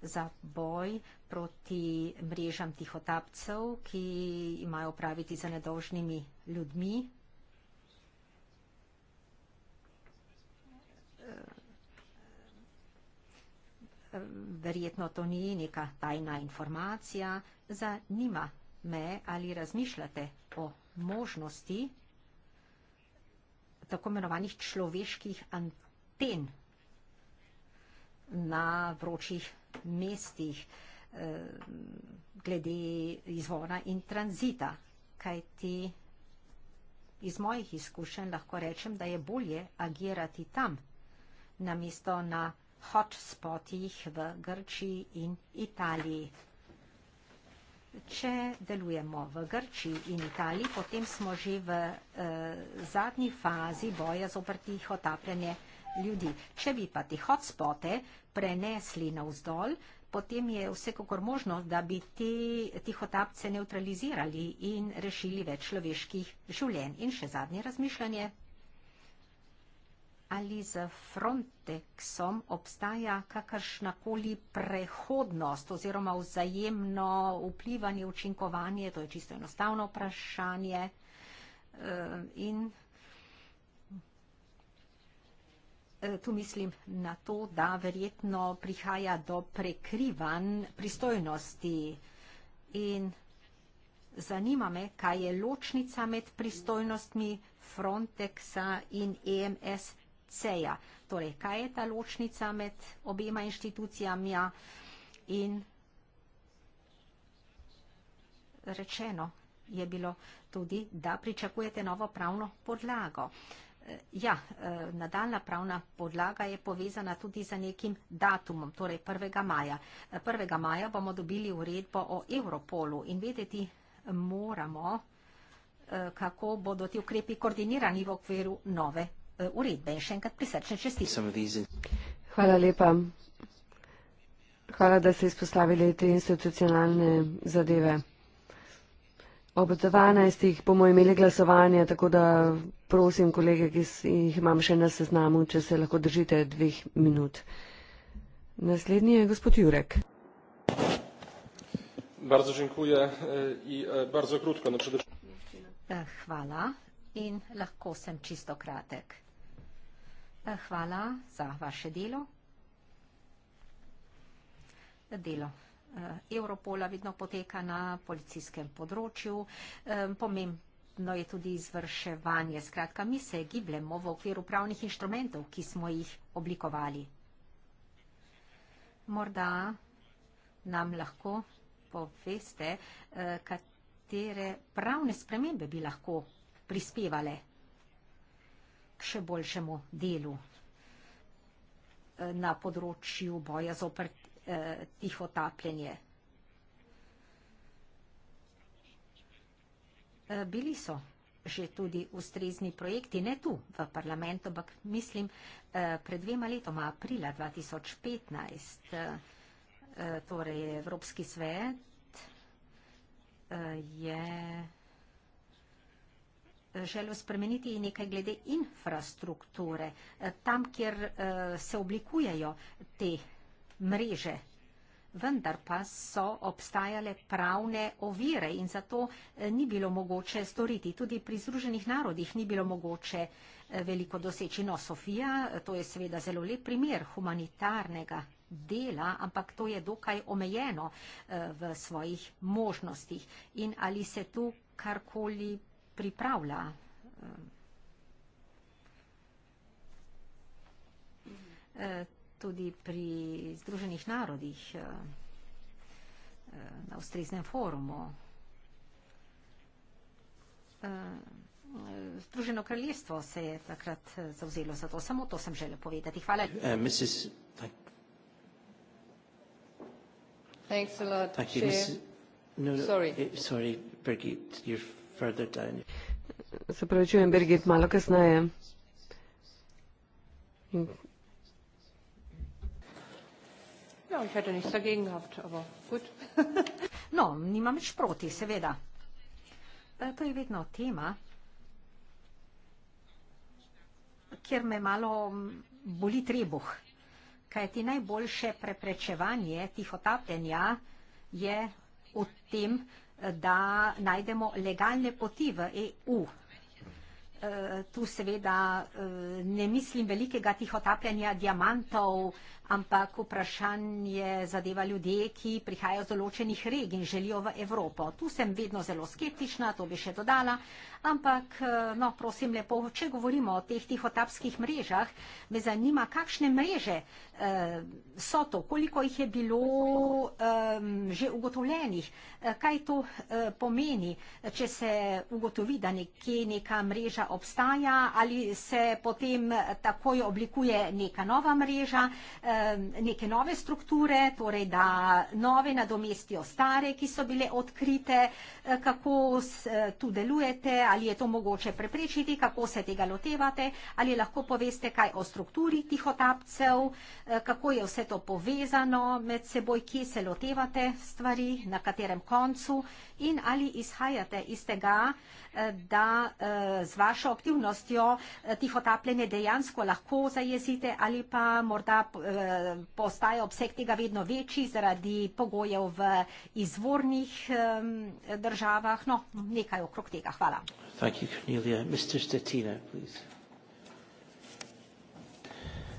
S4: za boj proti mrežam tihotapcev, ki imajo praviti za nedolžnimi ljudmi, verjetno to ni neka tajna informacija, zanima me, ali razmišljate o možnosti tako imenovanih človeških anten na vročih mestih eh, glede izvora in tranzita, kajti iz mojih izkušenj lahko rečem, da je bolje agirati tam, namesto na mesto na hotspotih v Grčiji in Italiji. Če delujemo v Grčiji in Italiji, potem smo že v eh, zadnji fazi boja z oprtih otapljanje ljudi. Če bi pa te hotspote prenesli na vzdolj, potem je vsekakor možno, da bi te, tih otapce neutralizirali in rešili več človeških življenj. In še zadnje razmišljanje ali z Frontexom obstaja kakršnakoli prehodnost oziroma vzajemno vplivanje, učinkovanje, to je čisto enostavno vprašanje. Eh, in eh, tu mislim na to, da verjetno prihaja do prekrivanj pristojnosti in Zanima me, kaj je ločnica med pristojnostmi Frontexa in EMS, CEJA. Torej, kaj je ta ločnica med obema inštitucijami in rečeno je bilo tudi, da pričakujete novo pravno podlago. Eh, ja, eh, nadaljna pravna podlaga je povezana tudi za nekim datumom, torej 1. maja. 1. Eh, maja bomo dobili uredbo o Evropolu in vedeti moramo, kako bodo ti ukrepi koordinirani v okviru nove Eh, uredbe. Še enkrat prisrčne
S2: čestitke. Hvala lepa. Hvala, da ste izpostavili te institucionalne zadeve. Ob 12. bomo imeli glasovanje, tako da prosim kolege, ki jih imam še na seznamu, če se lahko držite dveh minut. Naslednji je gospod Jurek.
S1: Bardzo dziękuję e, i e, bardzo krótko. No przede...
S4: Eh, hvala in lahko sem čisto kratek. Hvala za vaše delo. Delo eh, Europola vidno poteka na policijskem področju. Eh, pomembno No je tudi izvrševanje. Skratka, mi se gibljemo v okviru pravnih inštrumentov, ki smo jih oblikovali. Morda nam lahko poveste, eh, katere pravne spremembe bi lahko prispevale k še boljšemu delu eh, na področju boja z opr eh, tiho tapljenje. Eh, bili so že tudi ustrezni projekti, ne tu v parlamentu, ampak mislim pred dvema letoma, aprila 2015, torej Evropski svet je želel spremeniti in nekaj glede infrastrukture, eh, tam, kjer eh, se oblikujejo te mreže. Vendar pa so obstajale pravne ovire in zato eh, ni bilo mogoče storiti. Tudi pri Združenih narodih ni bilo mogoče veliko doseči. No, Sofija, to je seveda zelo lep primer humanitarnega dela, ampak to je dokaj omejeno v svojih možnostih. In ali se tu karkoli pripravlja. Eh, tudi pri Združenih narodih eh, na ustreznem forumu. Eh, Združeno kraljestvo se je takrat zauzelo za to. Samo to sem želel povedati. Hvala. Thanks a lot, Thank you, Chair. Mrs.
S2: No, no. Sorry. Sorry, Birgit, you're Se pravi, čujem Birgit malo kasneje.
S4: Ja, no, nimam nič proti, seveda. To je vedno tema, kjer me malo boli trebuh, kaj ti najboljše preprečevanje tih otapljenja je v tem, da najdemo legalne poti v EU. E, tu seveda e, ne mislim velikega tihotapljanja diamantov, ampak vprašanje zadeva ljudje, ki prihajajo z določenih regij in želijo v Evropo. Tu sem vedno zelo skeptična, to bi še dodala, ampak, no, prosim lepo, če govorimo o teh tihotapskih mrežah, me zanima, kakšne mreže eh, so to, koliko jih je bilo eh, že ugotovljenih, eh, kaj to eh, pomeni, če se ugotovi, da nekje neka mreža obstaja ali se potem eh, takoj oblikuje neka nova mreža. Eh, neke nove strukture, torej da nove nadomestijo stare, ki so bile odkrite, eh, kako eh, tu delujete, ali je to mogoče preprečiti, kako se tega lotevate, ali lahko poveste kaj o strukturi tihotapcev, eh, kako je vse to povezano med seboj, kje se lotevate stvari, na katerem koncu in ali izhajate iz tega, da z vašo aktivnostjo tihotapljene dejansko lahko zajezite ali pa morda povezate postaja obseg tega vedno večji zaradi pogojev v izvornih um, državah. No, nekaj okrog tega. Hvala.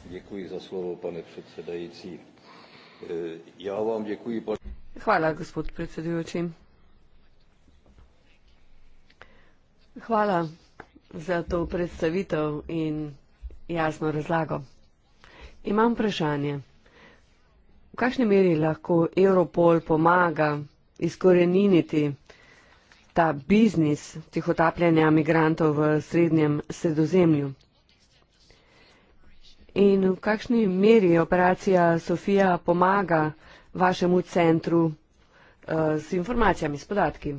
S1: Děkuji za slovo, pane předsedající. E, já vám děkuji, pane...
S2: Hvala, gospod predsedujoči. Hvala za to predstavitev in jasno razlago. Imam vprašanje. V kakšni meri lahko Europol pomaga izkoreniniti ta biznis tihotapljanja migrantov v srednjem sredozemlju? In v kakšni meri operacija Sofija pomaga vašemu centru uh, s informacijami, s podatki?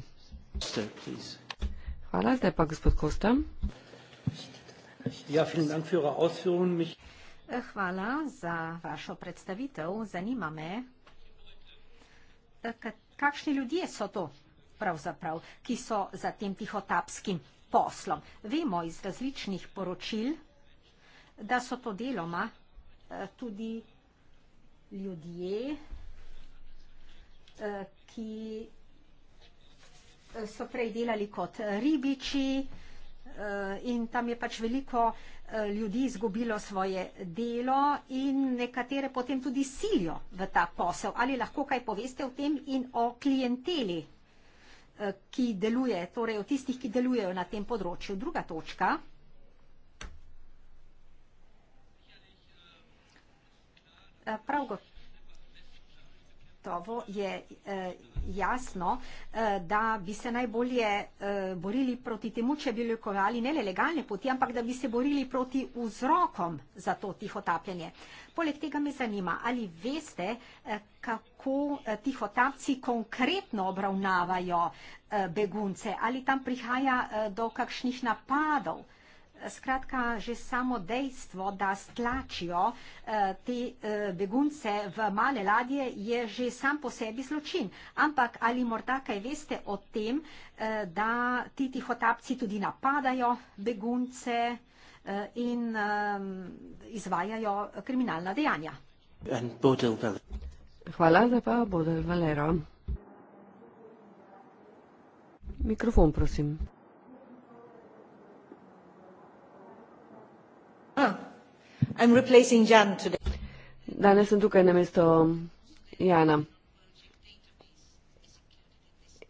S2: Hvala, zdaj pa gospod Kostam.
S1: Ja,
S4: Hvala za vašo predstavitev. Zanima me, eh, kakšni ljudje so to pravzaprav, ki so za tem tihotapskim poslom. Vemo iz različnih poročil, da so to deloma eh, tudi ljudje, eh, ki so prej delali kot ribiči, Eh, in tam je pač veliko eh, ljudi izgubilo svoje delo in nekatere potem tudi silijo v ta posel. Ali lahko kaj poveste o tem in o klienteli, eh, ki deluje, torej o tistih, ki delujejo na tem področju? Druga točka. Prav gotovo gotovo je eh, jasno, eh, da bi se najbolje eh, borili proti temu, če bi lojkovali ne le legalne poti, ampak da bi se borili proti vzrokom za to tihotapljanje. Poleg tega me zanima, ali veste, eh, kako eh, tihotapci konkretno obravnavajo eh, begunce, ali tam prihaja eh, do kakšnih napadov. Skratka, že samo dejstvo, da stlačijo eh, te eh, begunce v male ladje, je že sam po sebi zločin. Ampak ali morda kaj veste o tem, eh, da ti tihotapci tudi napadajo begunce eh, in eh, izvajajo kriminalna dejanja?
S2: Hvala, zdaj pa bodo Valero. Mikrofon, prosim. Ah, I'm replacing Jan today. Danes sem tukaj na mesto Jana.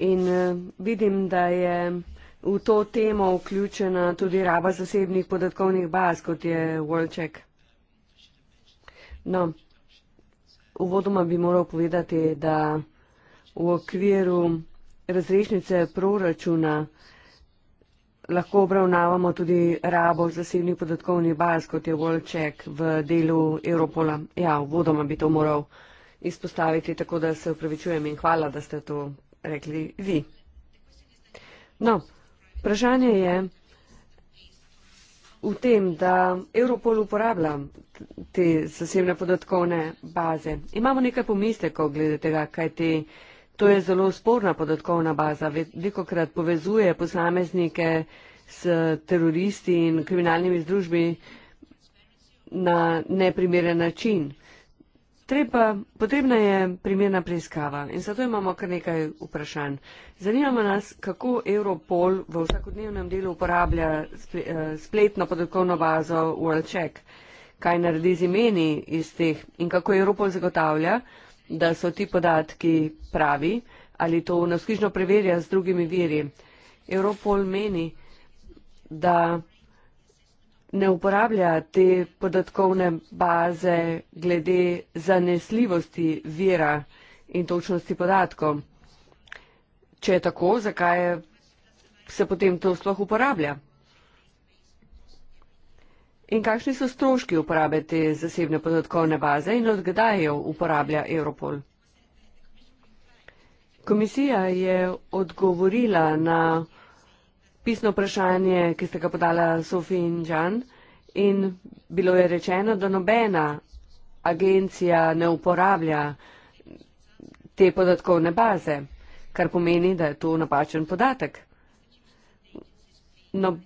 S2: In eh, vidim, da je v to temo vključena tudi raba zasebnih podatkovnih baz, kot je WorldCheck. No, uvodoma bi moral povedati, da v okviru razrešnice proračuna lahko obravnavamo tudi rabo zasebnih podatkovnih baz, kot je Volček v delu Europola. Ja, v vodoma bi to moral izpostaviti, tako da se upravičujem in hvala, da ste to rekli vi. No, vprašanje je v tem, da Europol uporablja te zasebne podatkovne baze. Imamo nekaj pomislekov glede tega, kaj te. To je zelo sporna podatkovna baza. Veliko krat povezuje posameznike s teroristi in kriminalnimi združbi na neprimeren način. Treba, potrebna je primerna preiskava in zato imamo kar nekaj vprašanj. Zanima nas, kako Europol v vsakodnevnem delu uporablja eh, spletno podatkovno bazo WorldCheck, kaj naredi z imeni iz teh in kako Europol zagotavlja, da so ti podatki pravi ali to navskrižno preverja z drugimi viri. Europol meni, da ne uporablja te podatkovne baze glede zanesljivosti vira in točnosti podatkov. Če je tako, zakaj se potem to sploh uporablja? In kakšni so stroški uporabe te zasebne podatkovne baze in odkdaj jo uporablja Europol? Komisija je odgovorila na pisno vprašanje, ki ste ga podala Sofi in Jan in bilo je rečeno, da nobena agencija ne uporablja te podatkovne baze, kar pomeni, da je to napačen podatek. No,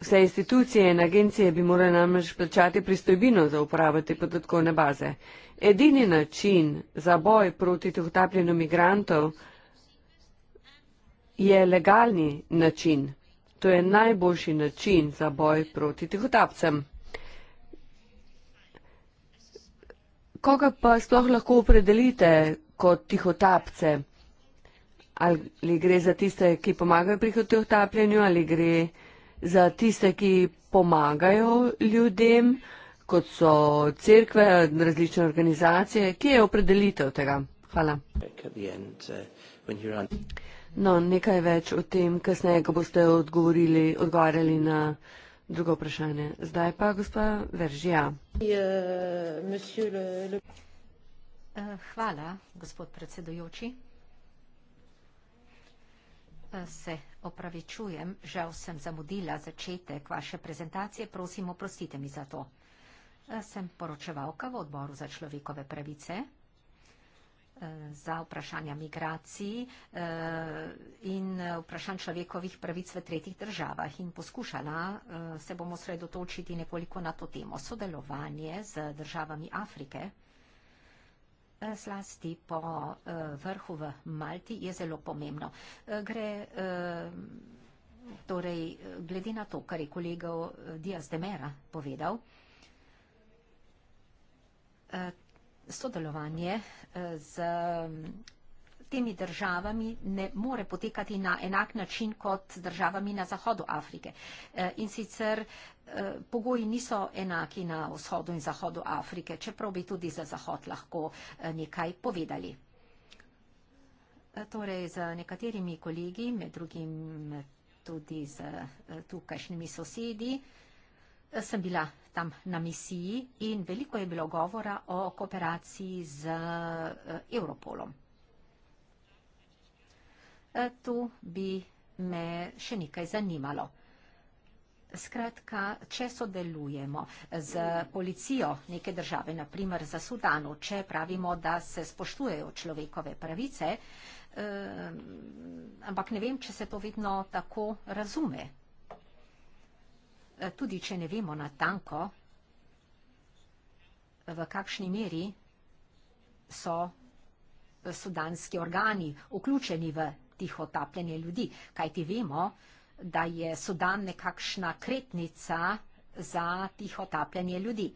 S2: Vse institucije in agencije bi morali namreč plačati pristojbino za uporabo te podatkovne baze. Edini način za boj proti tohtapljenju migrantov je legalni način. To je najboljši način za boj proti tohtapcem. Koga pa sploh lahko opredelite kot tihotapce? Ali gre za tiste, ki pomagajo pri tihotapljenju, ali gre za tiste, ki pomagajo pri tihotapljenju? za tiste, ki pomagajo ljudem, kot so crkve, različne organizacije, ki je opredelitev tega. Hvala. Uh, no, nekaj več o tem, kasneje, ko boste odgovorili, odgovarjali na drugo vprašanje. Zdaj pa, gospa Veržija.
S4: Uh, uh, hvala, gospod predsedojoči. Se Opravičujem, žal sem zamudila začetek vaše prezentacije, prosim, oprostite mi za to. E, sem poročevalka v odboru za človekove pravice e, za vprašanja migracij e, in vprašanj človekovih pravic v tretjih državah. In poskušala se bomo sredotočiti nekoliko na to temo. Sodelovanje z državami Afrike zlasti po eh, vrhu v Malti, je zelo pomembno. Eh, gre, eh, torej, glede na to, kar je kolega Diaz de Mera povedal, sodelovanje z temi državami ne more potekati na enak način kot z državami na zahodu Afrike. E, in sicer e, pogoji niso enaki na vzhodu in zahodu Afrike, čeprav bi tudi za zahod lahko e, nekaj povedali. Torej, z nekaterimi kolegi, med drugim tudi z tukajšnjimi sosedi, sem bila tam na misiji in veliko je bilo govora o kooperaciji z Europolom. Eh, tu bi me še nekaj zanimalo. Skratka, če sodelujemo z policijo neke države, na primer za Sudanu, če pravimo, da se spoštujejo človekove pravice, eh, ampak ne vem, če se to vedno tako razume. Eh, tudi, če ne vemo natanko, v kakšni meri so sudanski organi vključeni v tiho tapljanje ljudi. Kaj ti vemo, da je Sudan nekakšna kretnica za tiho tapljanje ljudi.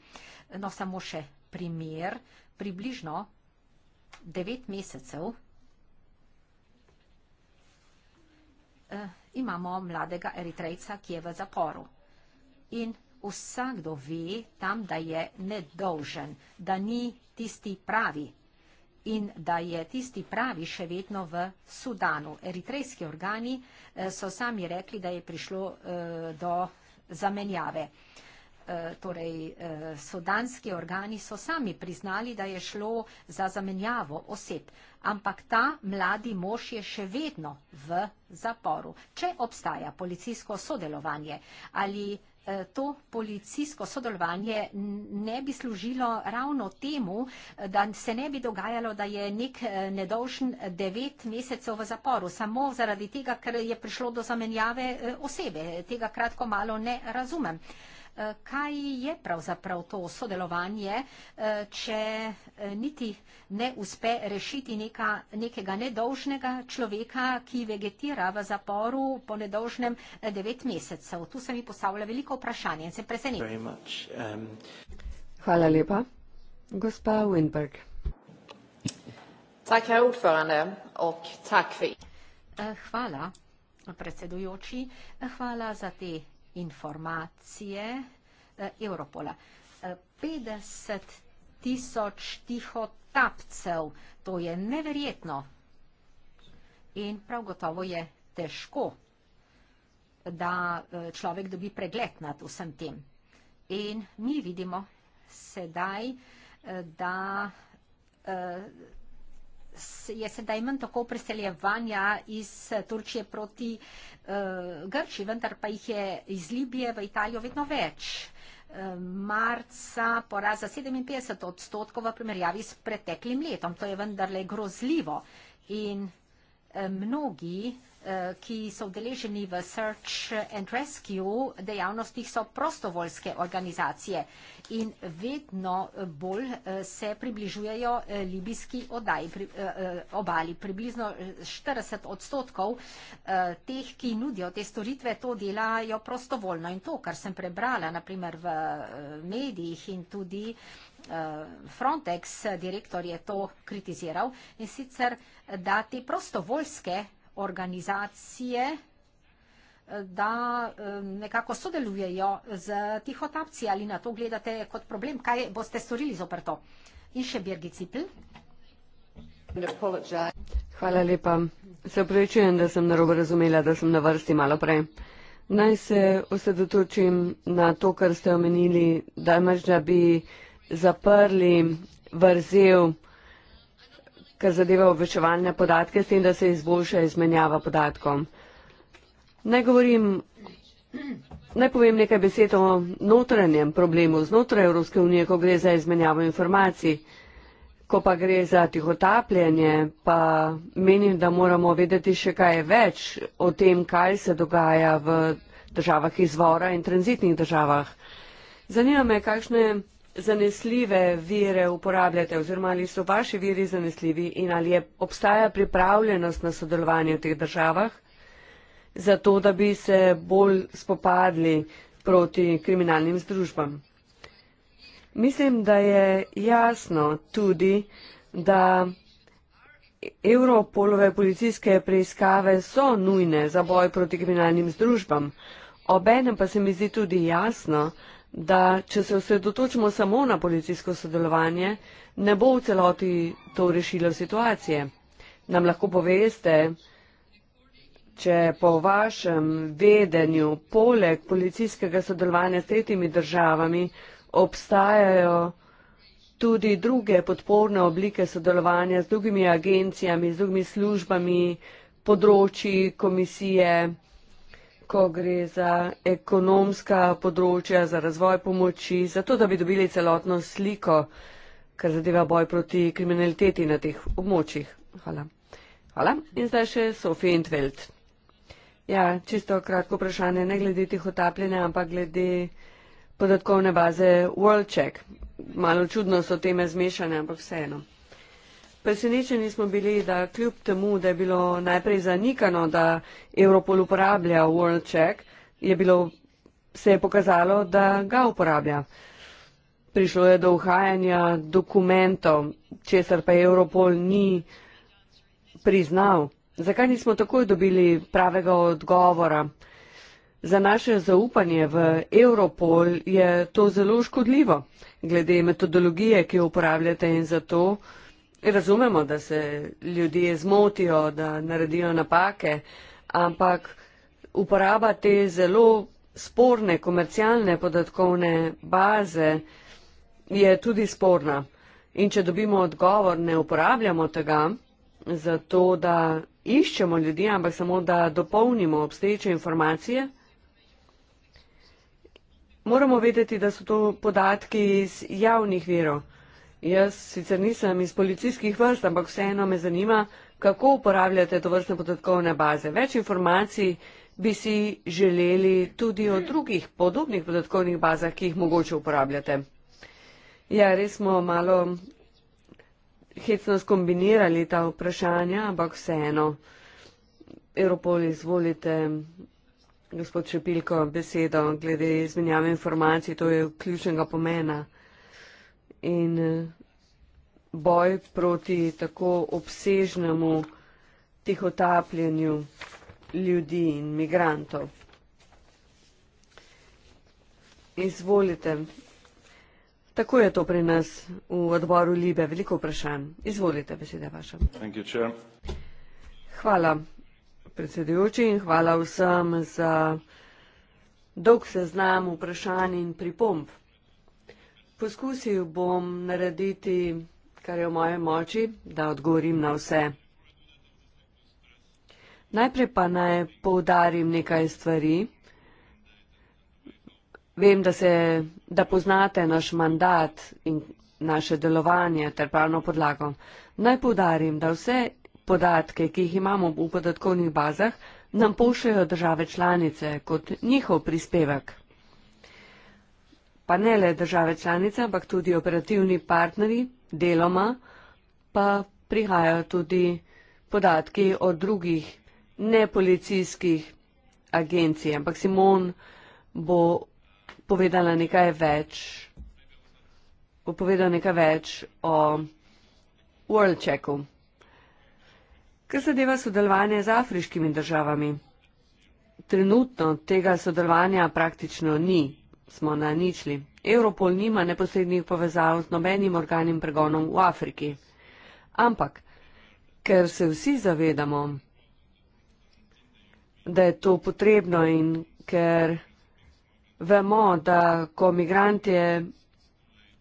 S4: No, samo še primer, približno devet mesecev eh, imamo mladega eritrejca, ki je v zaporu. In vsakdo ve tam, da je nedolžen, da ni tisti pravi in da je tisti pravi še vedno v Sudanu. Eritrejski organi eh, so sami rekli, da je prišlo eh, do zamenjave. Eh, torej, sudanski organi so sami priznali, da je šlo za zamenjavo oseb, ampak ta mladi mož je še vedno v zaporu. Če obstaja policijsko sodelovanje ali Eh, to policijsko sodelovanje ne bi služilo ravno temu, eh, da se ne bi dogajalo, da je nek eh, nedolžen devet mesecev v zaporu, samo zaradi tega, ker je prišlo do zamenjave osebe. Tega kratko malo ne razumem kaj je pravzaprav to sodelovanje, če eh, niti ne uspe rešiti neka, nekega nedolžnega človeka, ki vegetira v zaporu po nedolžnem eh, devet mesecev. Tu se mi postavlja veliko vprašanje in se presenečen.
S2: Um... Hvala lepa. Gospa Winberg.
S4: Tak, ok, tak, eh, Hvala, predsedujoči. Hvala za te informacije eh, Europola. 50 eh, tisoč tihotapcev, to je neverjetno in prav gotovo je težko, da eh, človek dobi pregled nad vsem tem. In mi vidimo sedaj, da je sedaj manj tako preseljevanja iz eh, Turčije proti uh, Grčiji, vendar pa jih je iz Libije v Italijo vedno več. Eh, marca poraza 57 odstotkov v primerjavi s preteklim letom. To je vendarle grozljivo. In mnogi Eh, ki so vdeleženi v search and rescue dejavnostih, so prostovoljske organizacije in vedno bolj eh, se približujejo eh, libijski odaj, pri, obali. Približno 40 odstotkov teh, ki nudijo te storitve, to delajo prostovoljno. In to, kar sem prebrala, naprimer v medijih in tudi Frontex direktor je to kritiziral in sicer, da te prostovoljske organizacije, da nekako sodelujejo z tihotapci ali na to gledate kot problem. Kaj boste storili zoper to? In še Birgit Cipl.
S2: Hvala lepa. Se upravičujem, da sem narobo razumela, da sem na vrsti malo prej. Naj se osredotočim na to, kar ste omenili, da imaš, da bi zaprli vrzel kar zadeva obveščevalne podatke, s tem, da se izboljša izmenjava podatkov. Naj govorim, naj povem nekaj besed o notranjem problemu znotraj Evropske unije, ko gre za izmenjavo informacij. Ko pa gre za tihotapljenje, pa menim, da moramo vedeti še kaj več o tem, kaj se dogaja v državah izvora in tranzitnih državah. Zanima me, kakšne zanesljive vire uporabljate oziroma ali so vaši viri zanesljivi in ali je, obstaja pripravljenost na sodelovanje v teh državah za to, da bi se bolj spopadli proti kriminalnim združbam. Mislim, da je jasno tudi, da Europolove policijske preiskave so nujne za boj proti kriminalnim združbam. Obenem pa se mi zdi tudi jasno, da če se osredotočimo samo na policijsko sodelovanje, ne bo v celoti to rešilo situacije. Nam lahko poveste, če po vašem vedenju poleg policijskega sodelovanja s tretjimi državami obstajajo tudi druge podporne oblike sodelovanja z drugimi agencijami, z drugimi službami, področji komisije, ko gre za ekonomska področja, za razvoj pomoči, za to, da bi dobili celotno sliko, kar zadeva boj proti kriminaliteti na teh območjih. Hvala. Hvala. In zdaj še Sofija Intveld. Ja, čisto kratko vprašanje, ne glede tih otapljenja, ampak glede podatkovne baze WorldCheck. Malo čudno so teme zmešane, ampak vseeno. Presenečeni smo bili, da kljub temu, da je bilo najprej zanikano, da Europol uporablja World Check, je bilo, se je pokazalo, da ga uporablja. Prišlo je do uhajanja dokumentov, česar pa Europol ni priznal. Zakaj nismo takoj dobili pravega odgovora? Za naše zaupanje v Europol je to zelo škodljivo, glede metodologije, ki jo uporabljate in zato. Razumemo, da se ljudje zmotijo, da naredijo napake, ampak uporaba te zelo sporne komercialne podatkovne baze je tudi sporna. In če dobimo odgovor, ne uporabljamo tega, zato da iščemo ljudi, ampak samo da dopolnimo obstoječe informacije, moramo vedeti, da so to podatki iz javnih verov. Jaz sicer nisem iz policijskih vrst, ampak vseeno me zanima, kako uporabljate to vrstne podatkovne baze. Več informacij bi si želeli tudi o drugih podobnih podatkovnih bazah, ki jih mogoče uporabljate. Ja, res smo malo hecno skombinirali ta vprašanja, ampak vseeno. Europol, izvolite, gospod Šepilko, besedo glede izmenjave informacij, to je ključnega pomena in eh, boj proti tako obsežnemu tihotapljenju ljudi in migrantov. Izvolite. Tako je to pri nas v odboru Libe. Veliko vprašanj. Izvolite, beseda vaša. Hvala, predsedujoči, in hvala vsem za dolg seznam vprašanj in pripomb. Poskusil bom narediti, kar je v moje moči, da odgovorim na vse. Najprej pa naj poudarim nekaj stvari. Vem, da, se, da poznate naš mandat in naše delovanje ter pravno podlago. Naj poudarim, da vse podatke, ki jih imamo v podatkovnih bazah, nam pošljajo države članice kot njihov prispevek pa ne le države članice, ampak tudi operativni partnerji, deloma pa prihajajo tudi podatki od drugih nepolicijskih agencij. Ampak Simon bo povedala nekaj več, bo povedal nekaj več o World Checku. Kar zadeva sodelovanje z afriškimi državami, trenutno tega sodelovanja praktično ni smo na ničli. Europol nima neposrednih povezav z nobenim organim pregonom v Afriki. Ampak, ker se vsi zavedamo, da je to potrebno in ker vemo, da ko migrantje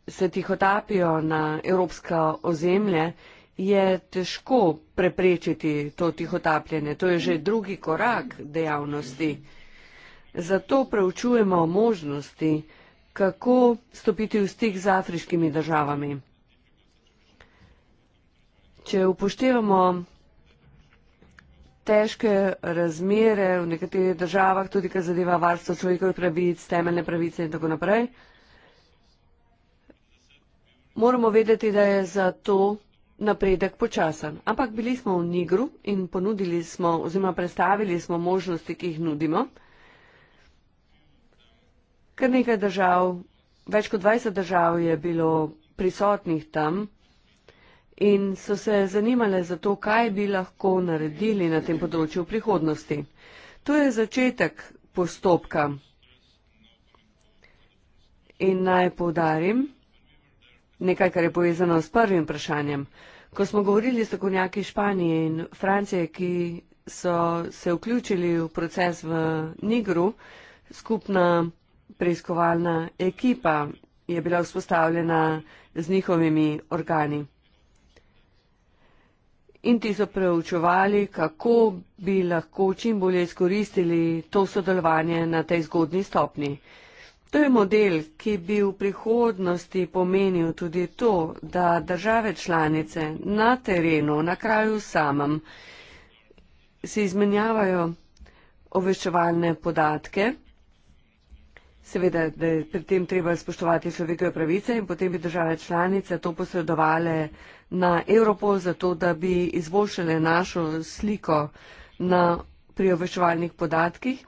S2: se tihotapijo na evropska ozemlje, je težko preprečiti to tihotapljenje. To je že drugi korak dejavnosti. Mm -hmm. Zato preučujemo možnosti, kako stopiti v stik z afriškimi državami. Če upoštevamo težke razmere v nekaterih državah, tudi kar zadeva varstvo človekovih pravic, temeljne pravice in tako naprej, moramo vedeti, da je za to napredek počasen. Ampak bili smo v Nigru in ponudili smo oziroma predstavili smo možnosti, ki jih nudimo. Kar nekaj držav, več kot 20 držav je bilo prisotnih tam in so se zanimale za to, kaj bi lahko naredili na tem področju v prihodnosti. To je začetek postopka. In naj povdarim nekaj, kar je povezano s prvim vprašanjem. Ko smo govorili s takonjaki Španije in Francije, ki so se vključili v proces v Nigru, skupna preiskovalna ekipa je bila vzpostavljena z njihovimi organi. In ti so preučevali, kako bi lahko čim bolje izkoristili to sodelovanje na tej zgodni stopni. To je model, ki bi v prihodnosti pomenil tudi to, da države članice na terenu, na kraju samem, se izmenjavajo obveščevalne podatke Seveda, da je pri tem treba spoštovati človekove pravice in potem bi države članice to posredovale na Europol, zato da bi izboljšale našo sliko na pri obveščevalnih podatkih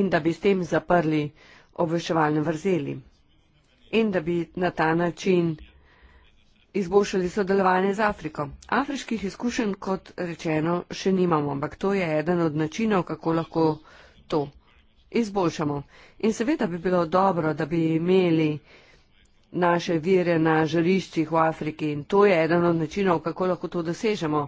S2: in da bi s tem zaprli obveščevalne vrzeli. In da bi na ta način izboljšali sodelovanje z Afriko. Afriških izkušenj, kot rečeno, še nimamo, ampak to je eden od načinov, kako lahko to izboljšamo. In seveda bi bilo dobro, da bi imeli naše vire na žariščih v Afriki in to je eden od načinov, kako lahko to dosežemo.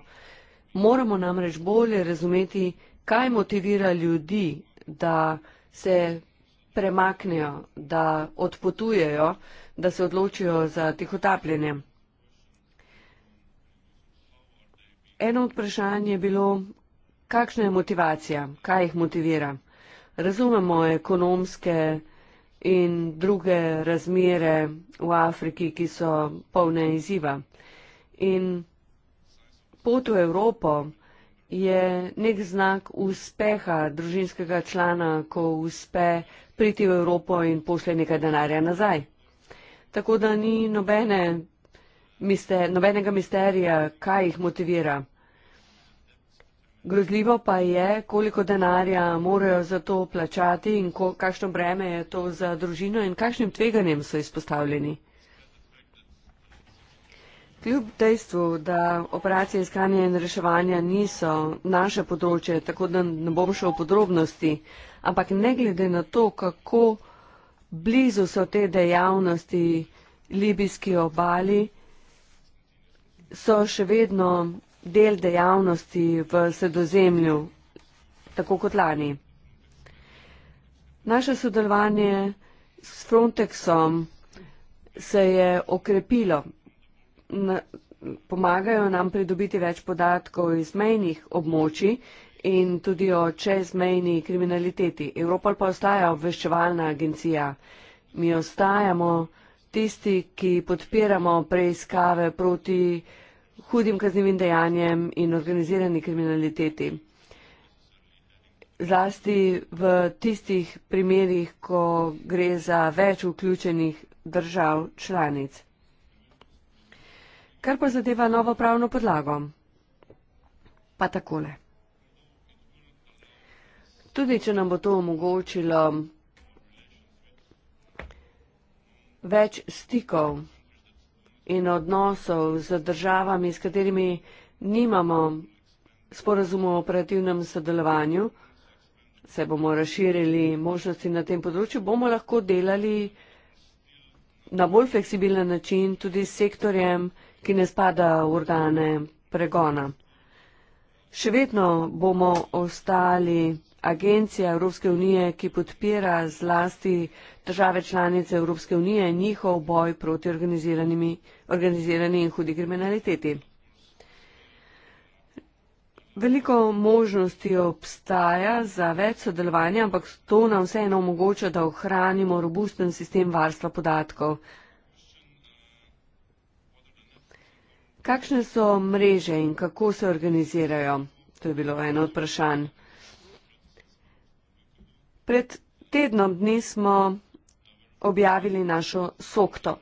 S2: Moramo namreč bolje razumeti, kaj motivira ljudi, da se premaknejo, da odpotujejo, da se odločijo za tihotapljenje. Eno od vprašanj je bilo, kakšna je motivacija, kaj jih motivira razumemo ekonomske in druge razmere v Afriki, ki so polne izziva. In pot v Evropo je nek znak uspeha družinskega člana, ko uspe priti v Evropo in pošlje nekaj denarja nazaj. Tako da ni nobene, mister, nobenega misterija, kaj jih motivira. Grozljivo pa je, koliko denarja morajo za to plačati in ko, kakšno breme je to za družino in kakšnim tveganjem so izpostavljeni. Kljub dejstvu, da operacije iskanja in reševanja niso naše področje, tako da ne bom šel v podrobnosti, ampak ne glede na to, kako blizu so te dejavnosti libijski obali, so še vedno del dejavnosti v sredozemlju, tako kot lani. Naše sodelovanje s Frontexom se je okrepilo. Na, pomagajo nam pridobiti več podatkov iz mejnih območij in tudi o čezmejni kriminaliteti. Evropa pa ostaja obveščevalna agencija. Mi ostajamo tisti, ki podpiramo preiskave proti uh, hudim kaznjivim dejanjem in organizirani kriminaliteti. Zlasti v tistih primerjih, ko gre za več vključenih držav članic. Kar pa zadeva novo pravno podlago? Pa takole. Tudi, če nam bo to omogočilo več stikov, in odnosov z državami, s katerimi nimamo sporazumov o operativnem sodelovanju, se bomo razširili možnosti na tem področju, bomo lahko delali na bolj fleksibilen način tudi s sektorjem, ki ne spada v organe pregona. Še vedno bomo ostali agencija Evropske unije, ki podpira zlasti države članice Evropske unije in njihov boj proti organizirani in hudi kriminaliteti. Veliko možnosti obstaja za več sodelovanja, ampak to nam vseeno omogoča, da ohranimo robusten sistem varstva podatkov. Kakšne so mreže in kako se organizirajo? To je bilo eno od vprašanj. Pred tednom dni smo objavili našo sokto,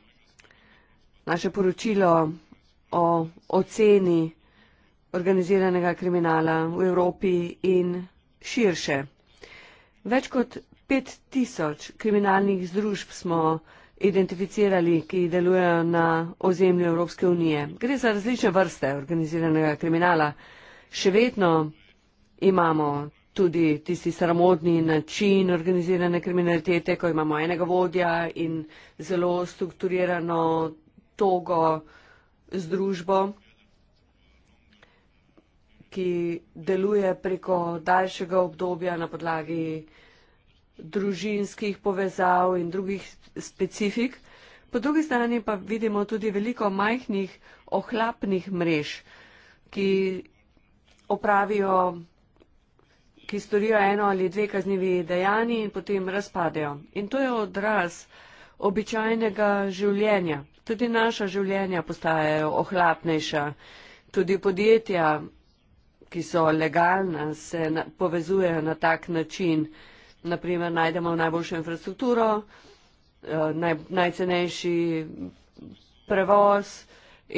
S2: naše poročilo o oceni organiziranega kriminala v Evropi in širše. Več kot pet tisoč kriminalnih združb smo identificirali, ki delujejo na ozemlju Evropske unije. Gre za različne vrste organiziranega kriminala. Še vedno imamo tudi tisti sramotni način organizirane kriminalitete, ko imamo enega vodja in zelo strukturirano togo združbo, ki deluje preko daljšega obdobja na podlagi družinskih povezav in drugih specifik. Po drugi strani pa vidimo tudi veliko majhnih ohlapnih mrež, ki opravijo ki storijo eno ali dve kaznjivi dejani in potem razpadejo. In to je odraz običajnega življenja. Tudi naša življenja postajajo ohlapnejša. Tudi podjetja, ki so legalna, se na, povezujejo na tak način. Naprimer, najdemo najboljšo infrastrukturo, eh, naj, najcenejši prevoz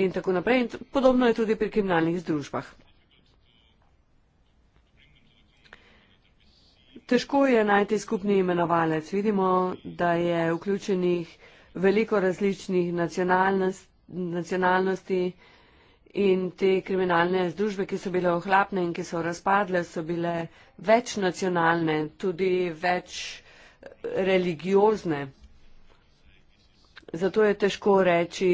S2: in tako naprej. In podobno je tudi pri kriminalnih združbah. težko je najti skupni imenovalec. Vidimo, da je vključenih veliko različnih nacionalnost, nacionalnosti in te kriminalne združbe, ki so bile ohlapne in ki so razpadle, so bile večnacionalne, tudi več eh, religiozne. Zato je težko reči,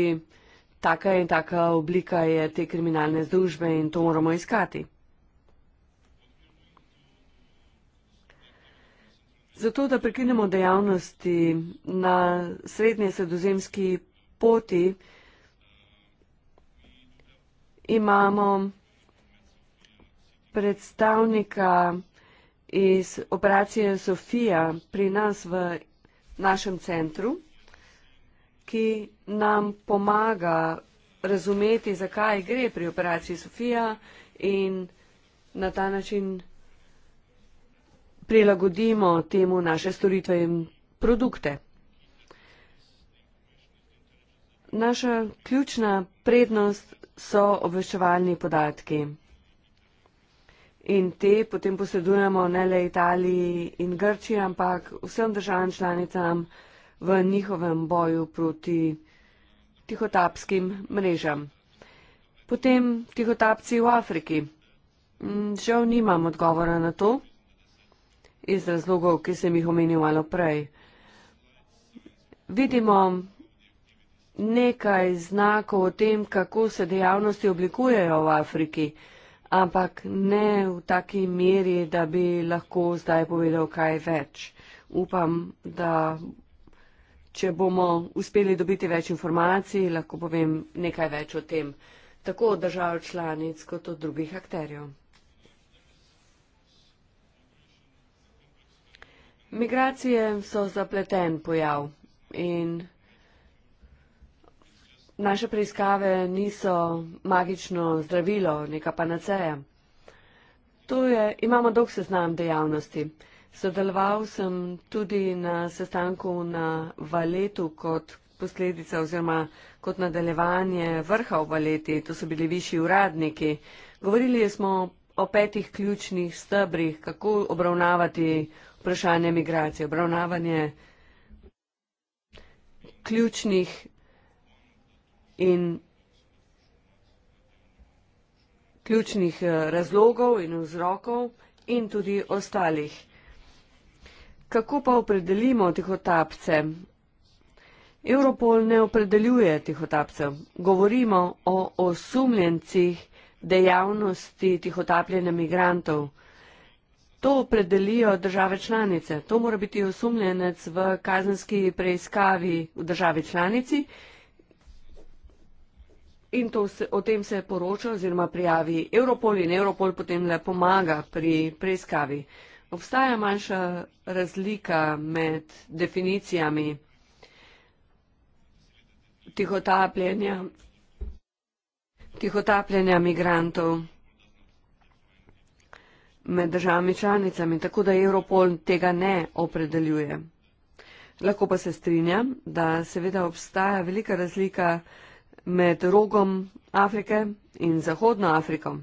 S2: taka in taka oblika je te kriminalne združbe in to moramo iskati. Zato, da prekinemo dejavnosti na srednje sredozemski poti, imamo predstavnika iz operacije Sofija pri nas v našem centru, ki nam pomaga razumeti, zakaj gre pri operaciji Sofija in na ta način prilagodimo temu naše storitve in produkte. Naša ključna prednost so obveščevalni podatki. In te potem posredujemo ne le Italiji in Grčiji, ampak vsem državam članicam v njihovem boju proti tihotapskim mrežam. Potem tihotapci v Afriki. Žal nimam odgovora na to iz razlogov, ki sem jih omenil malo prej. Vidimo nekaj znakov o tem, kako se dejavnosti oblikujejo v Afriki, ampak ne v taki meri, da bi lahko zdaj povedal kaj več. Upam, da če bomo uspeli dobiti več informacij, lahko povem nekaj več o tem, tako od držav članic kot od drugih akterjev. Migracije so zapleten pojav in naše preiskave niso magično zdravilo, neka panaceja. Tu je, imamo dolg seznam dejavnosti. Sodeloval sem tudi na sestanku na valetu kot posledica oziroma kot nadaljevanje vrha v valeti. To so bili višji uradniki. Govorili smo o petih ključnih stebrih, kako obravnavati vprašanje migracije, obravnavanje ključnih in ključnih eh, razlogov in vzrokov in tudi ostalih. Kako pa opredelimo tihotapce? Europol ne opredeljuje tihotapcev. Govorimo o osumljencih dejavnosti tihotapljenja migrantov. To opredelijo države članice. To mora biti osumljenec v kazenski preiskavi v državi članici. In to se, o tem se poroča oziroma prijavi Europol in Europol potem le pomaga pri preiskavi. Obstaja manjša razlika med definicijami tihotapljenja, tihotapljenja migrantov med državami članicami, tako da Europol tega ne opredeljuje. Lahko pa se strinjam, da seveda obstaja velika razlika med rogom Afrike in Zahodno Afriko.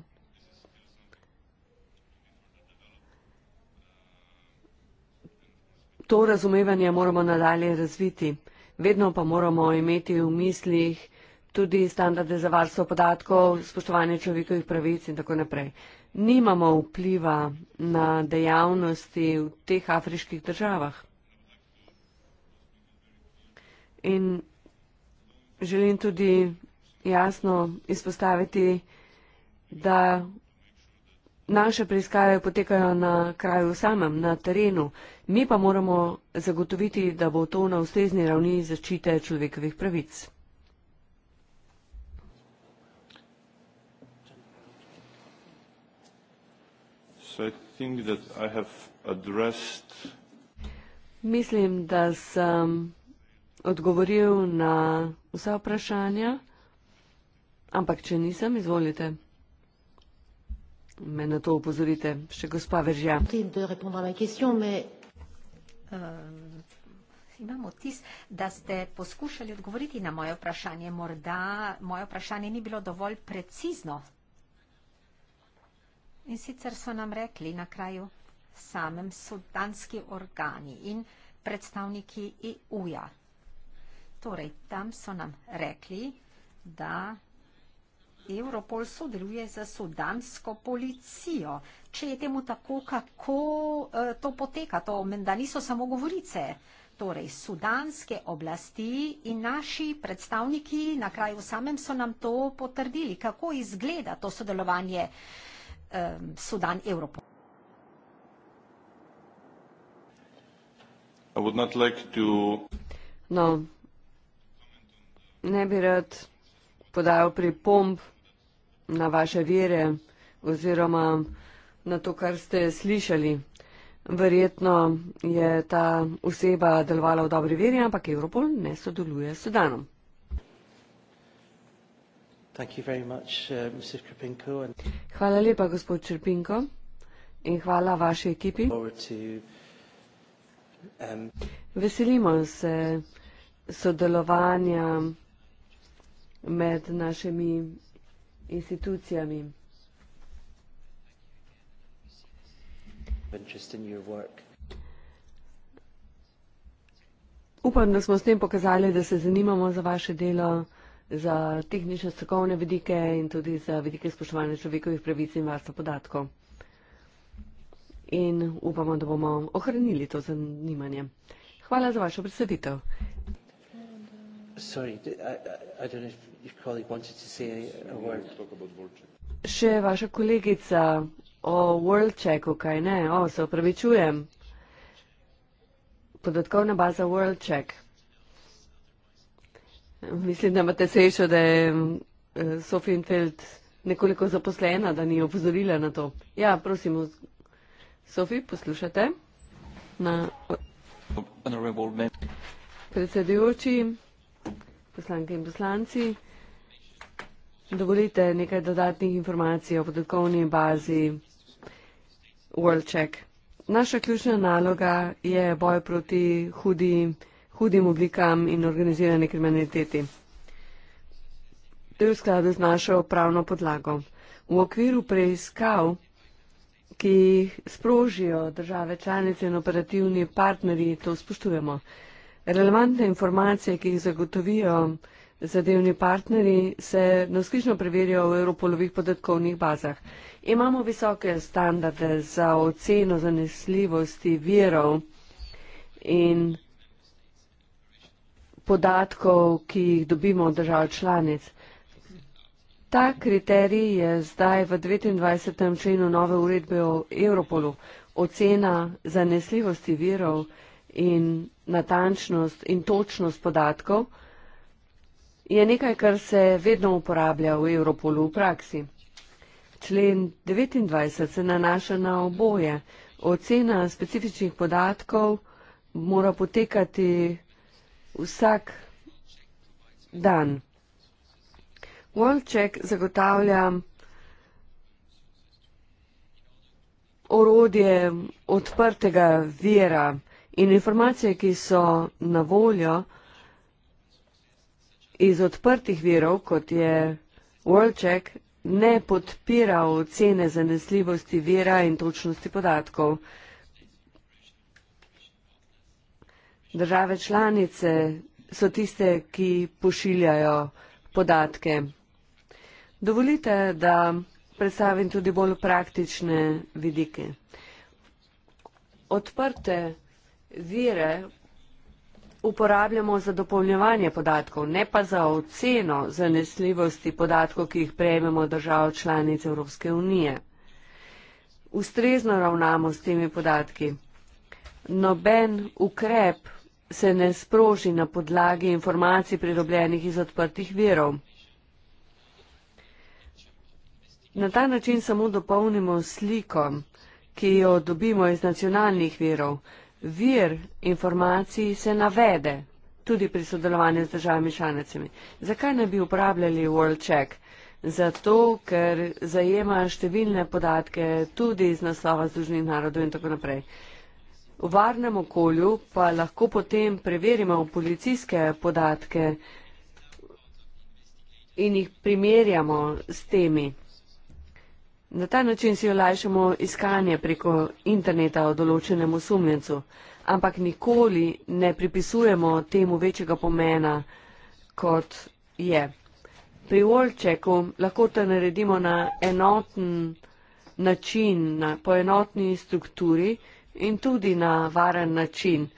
S2: To razumevanje moramo nadalje razviti. Vedno pa moramo imeti v mislih tudi standarde za varstvo podatkov, spoštovanje človekovih pravic in tako naprej nimamo vpliva na dejavnosti v teh afriških državah. In želim tudi jasno izpostaviti, da naše preiskave potekajo na kraju samem, na terenu. Mi pa moramo zagotoviti, da bo to na ustrezni ravni zaščite človekovih pravic. Mislim, da sem odgovoril na vsa vprašanja, ampak če nisem, izvolite. Me na to upozorite, še gospa Veržja.
S4: Eh, imam otis, da ste poskušali odgovoriti na moje vprašanje. Morda moje vprašanje ni bilo dovolj precizno. In sicer so nam rekli na kraju samem sudanski organi in predstavniki EU-ja. Torej, tam so nam rekli, da Europol sodeluje z sudansko policijo. Če je temu tako, kako e, to poteka, to menda niso samo govorice. Torej, sudanske oblasti in naši predstavniki na kraju samem so nam to potrdili. Kako izgleda to sodelovanje? Uh, Um, Sudan Europol.
S1: I would not like to...
S2: No, ne bi rad podal pripomb na vaše vere oziroma na to, kar ste slišali. Verjetno je ta oseba delovala v dobri veri, ampak Evropol ne sodeluje s Sudanom. Uh, hvala lepa, gospod Črpinko, in hvala vaši ekipi. Um, Veselimo se sodelovanja med našimi institucijami. Upam, da smo s tem pokazali, da se zanimamo za vaše delo za tehnične strokovne vedike in tudi za vedike spoštovanja človekovih pravic in varstva podatkov. In upamo, da bomo ohranili to zanimanje. Hvala za vašo predstavitev. Še vaša kolegica o World Checku, kaj ne? O, se opravičujem. Podatkovna baza World Check. Mislim, da imate srečo, da je eh, Sofija Infeld nekoliko zaposlena, da ni opozorila na to. Ja, prosim, Sofija, poslušate. Na... Predsedujoči, poslanke in poslanci, dovolite nekaj dodatnih informacij o podatkovni bazi WorldCheck. Naša ključna naloga je boj proti hudim hudim oblikam in organizirane kriminaliteti. To je v skladu z našo pravno podlago. V okviru preiskav, ki jih sprožijo države članice in operativni partnerji, to spoštujemo. Relevantne informacije, ki jih zagotovijo zadevni partnerji, se navskrižno preverijo v Europolovih podatkovnih bazah. Imamo visoke standarde za oceno zanesljivosti virov in podatkov, ki jih dobimo od držav članic. Ta kriterij je zdaj v 29. členu nove uredbe o Europolu ocena zanesljivosti virov in natančnost in točnost podatkov je nekaj, kar se vedno uporablja v Europolu v praksi. Člen 29 se nanaša na oboje. Ocena specifičnih podatkov mora potekati vsak dan. Volček zagotavlja orodje odprtega vira in informacije, ki so na voljo iz odprtih virov, kot je Volček, ne podpira ocene zanesljivosti vira in točnosti podatkov. države članice so tiste, ki pošiljajo podatke. Dovolite, da predstavim tudi bolj praktične vidike. Odprte vire uporabljamo za dopolnjevanje podatkov, ne pa za oceno zanesljivosti podatkov, ki jih prejmemo držav članic Evropske unije. Ustrezno ravnamo s temi podatki. Noben ukrep se ne sproži na podlagi informacij pridobljenih iz odprtih verov. Na ta način samo dopolnimo sliko, ki jo dobimo iz nacionalnih verov. Vir informacij se navede tudi pri sodelovanju z državami članicami. Zakaj ne bi uporabljali World Check? Zato, ker zajema številne podatke tudi iz naslova Združenih narodov in tako naprej. V varnem okolju pa lahko potem preverimo policijske podatke in jih primerjamo s temi. Na ta način si olajšamo iskanje preko interneta o določenem osumljencu, ampak nikoli ne pripisujemo temu večjega pomena, kot je. Pri Olčeku lahko to naredimo na enoten način, na, po enotni strukturi in tudi na varen način.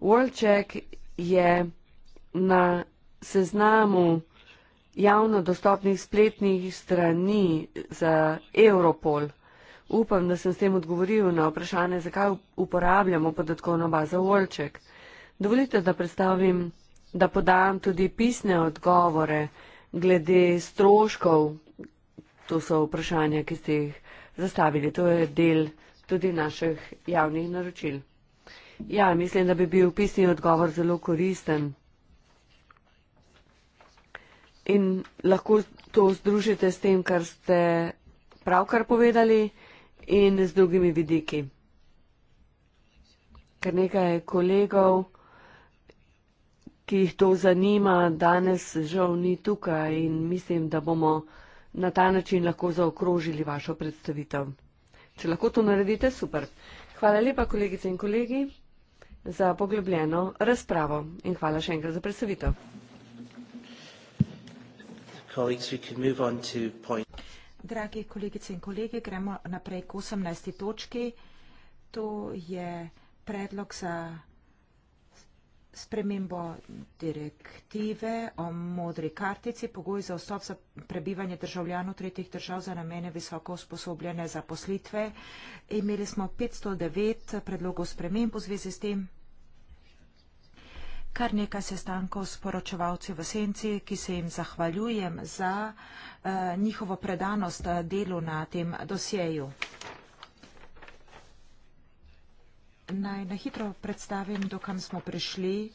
S2: Worldcheck je na seznamu javno dostopnih spletnih strani za Europol. Upam, da sem s tem odgovoril na vprašanje, zakaj uporabljamo podatkovno bazo Worldcheck. Dovolite, da predstavim, da podam tudi pisne odgovore glede stroškov. To so vprašanja, ki ste jih zastavili. To je del tudi naših javnih naročil. Ja, mislim, da bi bil pisni odgovor zelo koristen. In lahko to združite s tem, kar ste pravkar povedali in z drugimi vidiki. Ker nekaj kolegov, ki jih to zanima, danes žal ni tukaj in mislim, da bomo na ta način lahko zaokrožili vašo predstavitev. Če lahko to naredite, super. Hvala lepa, kolegice in kolegi, za poglobljeno razpravo in hvala še enkrat za predstavitev.
S5: Dragi kolegice in kolegi, gremo naprej k 18. točki. To je predlog za spremembo direktive o modri kartici, pogoj za vstop za prebivanje državljanov tretjih držav za namene visoko usposobljene za poslitve. Imeli smo 509 predlogov sprememb v zvezi s tem. Kar nekaj sestankov s poročevalci v Senci, ki se jim zahvaljujem za uh, njihovo predanost eh, delu na tem dosjeju naj na hitro predstavim, do kam smo prišli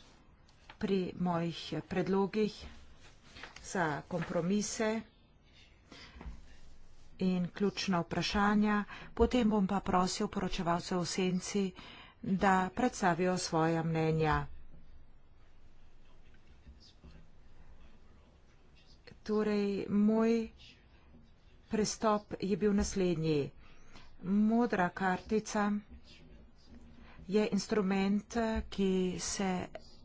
S5: pri mojih predlogih za kompromise in ključna vprašanja. Potem bom pa prosil poročevalce v senci, da predstavijo svoja mnenja. Torej, moj pristop je bil naslednji. Modra kartica je instrument, eh, ki se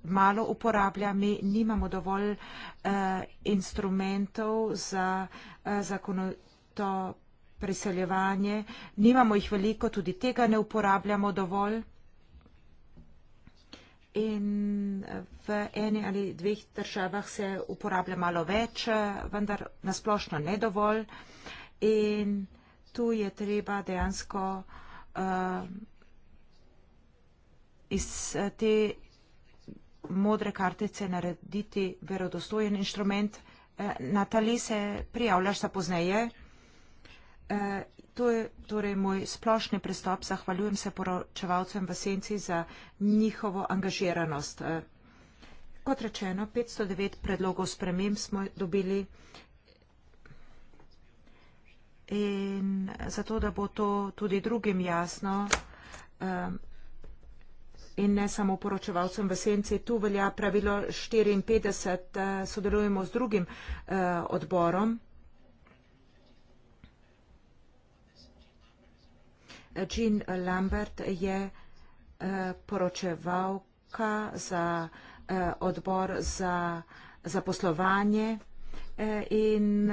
S5: malo uporablja. Mi nimamo dovolj uh, instrumentov za uh, eh, zakonito priseljevanje. Nimamo jih veliko, tudi tega ne uporabljamo dovolj. In v eni ali dveh državah se uporablja malo več, vendar nasplošno ne dovolj. In tu je treba dejansko uh, iz eh, te modre kartice narediti verodostojen inštrument. Eh, Natali, se prijavljaš za pozneje? Eh, to je torej moj splošni pristop. Zahvaljujem se poročevalcem v senci za njihovo angažiranost. Kot rečeno, 509 predlogov spremem smo dobili in zato, da bo to tudi drugim jasno, in ne samo poročevalcem v senci. Tu velja pravilo 54, eh, sodelujemo z drugim eh, odborom. Jean Lambert je eh, poročevalka za odbor za zaposlovanje in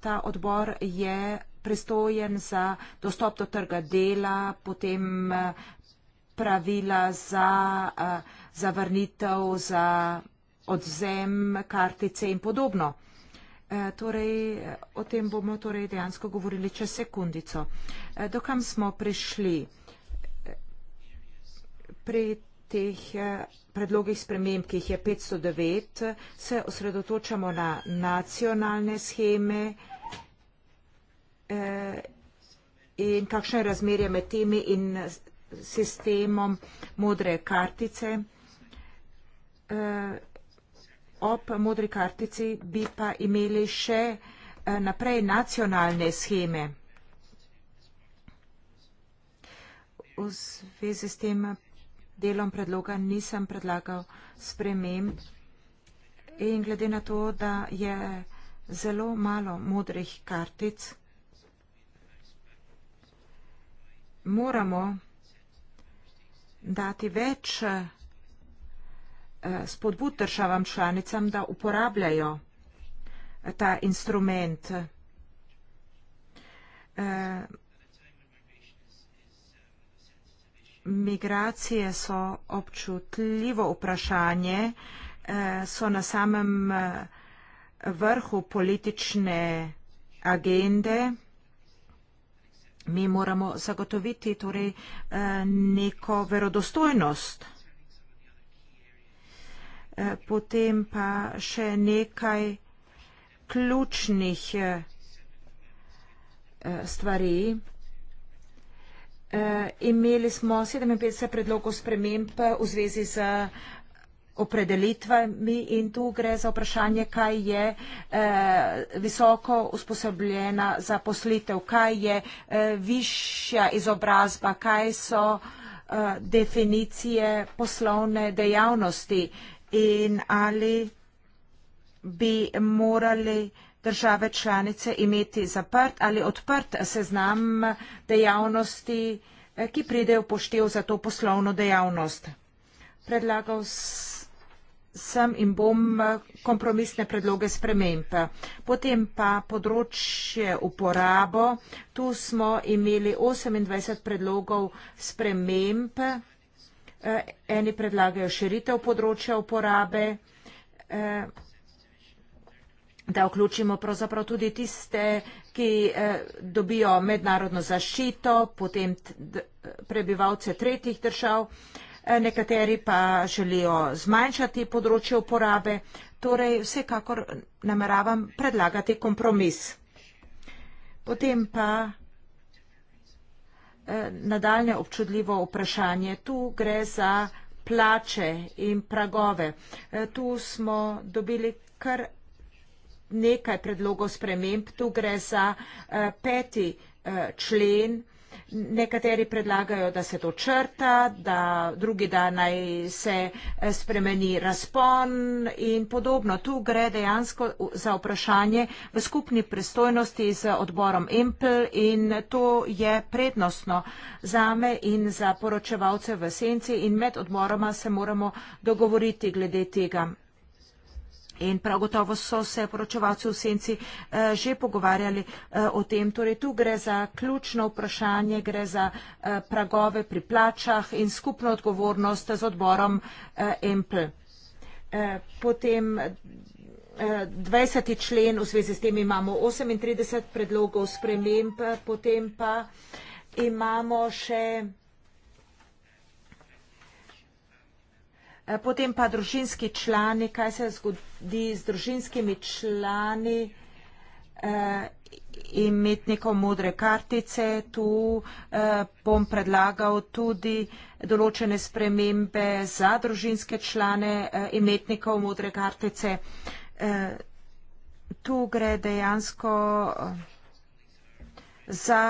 S5: ta odbor je pristojen za dostop do trga dela, potem pravila za eh, zavrnitev, za odzem kartice in podobno. Eh, torej, o tem bomo torej dejansko govorili čez sekundico. Eh, dokam smo prišli pri teh predlogih sprememb, ki jih je 509, se osredotočamo na nacionalne scheme in kakšno je razmerje med temi in sistemom modre kartice. Eh, ob modri kartici bi pa imeli še eh, naprej nacionalne scheme. V zvezi s tem delom predloga nisem predlagal sprememb in glede na to, da je zelo malo modrih kartic, moramo predlagati, dati več eh, spodbud državam članicam, da uporabljajo eh, ta instrument. Eh, migracije so občutljivo vprašanje, so na samem vrhu politične agende mi moramo zagotoviti torej eh, neko verodostojnost. Eh, potem pa še nekaj ključnih eh, stvari. Imeli smo 57 predlogov sprememb v zvezi z opredelitvami in tu gre za vprašanje, kaj je eh, visoko usposobljena za poslitev, kaj je eh, višja izobrazba, kaj so eh, definicije poslovne dejavnosti in ali bi morali države članice imeti zaprt ali odprt seznam dejavnosti, eh, ki pridejo poštev za to poslovno dejavnost. Predlagal sem sem in bom eh, kompromisne predloge sprememb. Potem pa področje uporabo. Tu smo imeli 28 predlogov sprememb. Eh, eni predlagajo širitev področja uporabe, eh, da vključimo pravzaprav tudi tiste, ki dobijo mednarodno zaščito, potem prebivalce tretjih držav. Eh, nekateri pa želijo zmanjšati področje uporabe, torej vsekakor nameravam predlagati kompromis. Potem pa eh, nadaljne občudljivo vprašanje. Tu gre za plače in pragove. Eh, tu smo dobili kar nekaj predlogov sprememb. Tu gre za peti člen, nekateri predlagajo, da se to črta, da drugi da naj se eh, spremeni razpon in podobno. Tu gre dejansko za vprašanje v skupni pristojnosti z odborom Impel in to je prednostno za me in za poročevalce v senci in med odboroma se moramo dogovoriti glede tega. In prav gotovo so se poročevalci v senci eh, že pogovarjali eh, o tem. Torej, tu gre za ključno vprašanje, gre za eh, pragove pri plačah in skupno odgovornost z odborom eh, EMPL. Eh, potem eh, 20. člen v zvezi s tem imamo 38 predlogov sprememb, eh, potem pa imamo še. Eh, potem pa družinski člani, kaj se zgodi z družinskimi člani eh, imetnikov modre kartice. Tu eh, bom predlagal tudi določene spremembe za družinske člane eh, imetnikov modre kartice. Eh, tu gre dejansko eh, za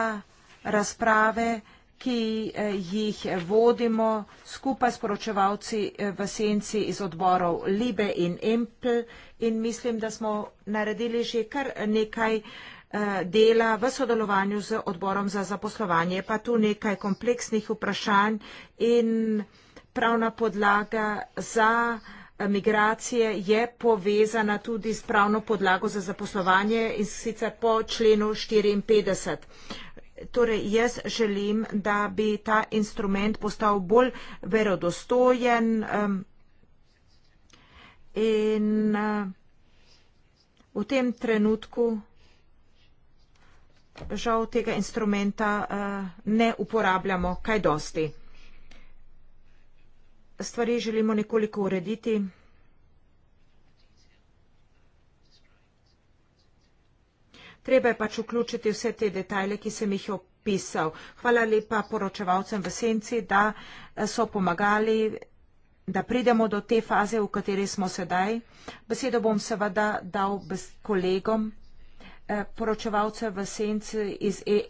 S5: razprave. Eh, ki eh, jih eh, vodimo skupaj s poročevalci eh, v senci iz odborov Libe in Empl in mislim, da smo naredili že kar nekaj dela v sodelovanju z odborom za zaposlovanje, pa tu nekaj kompleksnih vprašanj in pravna podlaga za migracije je povezana tudi s pravno podlago za zaposlovanje in sicer po členu 54. Torej, jaz želim, da bi ta instrument postal bolj verodostojen um, in uh, v tem trenutku žal tega instrumenta uh, ne uporabljamo kaj dosti. Stvari želimo nekoliko urediti. treba je pač vključiti vse te detajle, ki sem jih opisal. Hvala lepa poročevalcem v senci, da eh, so pomagali, da pridemo do te faze, v kateri smo sedaj. Besedo bom seveda dal kolegom eh, poročevalcev v senci iz E.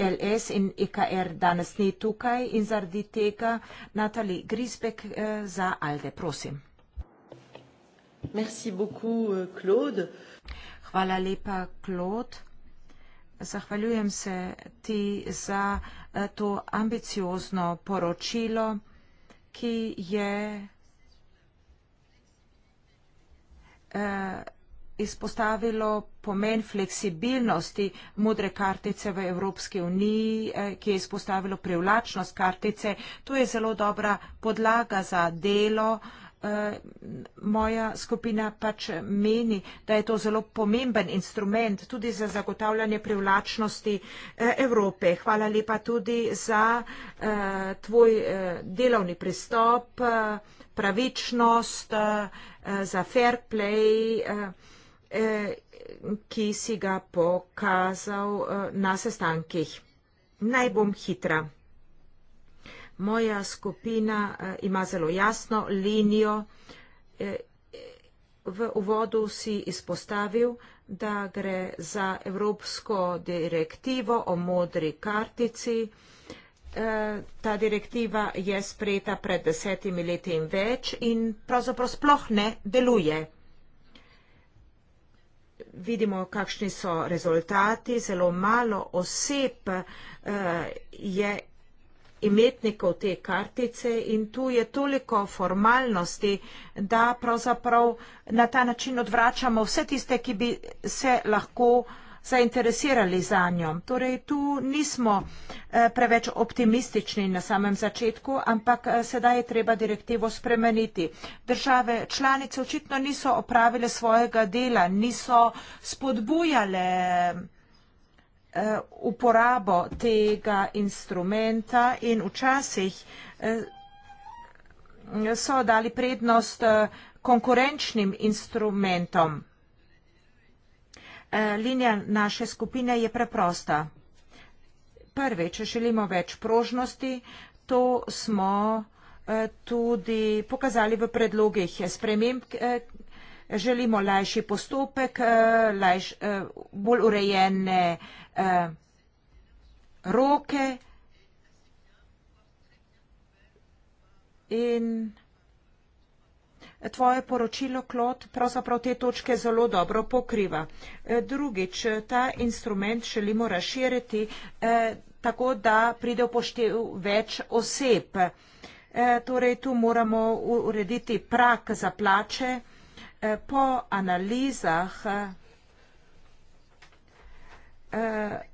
S5: LS in EKR danes ni tukaj in zaradi tega Natali Grisbek eh, za Alde, prosim. Merci beaucoup, Claude. Hvala lepa, Klod. Zahvaljujem se ti za eh, to ambiciozno poročilo, ki je eh, izpostavilo pomen fleksibilnosti modre kartice v Evropski uniji, eh, ki je izpostavilo privlačnost kartice. To je zelo dobra podlaga za delo uh, Eh, moja skupina pač meni, da je to zelo pomemben instrument tudi za zagotavljanje privlačnosti eh, Evrope. Hvala lepa tudi za eh, tvoj delovni pristop, pravičnost, za fair play, ki si ga pokazal na sestankih. Naj bom hitra moja skupina eh, ima zelo jasno linijo. Eh, v uvodu si izpostavil, da gre za Evropsko direktivo o modri kartici. Eh, ta direktiva je sprejeta pred desetimi leti in več in pravzaprav sploh ne deluje. Vidimo, kakšni so rezultati. Zelo malo oseb je imetnikov te kartice in tu je toliko formalnosti, da pravzaprav na ta način odvračamo vse tiste, ki bi se lahko zainteresirali za njo. Torej, tu nismo eh, preveč optimistični na samem začetku, ampak eh, sedaj je treba direktivo spremeniti. Države članice očitno niso opravile svojega dela, niso spodbujale Eh, uporabo tega instrumenta in včasih eh, so dali prednost eh, konkurenčnim instrumentom. Linija naše skupine je preprosta. Prve, če želimo več prožnosti, to smo tudi pokazali v predlogih sprememb, želimo lajši postopek, bolj urejene vsega, eh, roke in tvoje poročilo, Klot, pravzaprav te točke zelo dobro pokriva. Eh, drugič, ta instrument želimo razširiti eh, tako, da pride v poštev več oseb. Eh, torej, tu moramo urediti prak za plače. Eh, po analizah eh, Eh,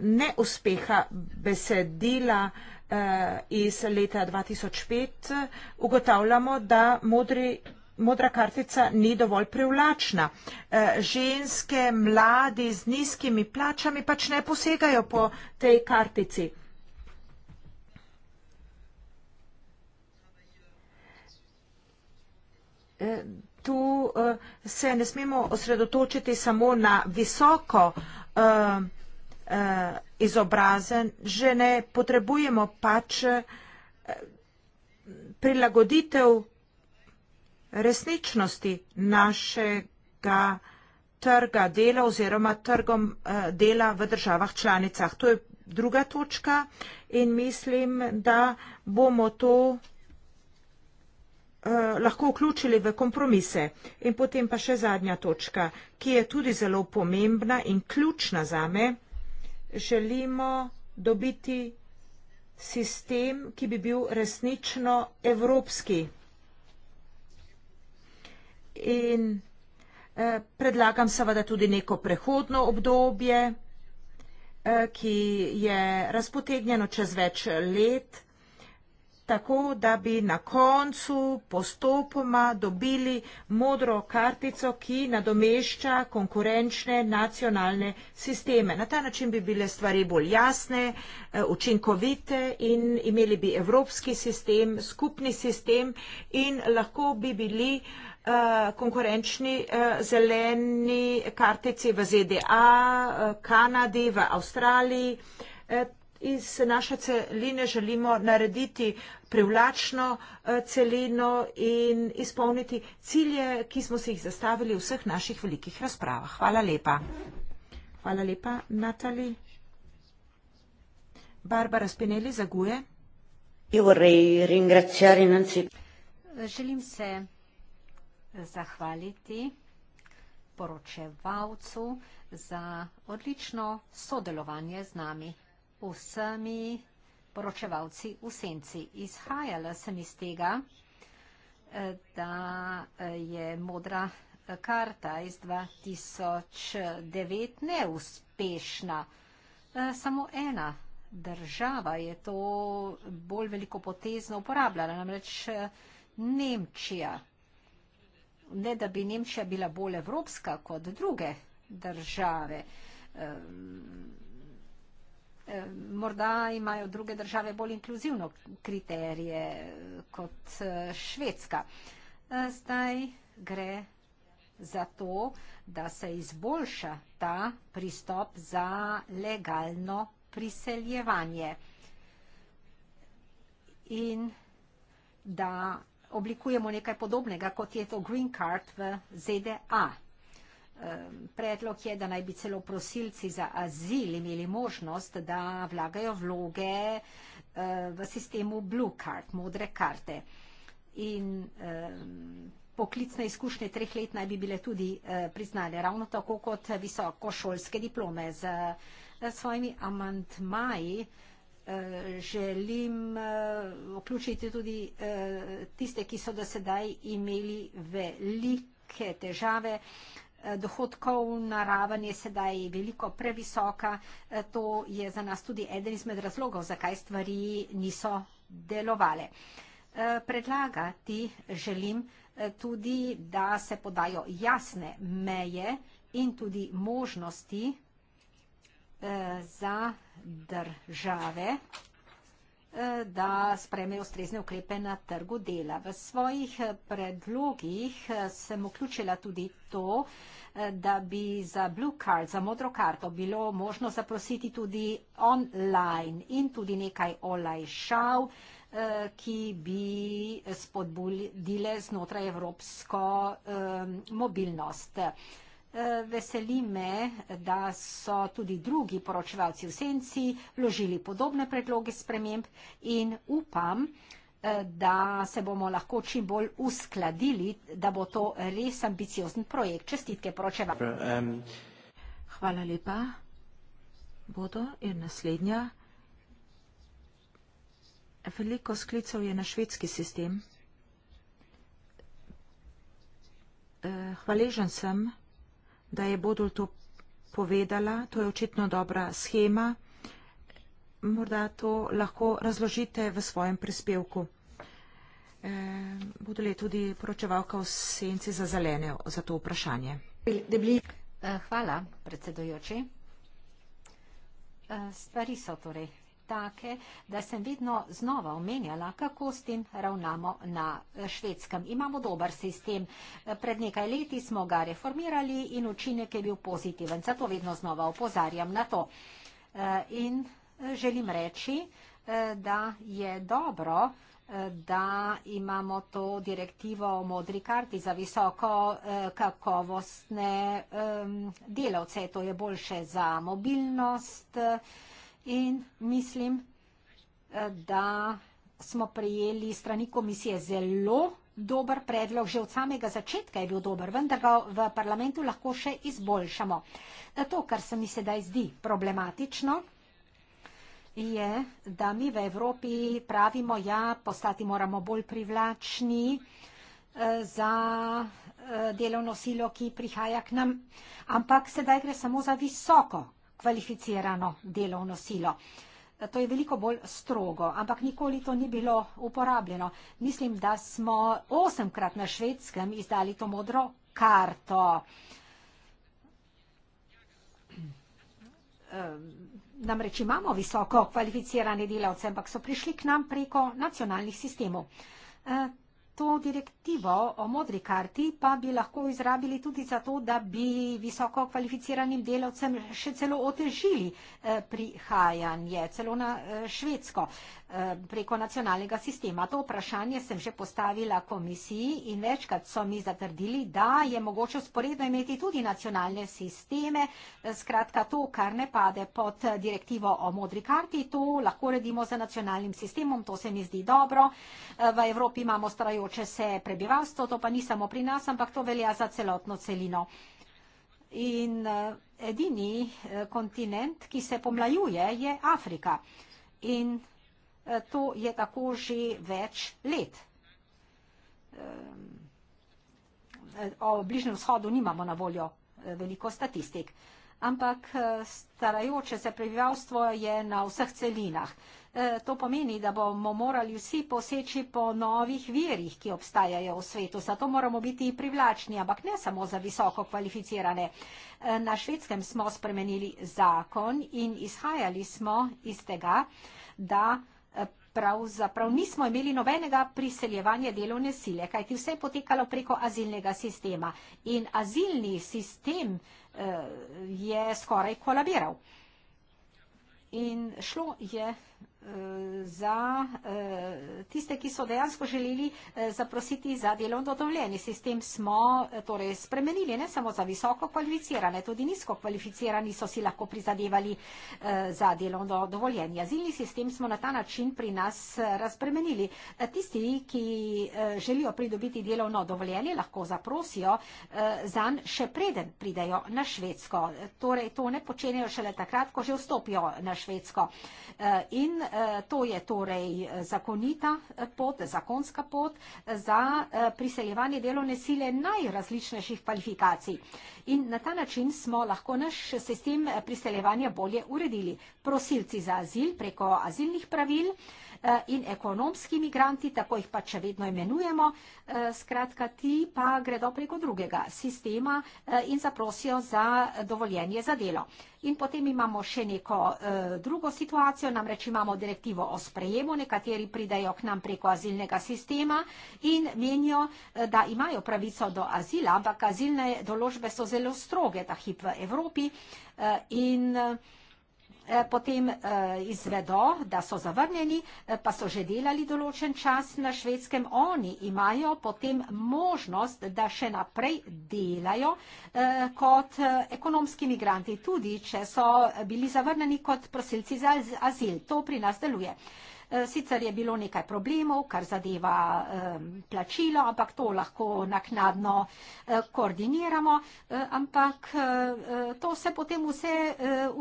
S5: neuspeha besedila eh, iz leta 2005 ugotavljamo, da modri, modra kartica ni dovolj privlačna. Eh, ženske, mladi z nizkimi plačami pač ne posegajo po tej kartici. Uh, tu eh, se ne smemo osredotočiti samo na visoko eh, eh, izobrazen, že ne potrebujemo pač prilagoditev resničnosti našega trga dela oziroma trgom dela v državah članicah. To je druga točka in mislim, da bomo to Eh, lahko vključili v kompromise. In potem pa še zadnja točka, ki je tudi zelo pomembna in ključna za me. Želimo dobiti sistem, ki bi bil resnično evropski. In eh, predlagam seveda tudi neko prehodno obdobje, eh, ki je razpotegnjeno čez več let tako da bi na koncu postopoma dobili modro kartico, ki nadomešča konkurenčne nacionalne sisteme. Na ta način bi bile stvari bolj jasne, eh, učinkovite in imeli bi evropski sistem, skupni sistem in lahko bi bili eh, konkurenčni eh, zeleni kartici v ZDA, Kanadi, v Avstraliji iz naše celine želimo narediti privlačno eh, celino in izpolniti cilje, ki smo si jih zastavili v vseh naših velikih razpravah. Hvala lepa. Hvala lepa, Natali. Barbara Spinelli zaguje.
S4: Želim se eh, zahvaliti poročevalcu za odlično sodelovanje z nami vsemi poročevalci v senci. Izhajala sem iz tega, eh, da eh, je modra eh, karta iz 2009 neuspešna. Samo ena država je to bolj veliko potezno uporabljala, namreč Nemčija. Ne, da bi Nemčija bila bolj evropska kot druge države. Morda imajo druge države bolj inkluzivno kriterije kot eh, Švedska. Eh, zdaj gre za to, da se izboljša ta pristop za legalno priseljevanje in da oblikujemo nekaj podobnega, kot je to Green Card v ZDA predlog je, da naj bi celo prosilci za azil imeli možnost, da vlagajo vloge eh, v sistemu Blue Card, modre karte. In poklicne izkušnje treh let naj bi bile tudi eh, priznane, ravno tako kot visokošolske diplome. Z eh, svojimi amantmaji želim vključiti tudi tiste, ki so do sedaj imeli velike težave Eh, dohodkovna raven je sedaj veliko previsoka. Eh, to je za nas tudi eden izmed razlogov, zakaj stvari niso delovale. Eh, predlagati želim tudi, da se podajo jasne meje in tudi možnosti za države, Eh, da spremejo ustrezne ukrepe na trgu dela. V svojih eh, predlogih eh, sem vključila tudi to, da bi za blue card, za modro karto bilo možno zaprositi tudi online in tudi nekaj olajšav, ki bi spodbudile znotraj evropsko mobilnost. Veseli me, da so tudi drugi poročevalci v senci vložili podobne predloge sprememb in upam, eh, da se bomo lahko čim bolj uskladili, da bo to res ambiciozen projekt. Čestitke
S3: poročevalcem.
S4: Hvala lepa. Bodo in naslednja.
S5: Veliko sklicov je na švedski sistem. Eh, hvaležen sem da je Bodul to povedala. To je očitno dobra schema. Morda to lahko razložite v svojem prispevku. Eh, Bodul je tudi poročevalka v senci za zelene za to vprašanje.
S4: Eh, hvala, predsedojoči. Eh, stvari so torej take, da sem vedno znova omenjala, kako s tem ravnamo na eh, švedskem. Imamo dober sistem. Eh, pred nekaj leti smo ga reformirali in učinek je bil pozitiven. Zato vedno znova opozarjam na to. Eh, in želim reči, da je dobro, da imamo to direktivo o modri karti za visoko kakovostne delavce. To je boljše za mobilnost, za mobilnost, in mislim, eh, da smo prejeli strani komisije zelo dober predlog, že od samega začetka je bil dober, vendar ga v parlamentu lahko še izboljšamo. To, kar se mi sedaj zdi problematično, je, da mi v Evropi pravimo, ja, postati moramo bolj privlačni eh, za eh, delovno silo, ki prihaja k nam, ampak sedaj gre samo za visoko kvalificirano delovno silo. To je veliko bolj strogo, ampak nikoli to ni bilo uporabljeno. Mislim, da smo osemkrat na švedskem izdali to modro karto. Namreč imamo visoko kvalificirane delavce, ampak so prišli k nam preko nacionalnih sistemov to direktivo o modri karti pa bi lahko izrabili tudi zato, da bi visoko kvalificiranim delavcem še celo otežili eh, prihajanje, celo na eh, Švedsko eh, preko nacionalnega sistema. To vprašanje sem že postavila komisiji in večkrat so mi zatrdili, da je mogoče sporedno imeti tudi nacionalne sisteme. Skratka, to, kar ne pade pod direktivo o modri karti, to lahko redimo za nacionalnim sistemom, to se mi zdi dobro. V Evropi imamo strajo starajoče se prebivalstvo, to pa ni samo pri nas, ampak to velja za celotno celino. In eh, edini eh, kontinent, ki se pomlajuje, je Afrika. In eh, to je tako že več let. Ehm, o Bližnem vzhodu nimamo na voljo veliko statistik ampak eh, starajoče se prebivalstvo je na vseh celinah. Eh, to pomeni, da bomo morali vsi poseči po novih virih, ki obstajajo v svetu. Zato moramo biti privlačni, ampak ne samo za visoko kvalificirane. Eh, na švedskem smo spremenili zakon in izhajali smo iz tega, da pravzaprav nismo imeli nobenega priseljevanja delovne sile, kajti vse je potekalo preko azilnega sistema in azilni sistem eh, je skoraj kolabiral. In šlo je za eh, tiste, ki so dejansko želeli eh, zaprositi za delovno dovoljenje. Sistem smo eh, torej spremenili ne samo za visoko kvalificirane, tudi nizko kvalificirani so si lahko prizadevali za delovno dovoljenje. Azilni sistem smo na ta način pri nas razpremenili. Tisti, ki želijo pridobiti delovno dovoljenje, lahko zaprosijo zanj še preden pridejo na Švedsko. Torej, to ne počenejo šele takrat, ko že vstopijo na Švedsko. In In eh, to je torej eh, zakonita eh, pot, zakonska pot za priseljevanje delovne sile najrazličnejših kvalifikacij. In na ta način smo lahko naš sistem priseljevanja bolje uredili. Prosilci za azil preko azilnih pravil, Eh, in ekonomski migranti, tako jih pač vedno imenujemo, eh, skratka ti pa gredo preko drugega sistema eh, in zaprosijo za dovoljenje za delo. In potem imamo še neko drugo situacijo, namreč imamo direktivo o sprejemu, nekateri pridajo k nam preko azilnega sistema in menijo, da imajo pravico do azila, ampak azilne določbe so zelo stroge, ta hip v Evropi in vsega. Eh, potem eh, izvedo, da so zavrnjeni, eh, pa so že delali določen čas na švedskem, oni imajo potem možnost, da še naprej delajo kot ekonomski migranti, tudi če so bili zavrnjeni kot prosilci za azil. To pri nas deluje. Eh, sicer je bilo nekaj problemov, kar zadeva eh, plačilo, ampak to lahko naknadno eh, koordiniramo, ampak to se potem vse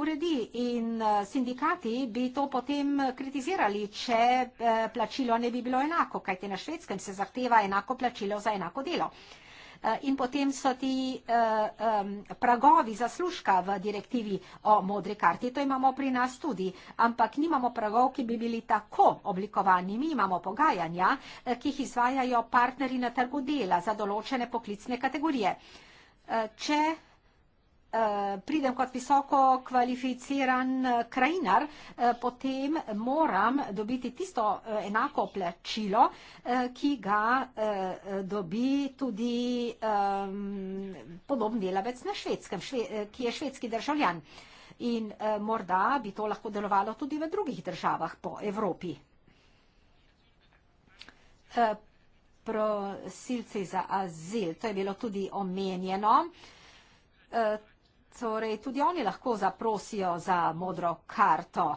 S4: uredi in sindikati bi to potem kritizirali, če plačilo ne bi bilo enako, kajte na švedskem se zahteva enako plačilo za enako delo. Eh, in potem so ti eh, pragovi zaslužka v direktivi o modri karti. To imamo pri nas tudi, ampak nimamo pragov, ki bi bili tako oblikovani. Mi imamo pogajanja, eh, ki jih izvajajo partneri na trgu dela za določene poklicne kategorije. Če Eh, pridem kot visoko kvalificiran eh, krajinar, eh, potem moram dobiti tisto enako plačilo, ki ga dobi tudi podoben delavec na švedskem, ki je švedski državljan. In morda bi to lahko delovalo tudi v drugih državah po Evropi. Prosilci za azil, to je bilo tudi omenjeno. Torej, tudi oni lahko zaprosijo za modro karto.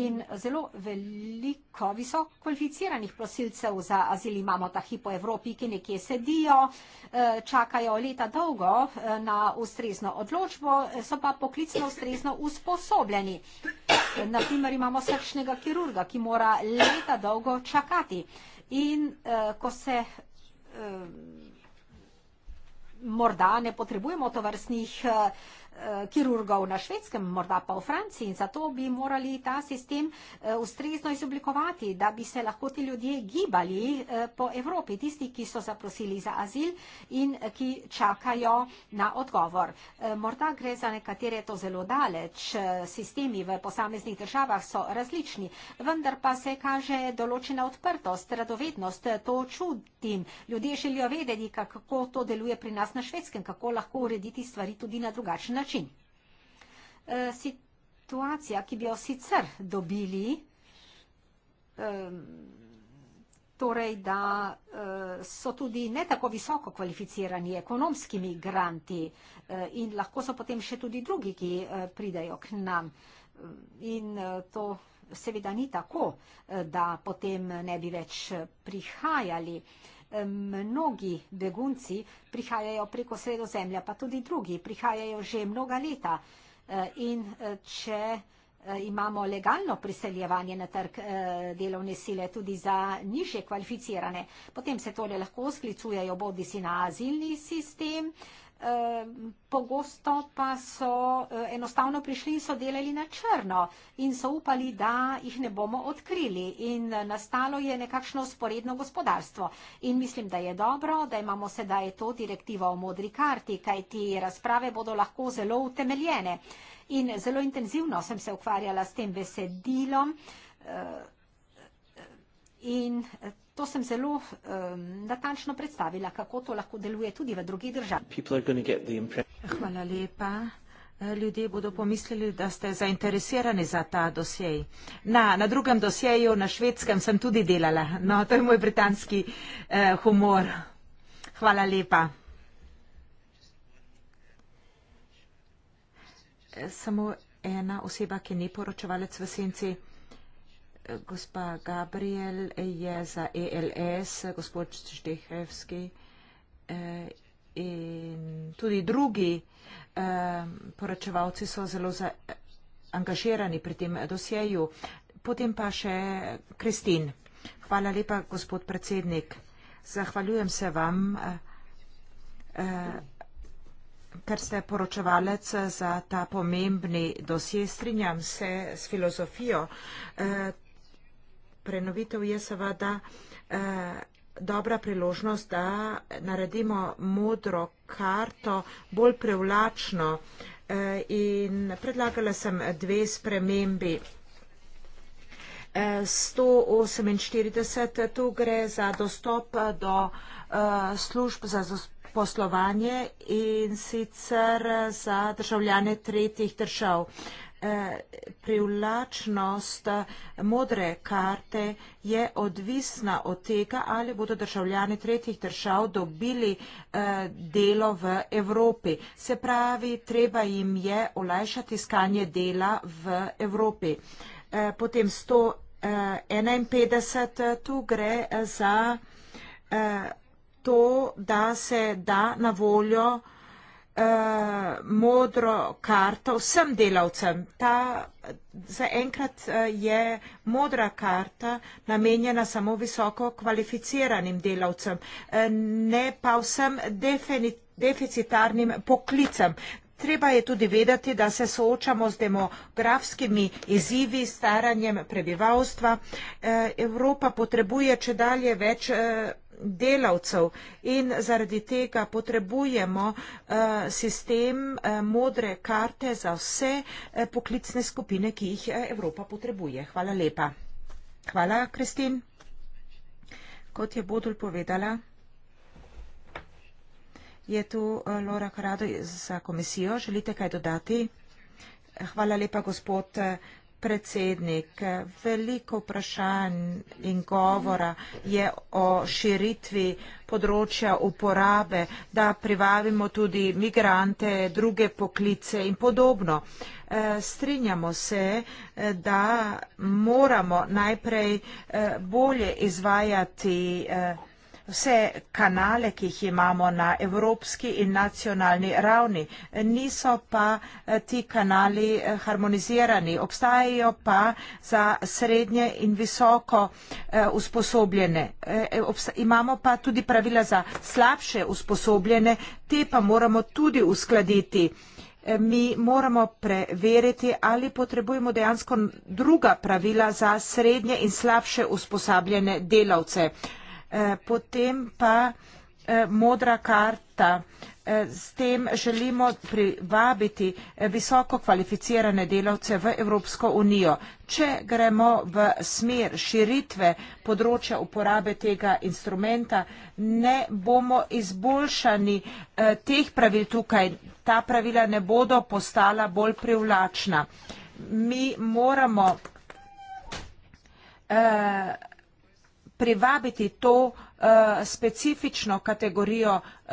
S4: In zelo veliko visokokvalificiranih prosilcev za azil imamo ta hip po Evropi, ki nekje sedijo, eh, čakajo leta dolgo eh, na ustrezno odločbo, so pa poklicno ustrezno usposobljeni. Naprimer imamo srčnega kirurga, ki mora leta dolgo čakati. In eh, ko se morda ne potrebujemo tovrstnih eh, Eh, kirurgov na švedskem, morda pa v Franciji in zato bi morali ta sistem eh, ustrezno izoblikovati, da bi se lahko ti ljudje gibali eh, po Evropi, tisti, ki so zaprosili za azil in ki čakajo na odgovor. Morda gre za nekatere to zelo daleč, sistemi v posameznih državah so različni, vendar pa se kaže določena odprtost, radovednost, to čutim. Ljudje želijo vedeti, kako to deluje pri nas na švedskem, kako lahko urediti stvari tudi na drugačen način način. E, situacija, ki bi jo sicer dobili, e, torej, da e, so tudi ne tako visoko kvalificirani ekonomski migranti in lahko so potem še tudi drugi, ki pridajo k nam. In to seveda ni tako, da potem ne bi več prihajali mnogi begunci prihajajo preko sredozemlja, pa tudi drugi prihajajo že mnoga leta. Eh, in eh, če eh, imamo legalno priseljevanje na trg delovne sile tudi za nižje kvalificirane, potem se torej lahko sklicujejo bodi si na azilni sistem, pogosto pa so e, enostavno prišli in so delali na črno in so upali, da jih ne bomo odkrili. In e, nastalo je nekakšno sporedno gospodarstvo. In mislim, da je dobro, da imamo sedaj to direktivo o modri karti, kaj ti razprave bodo lahko zelo utemeljene. In zelo intenzivno sem se ukvarjala s tem besedilom e, in to sem zelo um, natančno predstavila, kako to lahko deluje tudi v drugih
S3: državah.
S4: Hvala lepa.
S5: Ljudje bodo pomislili, da ste zainteresirani za ta dosej. Na, na drugem dosjeju na švedskem sem tudi delala. No, to je moj britanski eh, humor. Hvala lepa. Samo ena oseba, ki ni poročevalec v senci gospa Gabriel je za ELS, gospod Štehevski eh, in tudi drugi eh, poročevalci so zelo za, eh, angažirani pri tem dosjeju. Potem pa še Kristin. Hvala lepa, gospod predsednik. Zahvaljujem se vam, eh, eh ker ste poročevalec za ta pomembni dosje. Strinjam se s filozofijo. Eh, prenovitev je seveda eh, dobra priložnost, da naredimo modro karto bolj prevlačno eh, in predlagala sem dve spremembi. 148. Eh, tu gre za dostop do služb za poslovanje in sicer za državljane tretjih držav privlačnost modre karte je odvisna od tega, ali bodo državljani tretjih držav dobili eh, delo v Evropi. Se pravi, treba jim je olajšati iskanje dela v Evropi. Eh, potem 151, eh, tu gre za to, da se da na voljo uh, modro karto vsem delavcem. Ta zaenkrat uh, je modra karta namenjena samo visoko kvalificiranim delavcem, uh, ne pa vsem deficitarnim poklicem. Treba je tudi vedeti, da se soočamo z demografskimi izzivi, staranjem prebivalstva. Evropa potrebuje če dalje več delavcev in zaradi tega potrebujemo eh, sistem eh, modre karte za vse eh, poklicne skupine, ki jih Evropa potrebuje. Hvala lepa. Hvala, Kristin. Kot je Bodul povedala, je tu Lora Karado za komisijo. Želite kaj dodati? Hvala lepa, gospod Karado predsednik. Veliko vprašanj in govora je o širitvi področja uporabe, da privabimo tudi migrante, druge poklice in podobno. Eh, strinjamo se, eh, da moramo najprej eh, bolje izvajati vse kanale, ki jih imamo na evropski in nacionalni ravni. Niso pa eh, ti kanali eh, harmonizirani, obstajajo pa za srednje in visoko eh, usposobljene. Imamo pa tudi pravila za slabše usposobljene, te pa moramo tudi uskladiti. Mi moramo preveriti, ali potrebujemo dejansko druga pravila za srednje in slabše usposabljene delavce. Eh, potem pa eh, modra karta. Eh, s tem želimo privabiti visoko kvalificirane delavce v Evropsko unijo. Če gremo v smer širitve področja uporabe tega instrumenta, ne bomo izboljšani teh pravil tukaj. Ta pravila ne bodo postala bolj privlačna. Mi moramo eh, privabiti to uh, specifično kategorijo uh,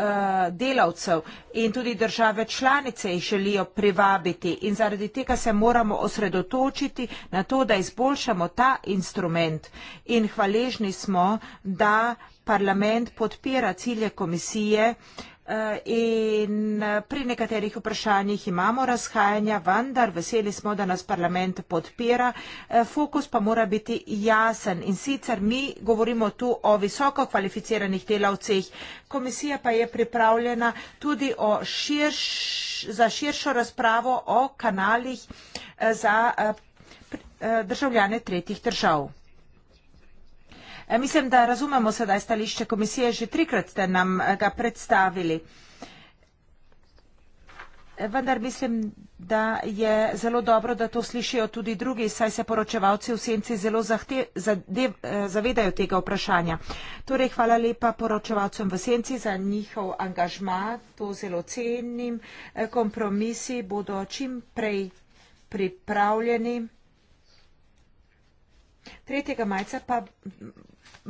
S5: delavcev in tudi države članice jih želijo privabiti in zaradi tega se moramo osredotočiti na to, da izboljšamo ta instrument in hvaležni smo, da parlament podpira cilje komisije uh, in pri nekaterih vprašanjih imamo razhajanja, vendar veseli smo, da nas parlament podpira. Eh, fokus pa mora biti jasen in sicer mi govorimo tu o visoko kvalificiranih delavcih. Komisija pa je pripravljena tudi širš, za širšo razpravo o kanalih eh, za eh, državljane tretjih držav. E, mislim, da razumemo sedaj stališče komisije, že trikrat ste nam e, ga predstavili. E, vendar mislim, da je zelo dobro, da to slišijo tudi drugi, saj se poročevalci v senci zelo zahtev, zadev, zavedajo tega vprašanja. Torej, hvala lepa poročevalcem v senci za njihov angažma, to zelo cenim. Kompromisi bodo čim prej pripravljeni. 3. majca pa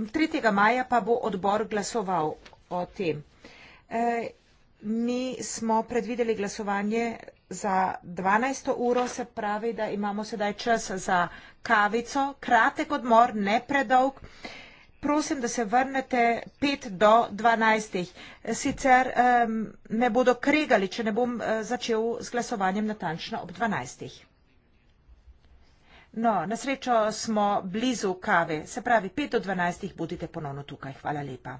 S5: 3. maja pa bo odbor glasoval o tem. E, mi smo predvideli glasovanje za 12. uro, se pravi, da imamo sedaj čas za kavico, kratek odmor, ne predolg. Prosim, da se vrnete 5 do 12. Sicer um, me bodo kregali, če ne bom uh, začel z glasovanjem natančno ob 12. No, na srečo smo blizu kave, se pravi, 5 do 12 bodite ponovno tukaj. Hvala lepa.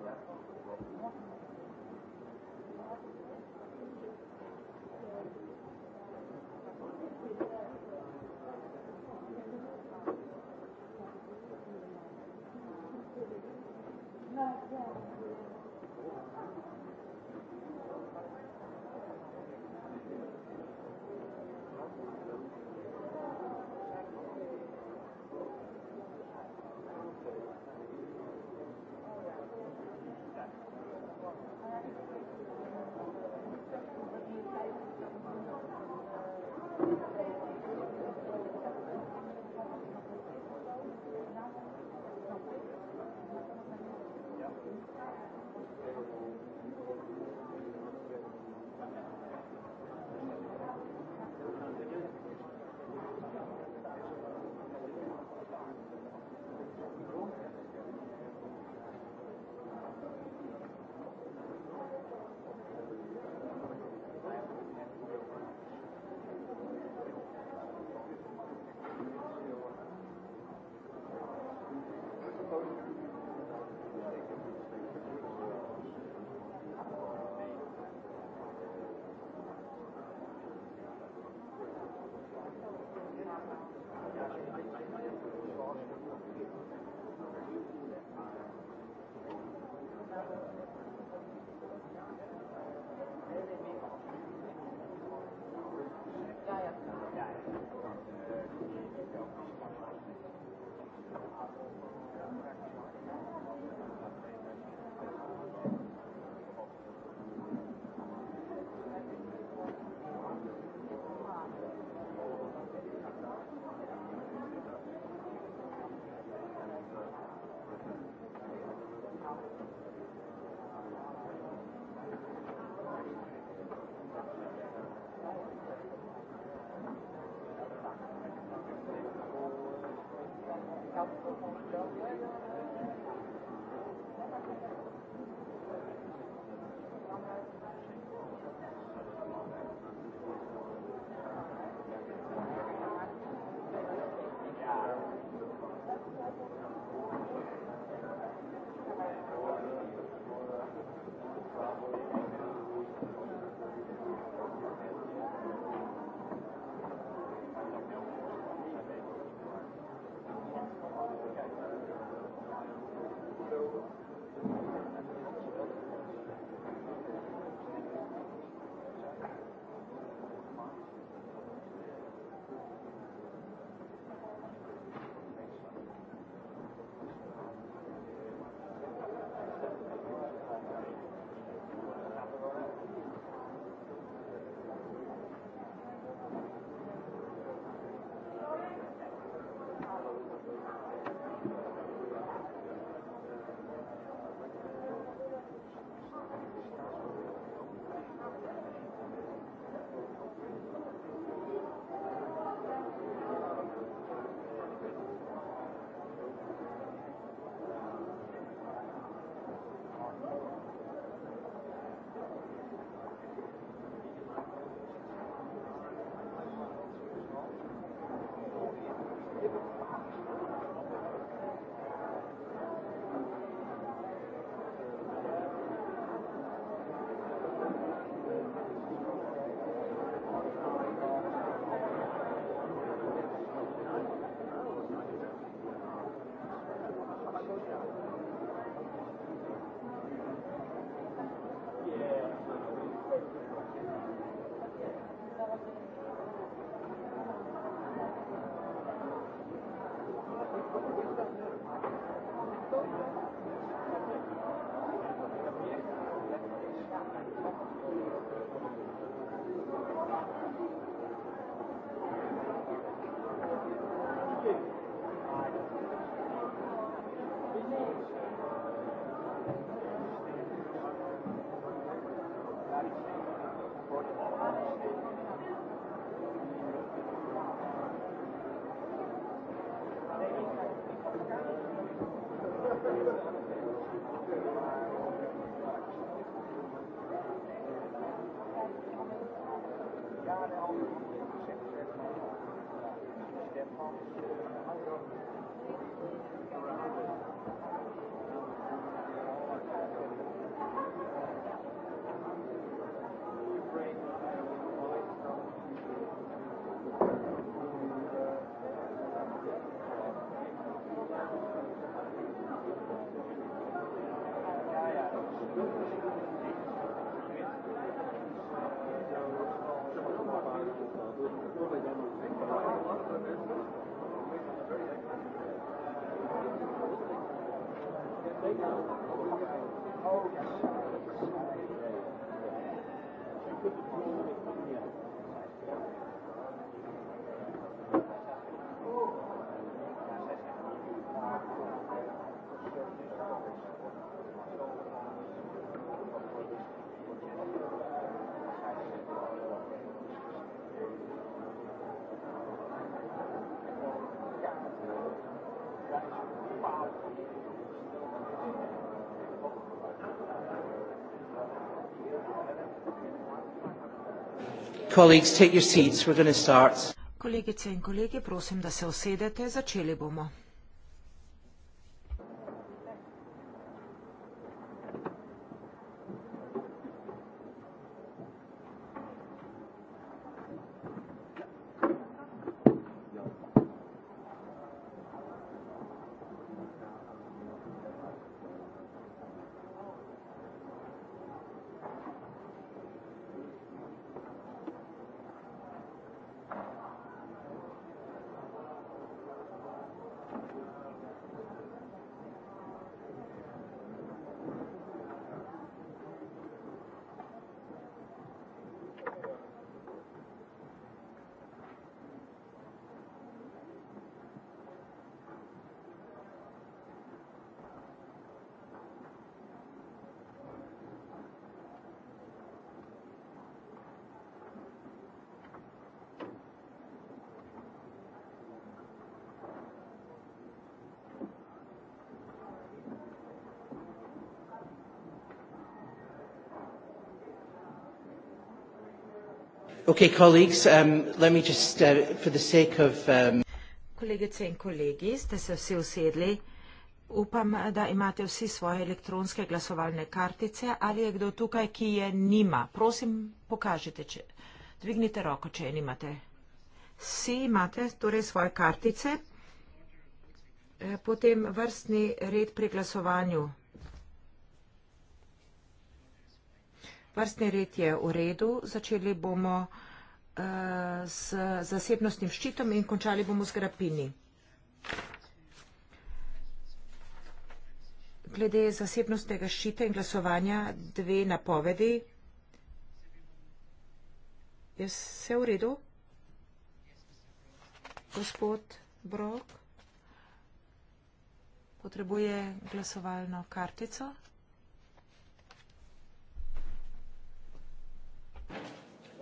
S5: Kolegice in kolegi, prosim, da se usedete, začeli bomo.
S1: Okay, colleagues, um, let me just, uh, for the sake of... Um...
S5: Kolegice in kolegi, ste se vsi usedli. Upam, da imate vsi svoje elektronske glasovalne kartice. Ali je kdo tukaj, ki je nima? Prosim, pokažite, če... Dvignite roko, če je nimate. Vsi imate torej svoje kartice. E, potem vrstni red pri glasovanju. Vrstni red je v redu, začeli bomo uh, eh, z zasebnostnim ščitom in končali bomo z grapini. Glede zasebnostnega ščita in glasovanja, dve napovedi. Je vse v redu? Gospod Brok potrebuje glasovalno kartico.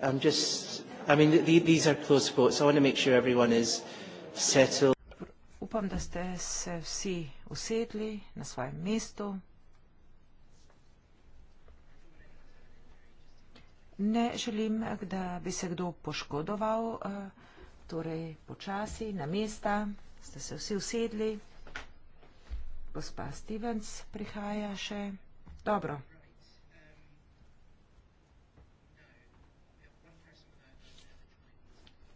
S3: I'm just, I mean, the, these are close votes. I want to make sure everyone is settled.
S5: Upam, da ste se vsi usedli na svojem mestu. Ne želim, da bi se kdo poškodoval, eh, torej počasi na mesta. Ste se vsi usedli. Gospa Stevens prihaja še. Dobro.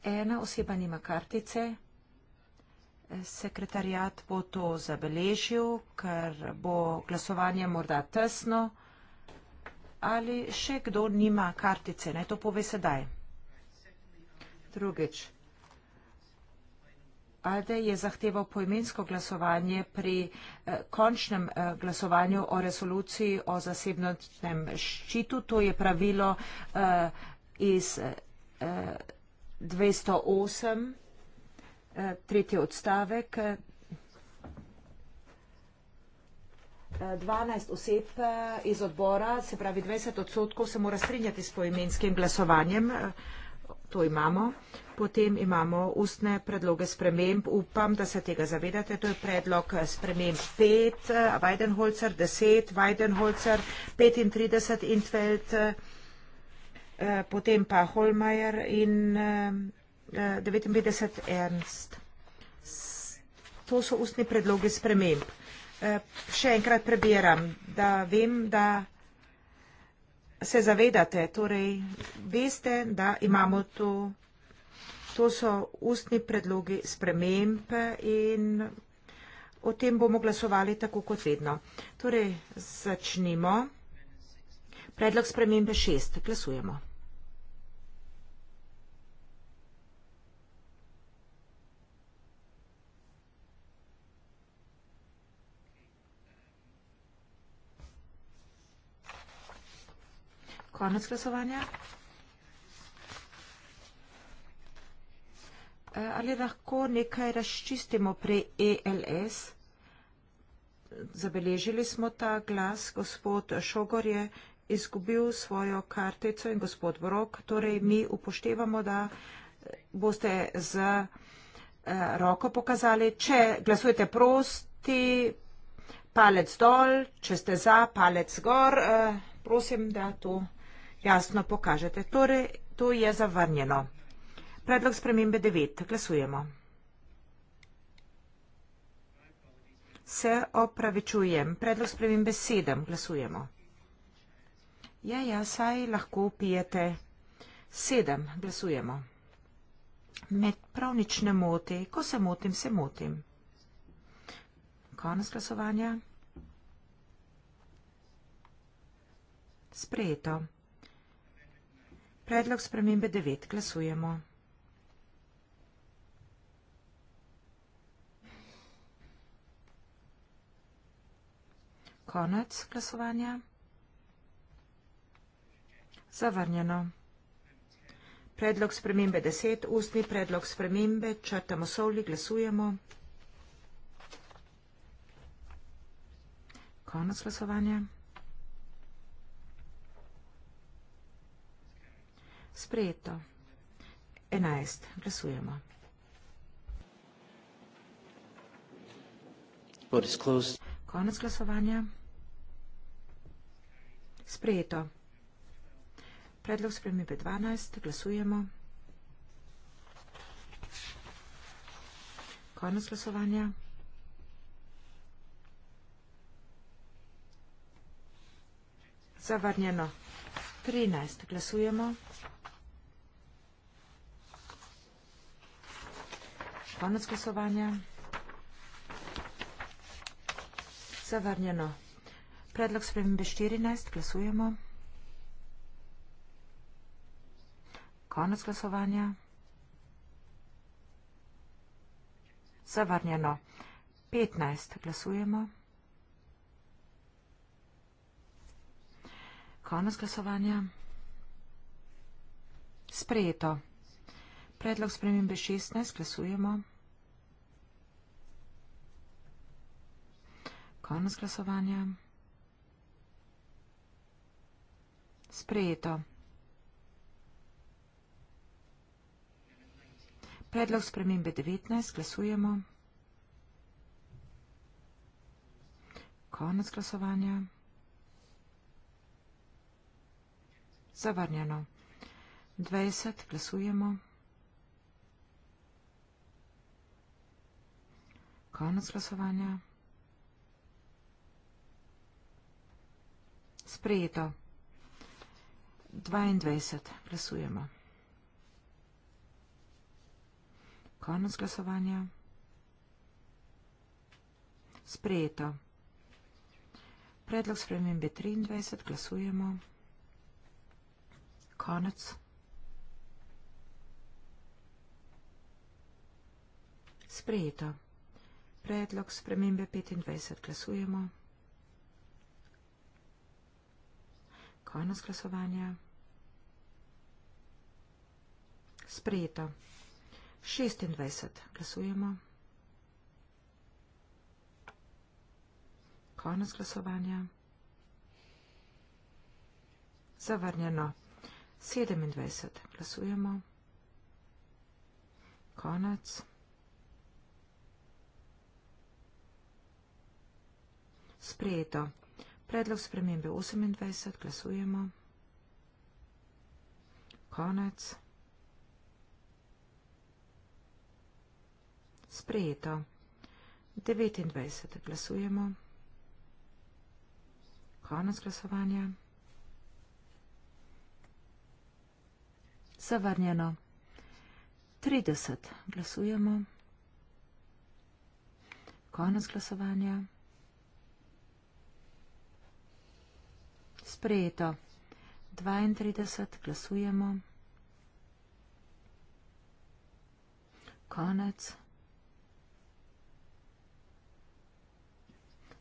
S5: ena oseba nima kartice. Sekretarjat bo to zabeležil, ker bo glasovanje morda tesno. Ali še kdo nima kartice? Naj to pove sedaj. Drugič. Ade je zahteval poimensko glasovanje pri eh, končnem eh, glasovanju o resoluciji o zasebnostnem ščitu. To je pravilo eh, iz 208, eh, tretji odstavek. 12 eh, oseb eh, iz odbora, se pravi 20 odstotkov, se mora strinjati s poimenskim glasovanjem. To imamo. Potem imamo ustne predloge sprememb. Upam, da se tega zavedate. To je predlog sprememb 5, Weidenholzer 10, Weidenholzer 35, Intveld 10. Eh, potem pa Holmeier in 59 eh, eh, Ernst. To so ustni predlogi sprememb. Še enkrat prebiram, da vem, da se zavedate, torej veste, da imamo to. To so ustni predlogi sprememb in o tem bomo glasovali tako kot vedno. Torej, začnimo. Predlog spremembe šest. Glasujemo. Konec glasovanja. E, ali lahko nekaj razčistimo pri ELS? Zabeležili smo ta glas, gospod Šogor je izgubil svojo kartico in gospod Brok, torej mi upoštevamo, da boste z uh, roko pokazali, če glasujete prosti, palec dol, če ste za, palec gor, uh, prosim, da to jasno pokažete. Torej, to je zavrnjeno. Predlog spremembe 9. Glasujemo. Se opravičujem. Predlog spremembe 7. Glasujemo. Ja, ja, saj lahko pijete. Sedem, glasujemo. Med prav nič ne moti, ko se motim, se motim. Konec glasovanja. Sprejeto. Predlog spremembe 9. Glasujemo. Konec glasovanja. Zavrnjeno. Predlog spremembe 10, ustni predlog spremembe, črtamo soli, glasujemo. Konec glasovanja. Sprejeto. 11. Glasujemo. Konec glasovanja. Sprejeto. Predlog spremembe 12. Glasujemo. Konec glasovanja. Zavrnjeno. 13. Glasujemo. Konec glasovanja. Zavrnjeno. Predlog spremembe 14. Glasujemo. Glasujemo. Konec glasovanja. Zavrnjeno. 15 glasujemo. Konec glasovanja. Sprejeto. Predlog spremembe 16 glasujemo. Konec glasovanja. Sprejeto. Predlog spremembe 19. Glasujemo. Konec glasovanja. Zavrnjeno. 20. Glasujemo. Konec glasovanja. Sprejeto. 22. Glasujemo. Konec glasovanja. Sprejeto. Predlog spremembe 23. Glasujemo. Konec. Sprejeto. Predlog spremembe 25. Glasujemo. Konec glasovanja. Sprejeto. 26. Glasujemo. Konec glasovanja. Zavrnjeno. 27. Glasujemo. Konec. Sprejeto. Predlog spremembe 28. Glasujemo. Konec. Konec. Sprejeto. 29. Glasujemo. Konec glasovanja. Zavrnjeno. 30. Glasujemo. Konec glasovanja. Sprejeto. 32. Glasujemo. Konec glasovanja.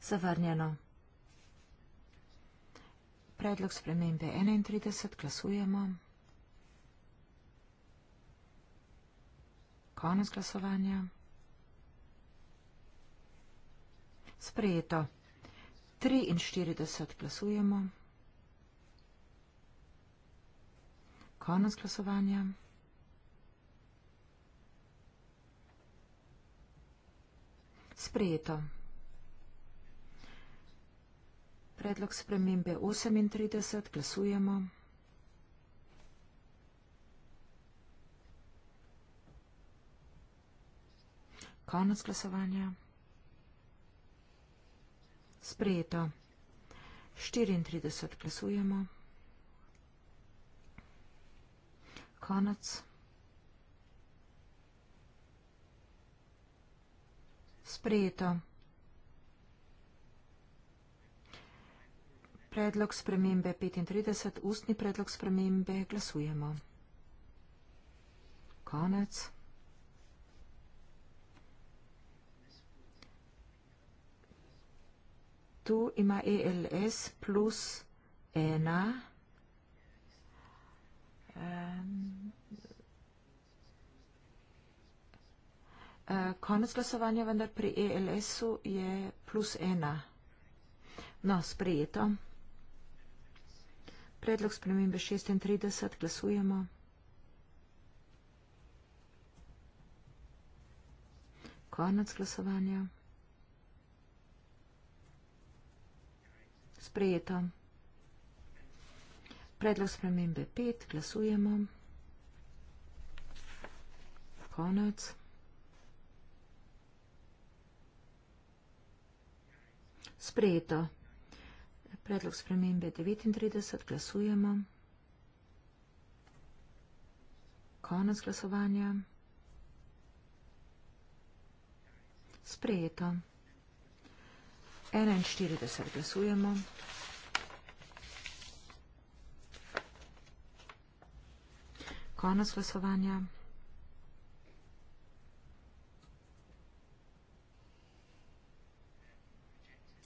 S5: Zavrnjeno. Predlog spremembe 31. Glasujemo. Konec glasovanja. Sprejeto. 43. Glasujemo. Konec glasovanja. Sprejeto. Predlog spremembe 38. Glasujemo. Konec glasovanja. Sprejeto. 34. Glasujemo. Konec. Sprejeto. predlog spremembe 35, ustni predlog spremembe, glasujemo. Konec. Tu ima ELS plus ena. E, konec glasovanja, vendar pri ELS-u je plus ena. No, sprejeto. Predlog spremembe 36, glasujemo. Konec glasovanja. Sprejeto. Predlog spremembe 5, glasujemo. Konec. Sprejeto predlog spremembe 39, glasujemo. Konec glasovanja. Sprejeto. 41 glasujemo. Konec glasovanja.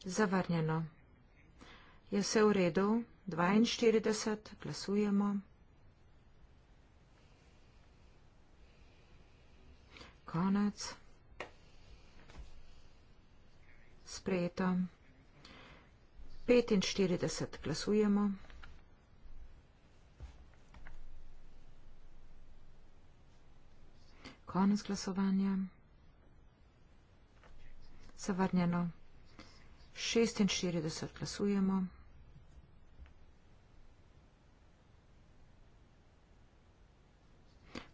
S5: Zavrnjeno. Je vse v redu? 42, glasujemo. Konec. Sprejeto. 45, glasujemo. Konec glasovanja. Zavrnjeno. 46 glasujemo.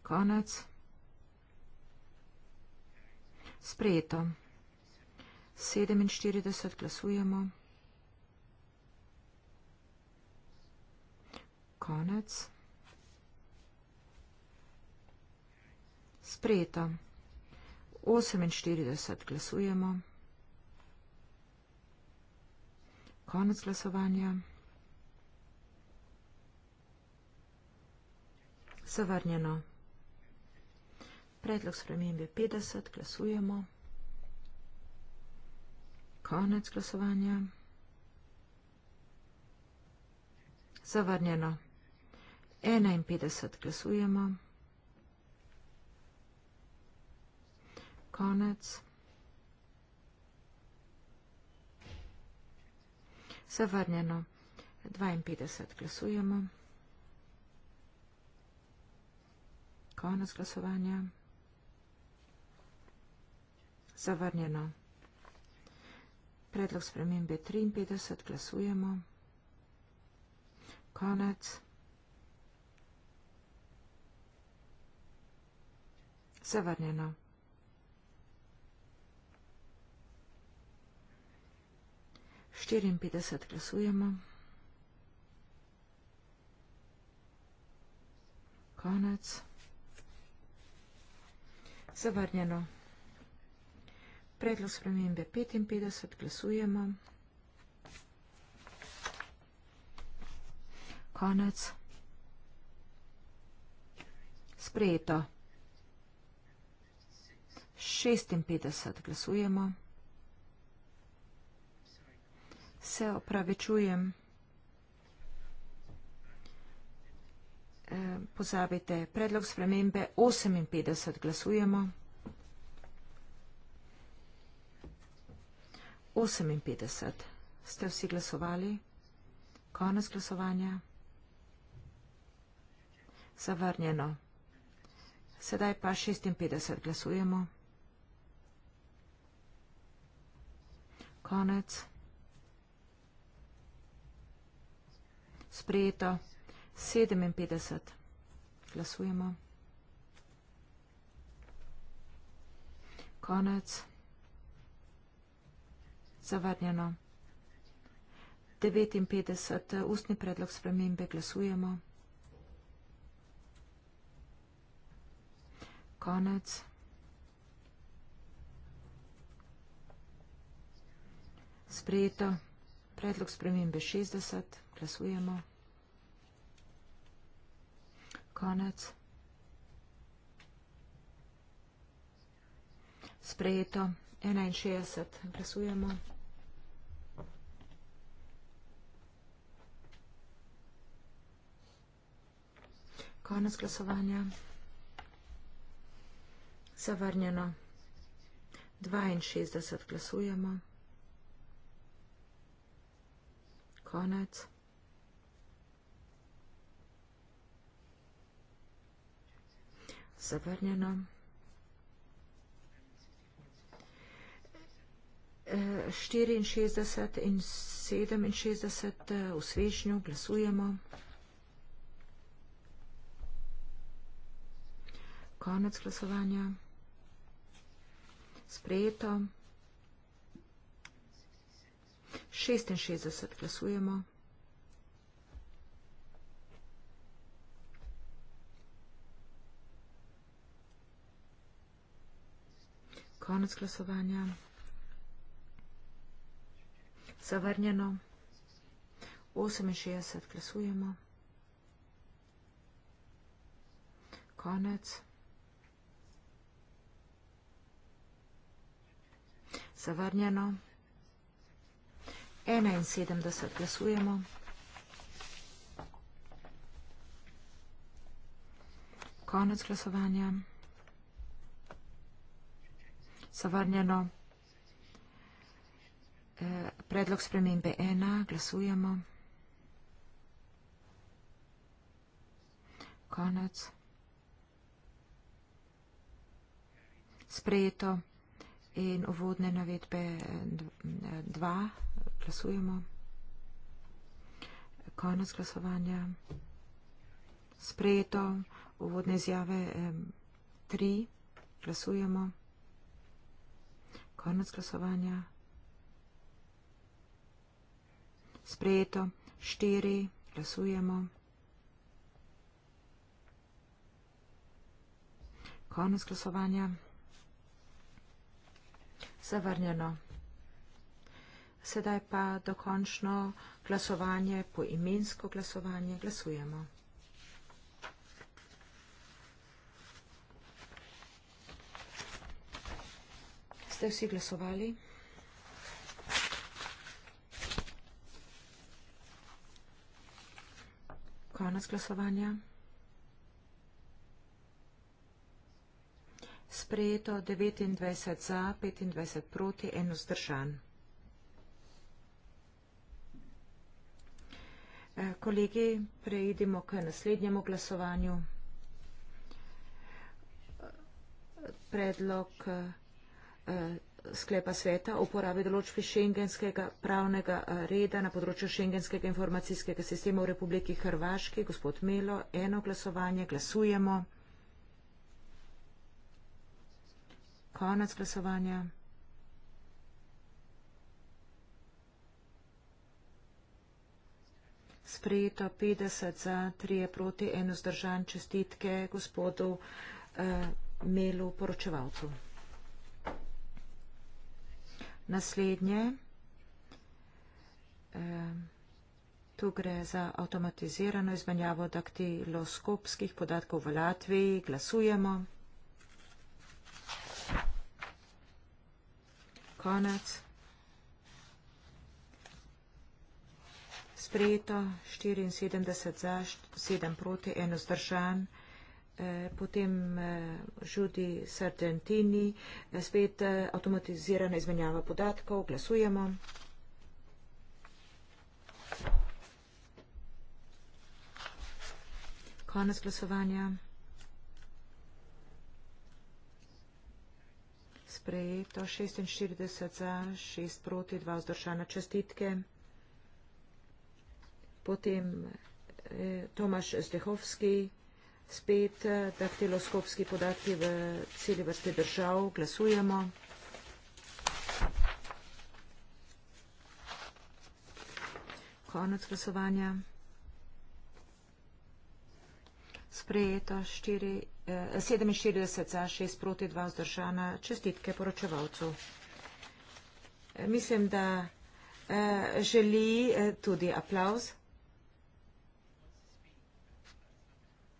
S5: Konec. Sprejeto. 47 glasujemo. Konec. Sprejeto. 48 glasujemo. Konec glasovanja. Zavrnjeno. Predlog spremembe 50. Glasujemo. Konec glasovanja. Zavrnjeno. 51. Glasujemo. Konec. Zavrnjeno. 52. Glasujemo. Konec glasovanja. Zavrnjeno. Predlog spremembe 53 glasujemo. Konec. Zavrnjeno. Štirinpetdeset glasujemo. Konec. Zavrnjeno. Predlog spremembe 55. Glasujemo. Konec. Sprejeto. 56. Glasujemo. Se opravičujem. Eh, pozabite. Predlog spremembe 58. Glasujemo. Glasujemo. 58. Ste vsi glasovali? Konec glasovanja? Zavrnjeno. Sedaj pa 56 glasujemo. Konec. Sprejeto. 57. Glasujemo. Konec. Zavrnjeno. 59. Ustni predlog spremembe. Glasujemo. Konec. Sprejeto. Predlog spremembe 60. Glasujemo. Konec. Sprejeto. 61. Glasujemo. konec glasovanja. Zavrnjeno. 62 glasujemo. Konec. Zavrnjeno. 64 e, in 67 e, v svežnju glasujemo. Konec glasovanja. Sprejeto. 66 glasujemo. Konec glasovanja. Zavrnjeno. 68 glasujemo. Konec. Zavrnjeno. 71 glasujemo. Konec glasovanja. Zavrnjeno. E, predlog spremembe 1. Glasujemo. Konec. Sprejeto in uvodne navedbe 2 eh, glasujemo. Konec glasovanja. Sprejeto uvodne izjave 3 glasujemo. Konec glasovanja. Sprejeto 4 glasujemo. Konec glasovanja zavrnjeno. Sedaj pa dokončno glasovanje, poimensko glasovanje, glasujemo. Ste vsi glasovali? Konec glasovanja. sprejeto 29 za, 25 proti, eno zdržan. Eh, kolegi, prejdimo k naslednjemu glasovanju. Predlog eh, sklepa sveta uporabi določbi šengenskega pravnega eh, reda na področju šengenskega informacijskega sistema v Republiki Hrvaški. Gospod Melo, eno glasovanje, glasujemo. konec glasovanja. Sprejeto 50 za, 3 proti, 1 zdržan. Čestitke gospodu eh, Melu poročevalcu. Naslednje. Eh, Tu gre za avtomatizirano izmenjavo daktiloskopskih podatkov v Latviji. Glasujemo. konec. Sprejeto 74 za 7 proti 1 zdržan. E, potem e, Žudi Sardentini, e, spet avtomatizirana izmenjava podatkov, glasujemo. Konec glasovanja. sprejeto 46 za, 6 proti, 2 vzdržana čestitke. Potem eh, Tomaš Zdehovski, spet eh, daktiloskopski podatki v celi vrsti držav, glasujemo. Konec glasovanja. Sprejeto 4 47 za, 6 proti, 2 vzdržana. Čestitke poročevalcu. Mislim, da eh, želi eh, tudi aplauz.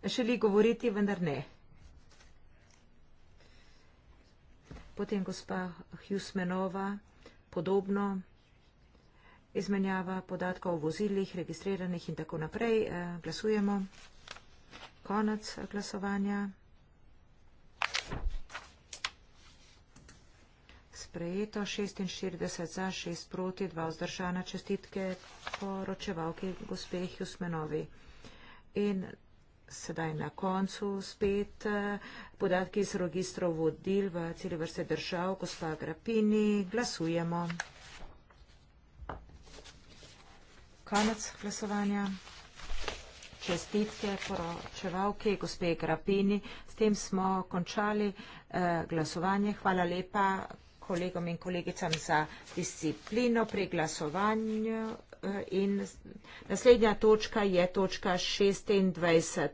S5: Želi govoriti, vendar ne. Potem gospa Hjusmenova podobno izmenjava podatka o vozilih, registriranih in tako naprej. Eh, glasujemo. Glasujemo konec glasovanja. Sprejeto 46 za, 6 proti, 2 vzdržana čestitke poročevalki gospeh Jusmenovi. In sedaj na koncu spet eh, podatki iz registrov vodil v cele vrste držav, gospa Grapini, glasujemo. Konec glasovanja čestitke poročevalki, gospe Grapini. S tem smo končali eh, glasovanje. Hvala lepa kolegom in kolegicam za disciplino pri glasovanju. Eh, in naslednja točka je točka 26.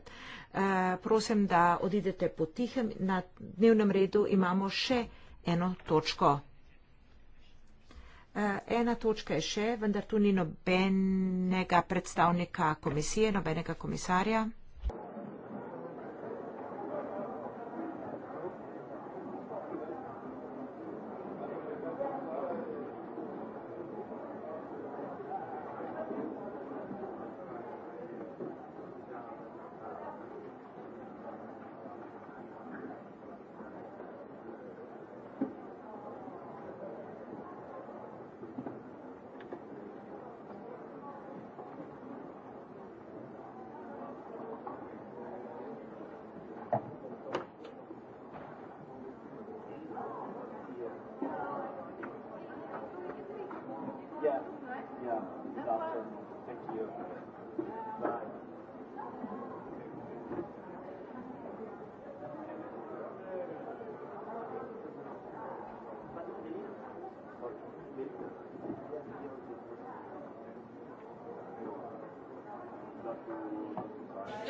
S5: Eh, prosim, da odidete potihem. Na dnevnem redu imamo še eno točko. Eh, ena točka je še, vendar tu ni nobenega predstavnika komisije, nobenega komisarja.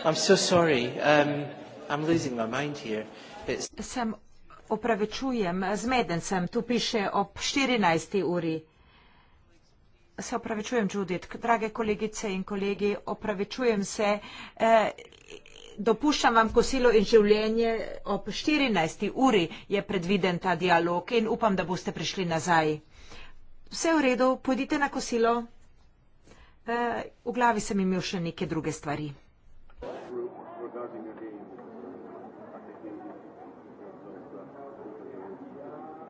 S3: I'm so sorry. Um, I'm losing my mind here. It's...
S5: Sem opravičujem, zmeden sem. Tu piše ob 14. uri. Se opravičujem, Judith. Drage kolegice in kolegi, opravičujem se. Eh, dopuščam vam kosilo in življenje. Ob 14. uri je predviden ta dialog in upam, da boste prišli nazaj. Vse v redu, pojdite na kosilo. Eh, v glavi sem imel še neke druge stvari.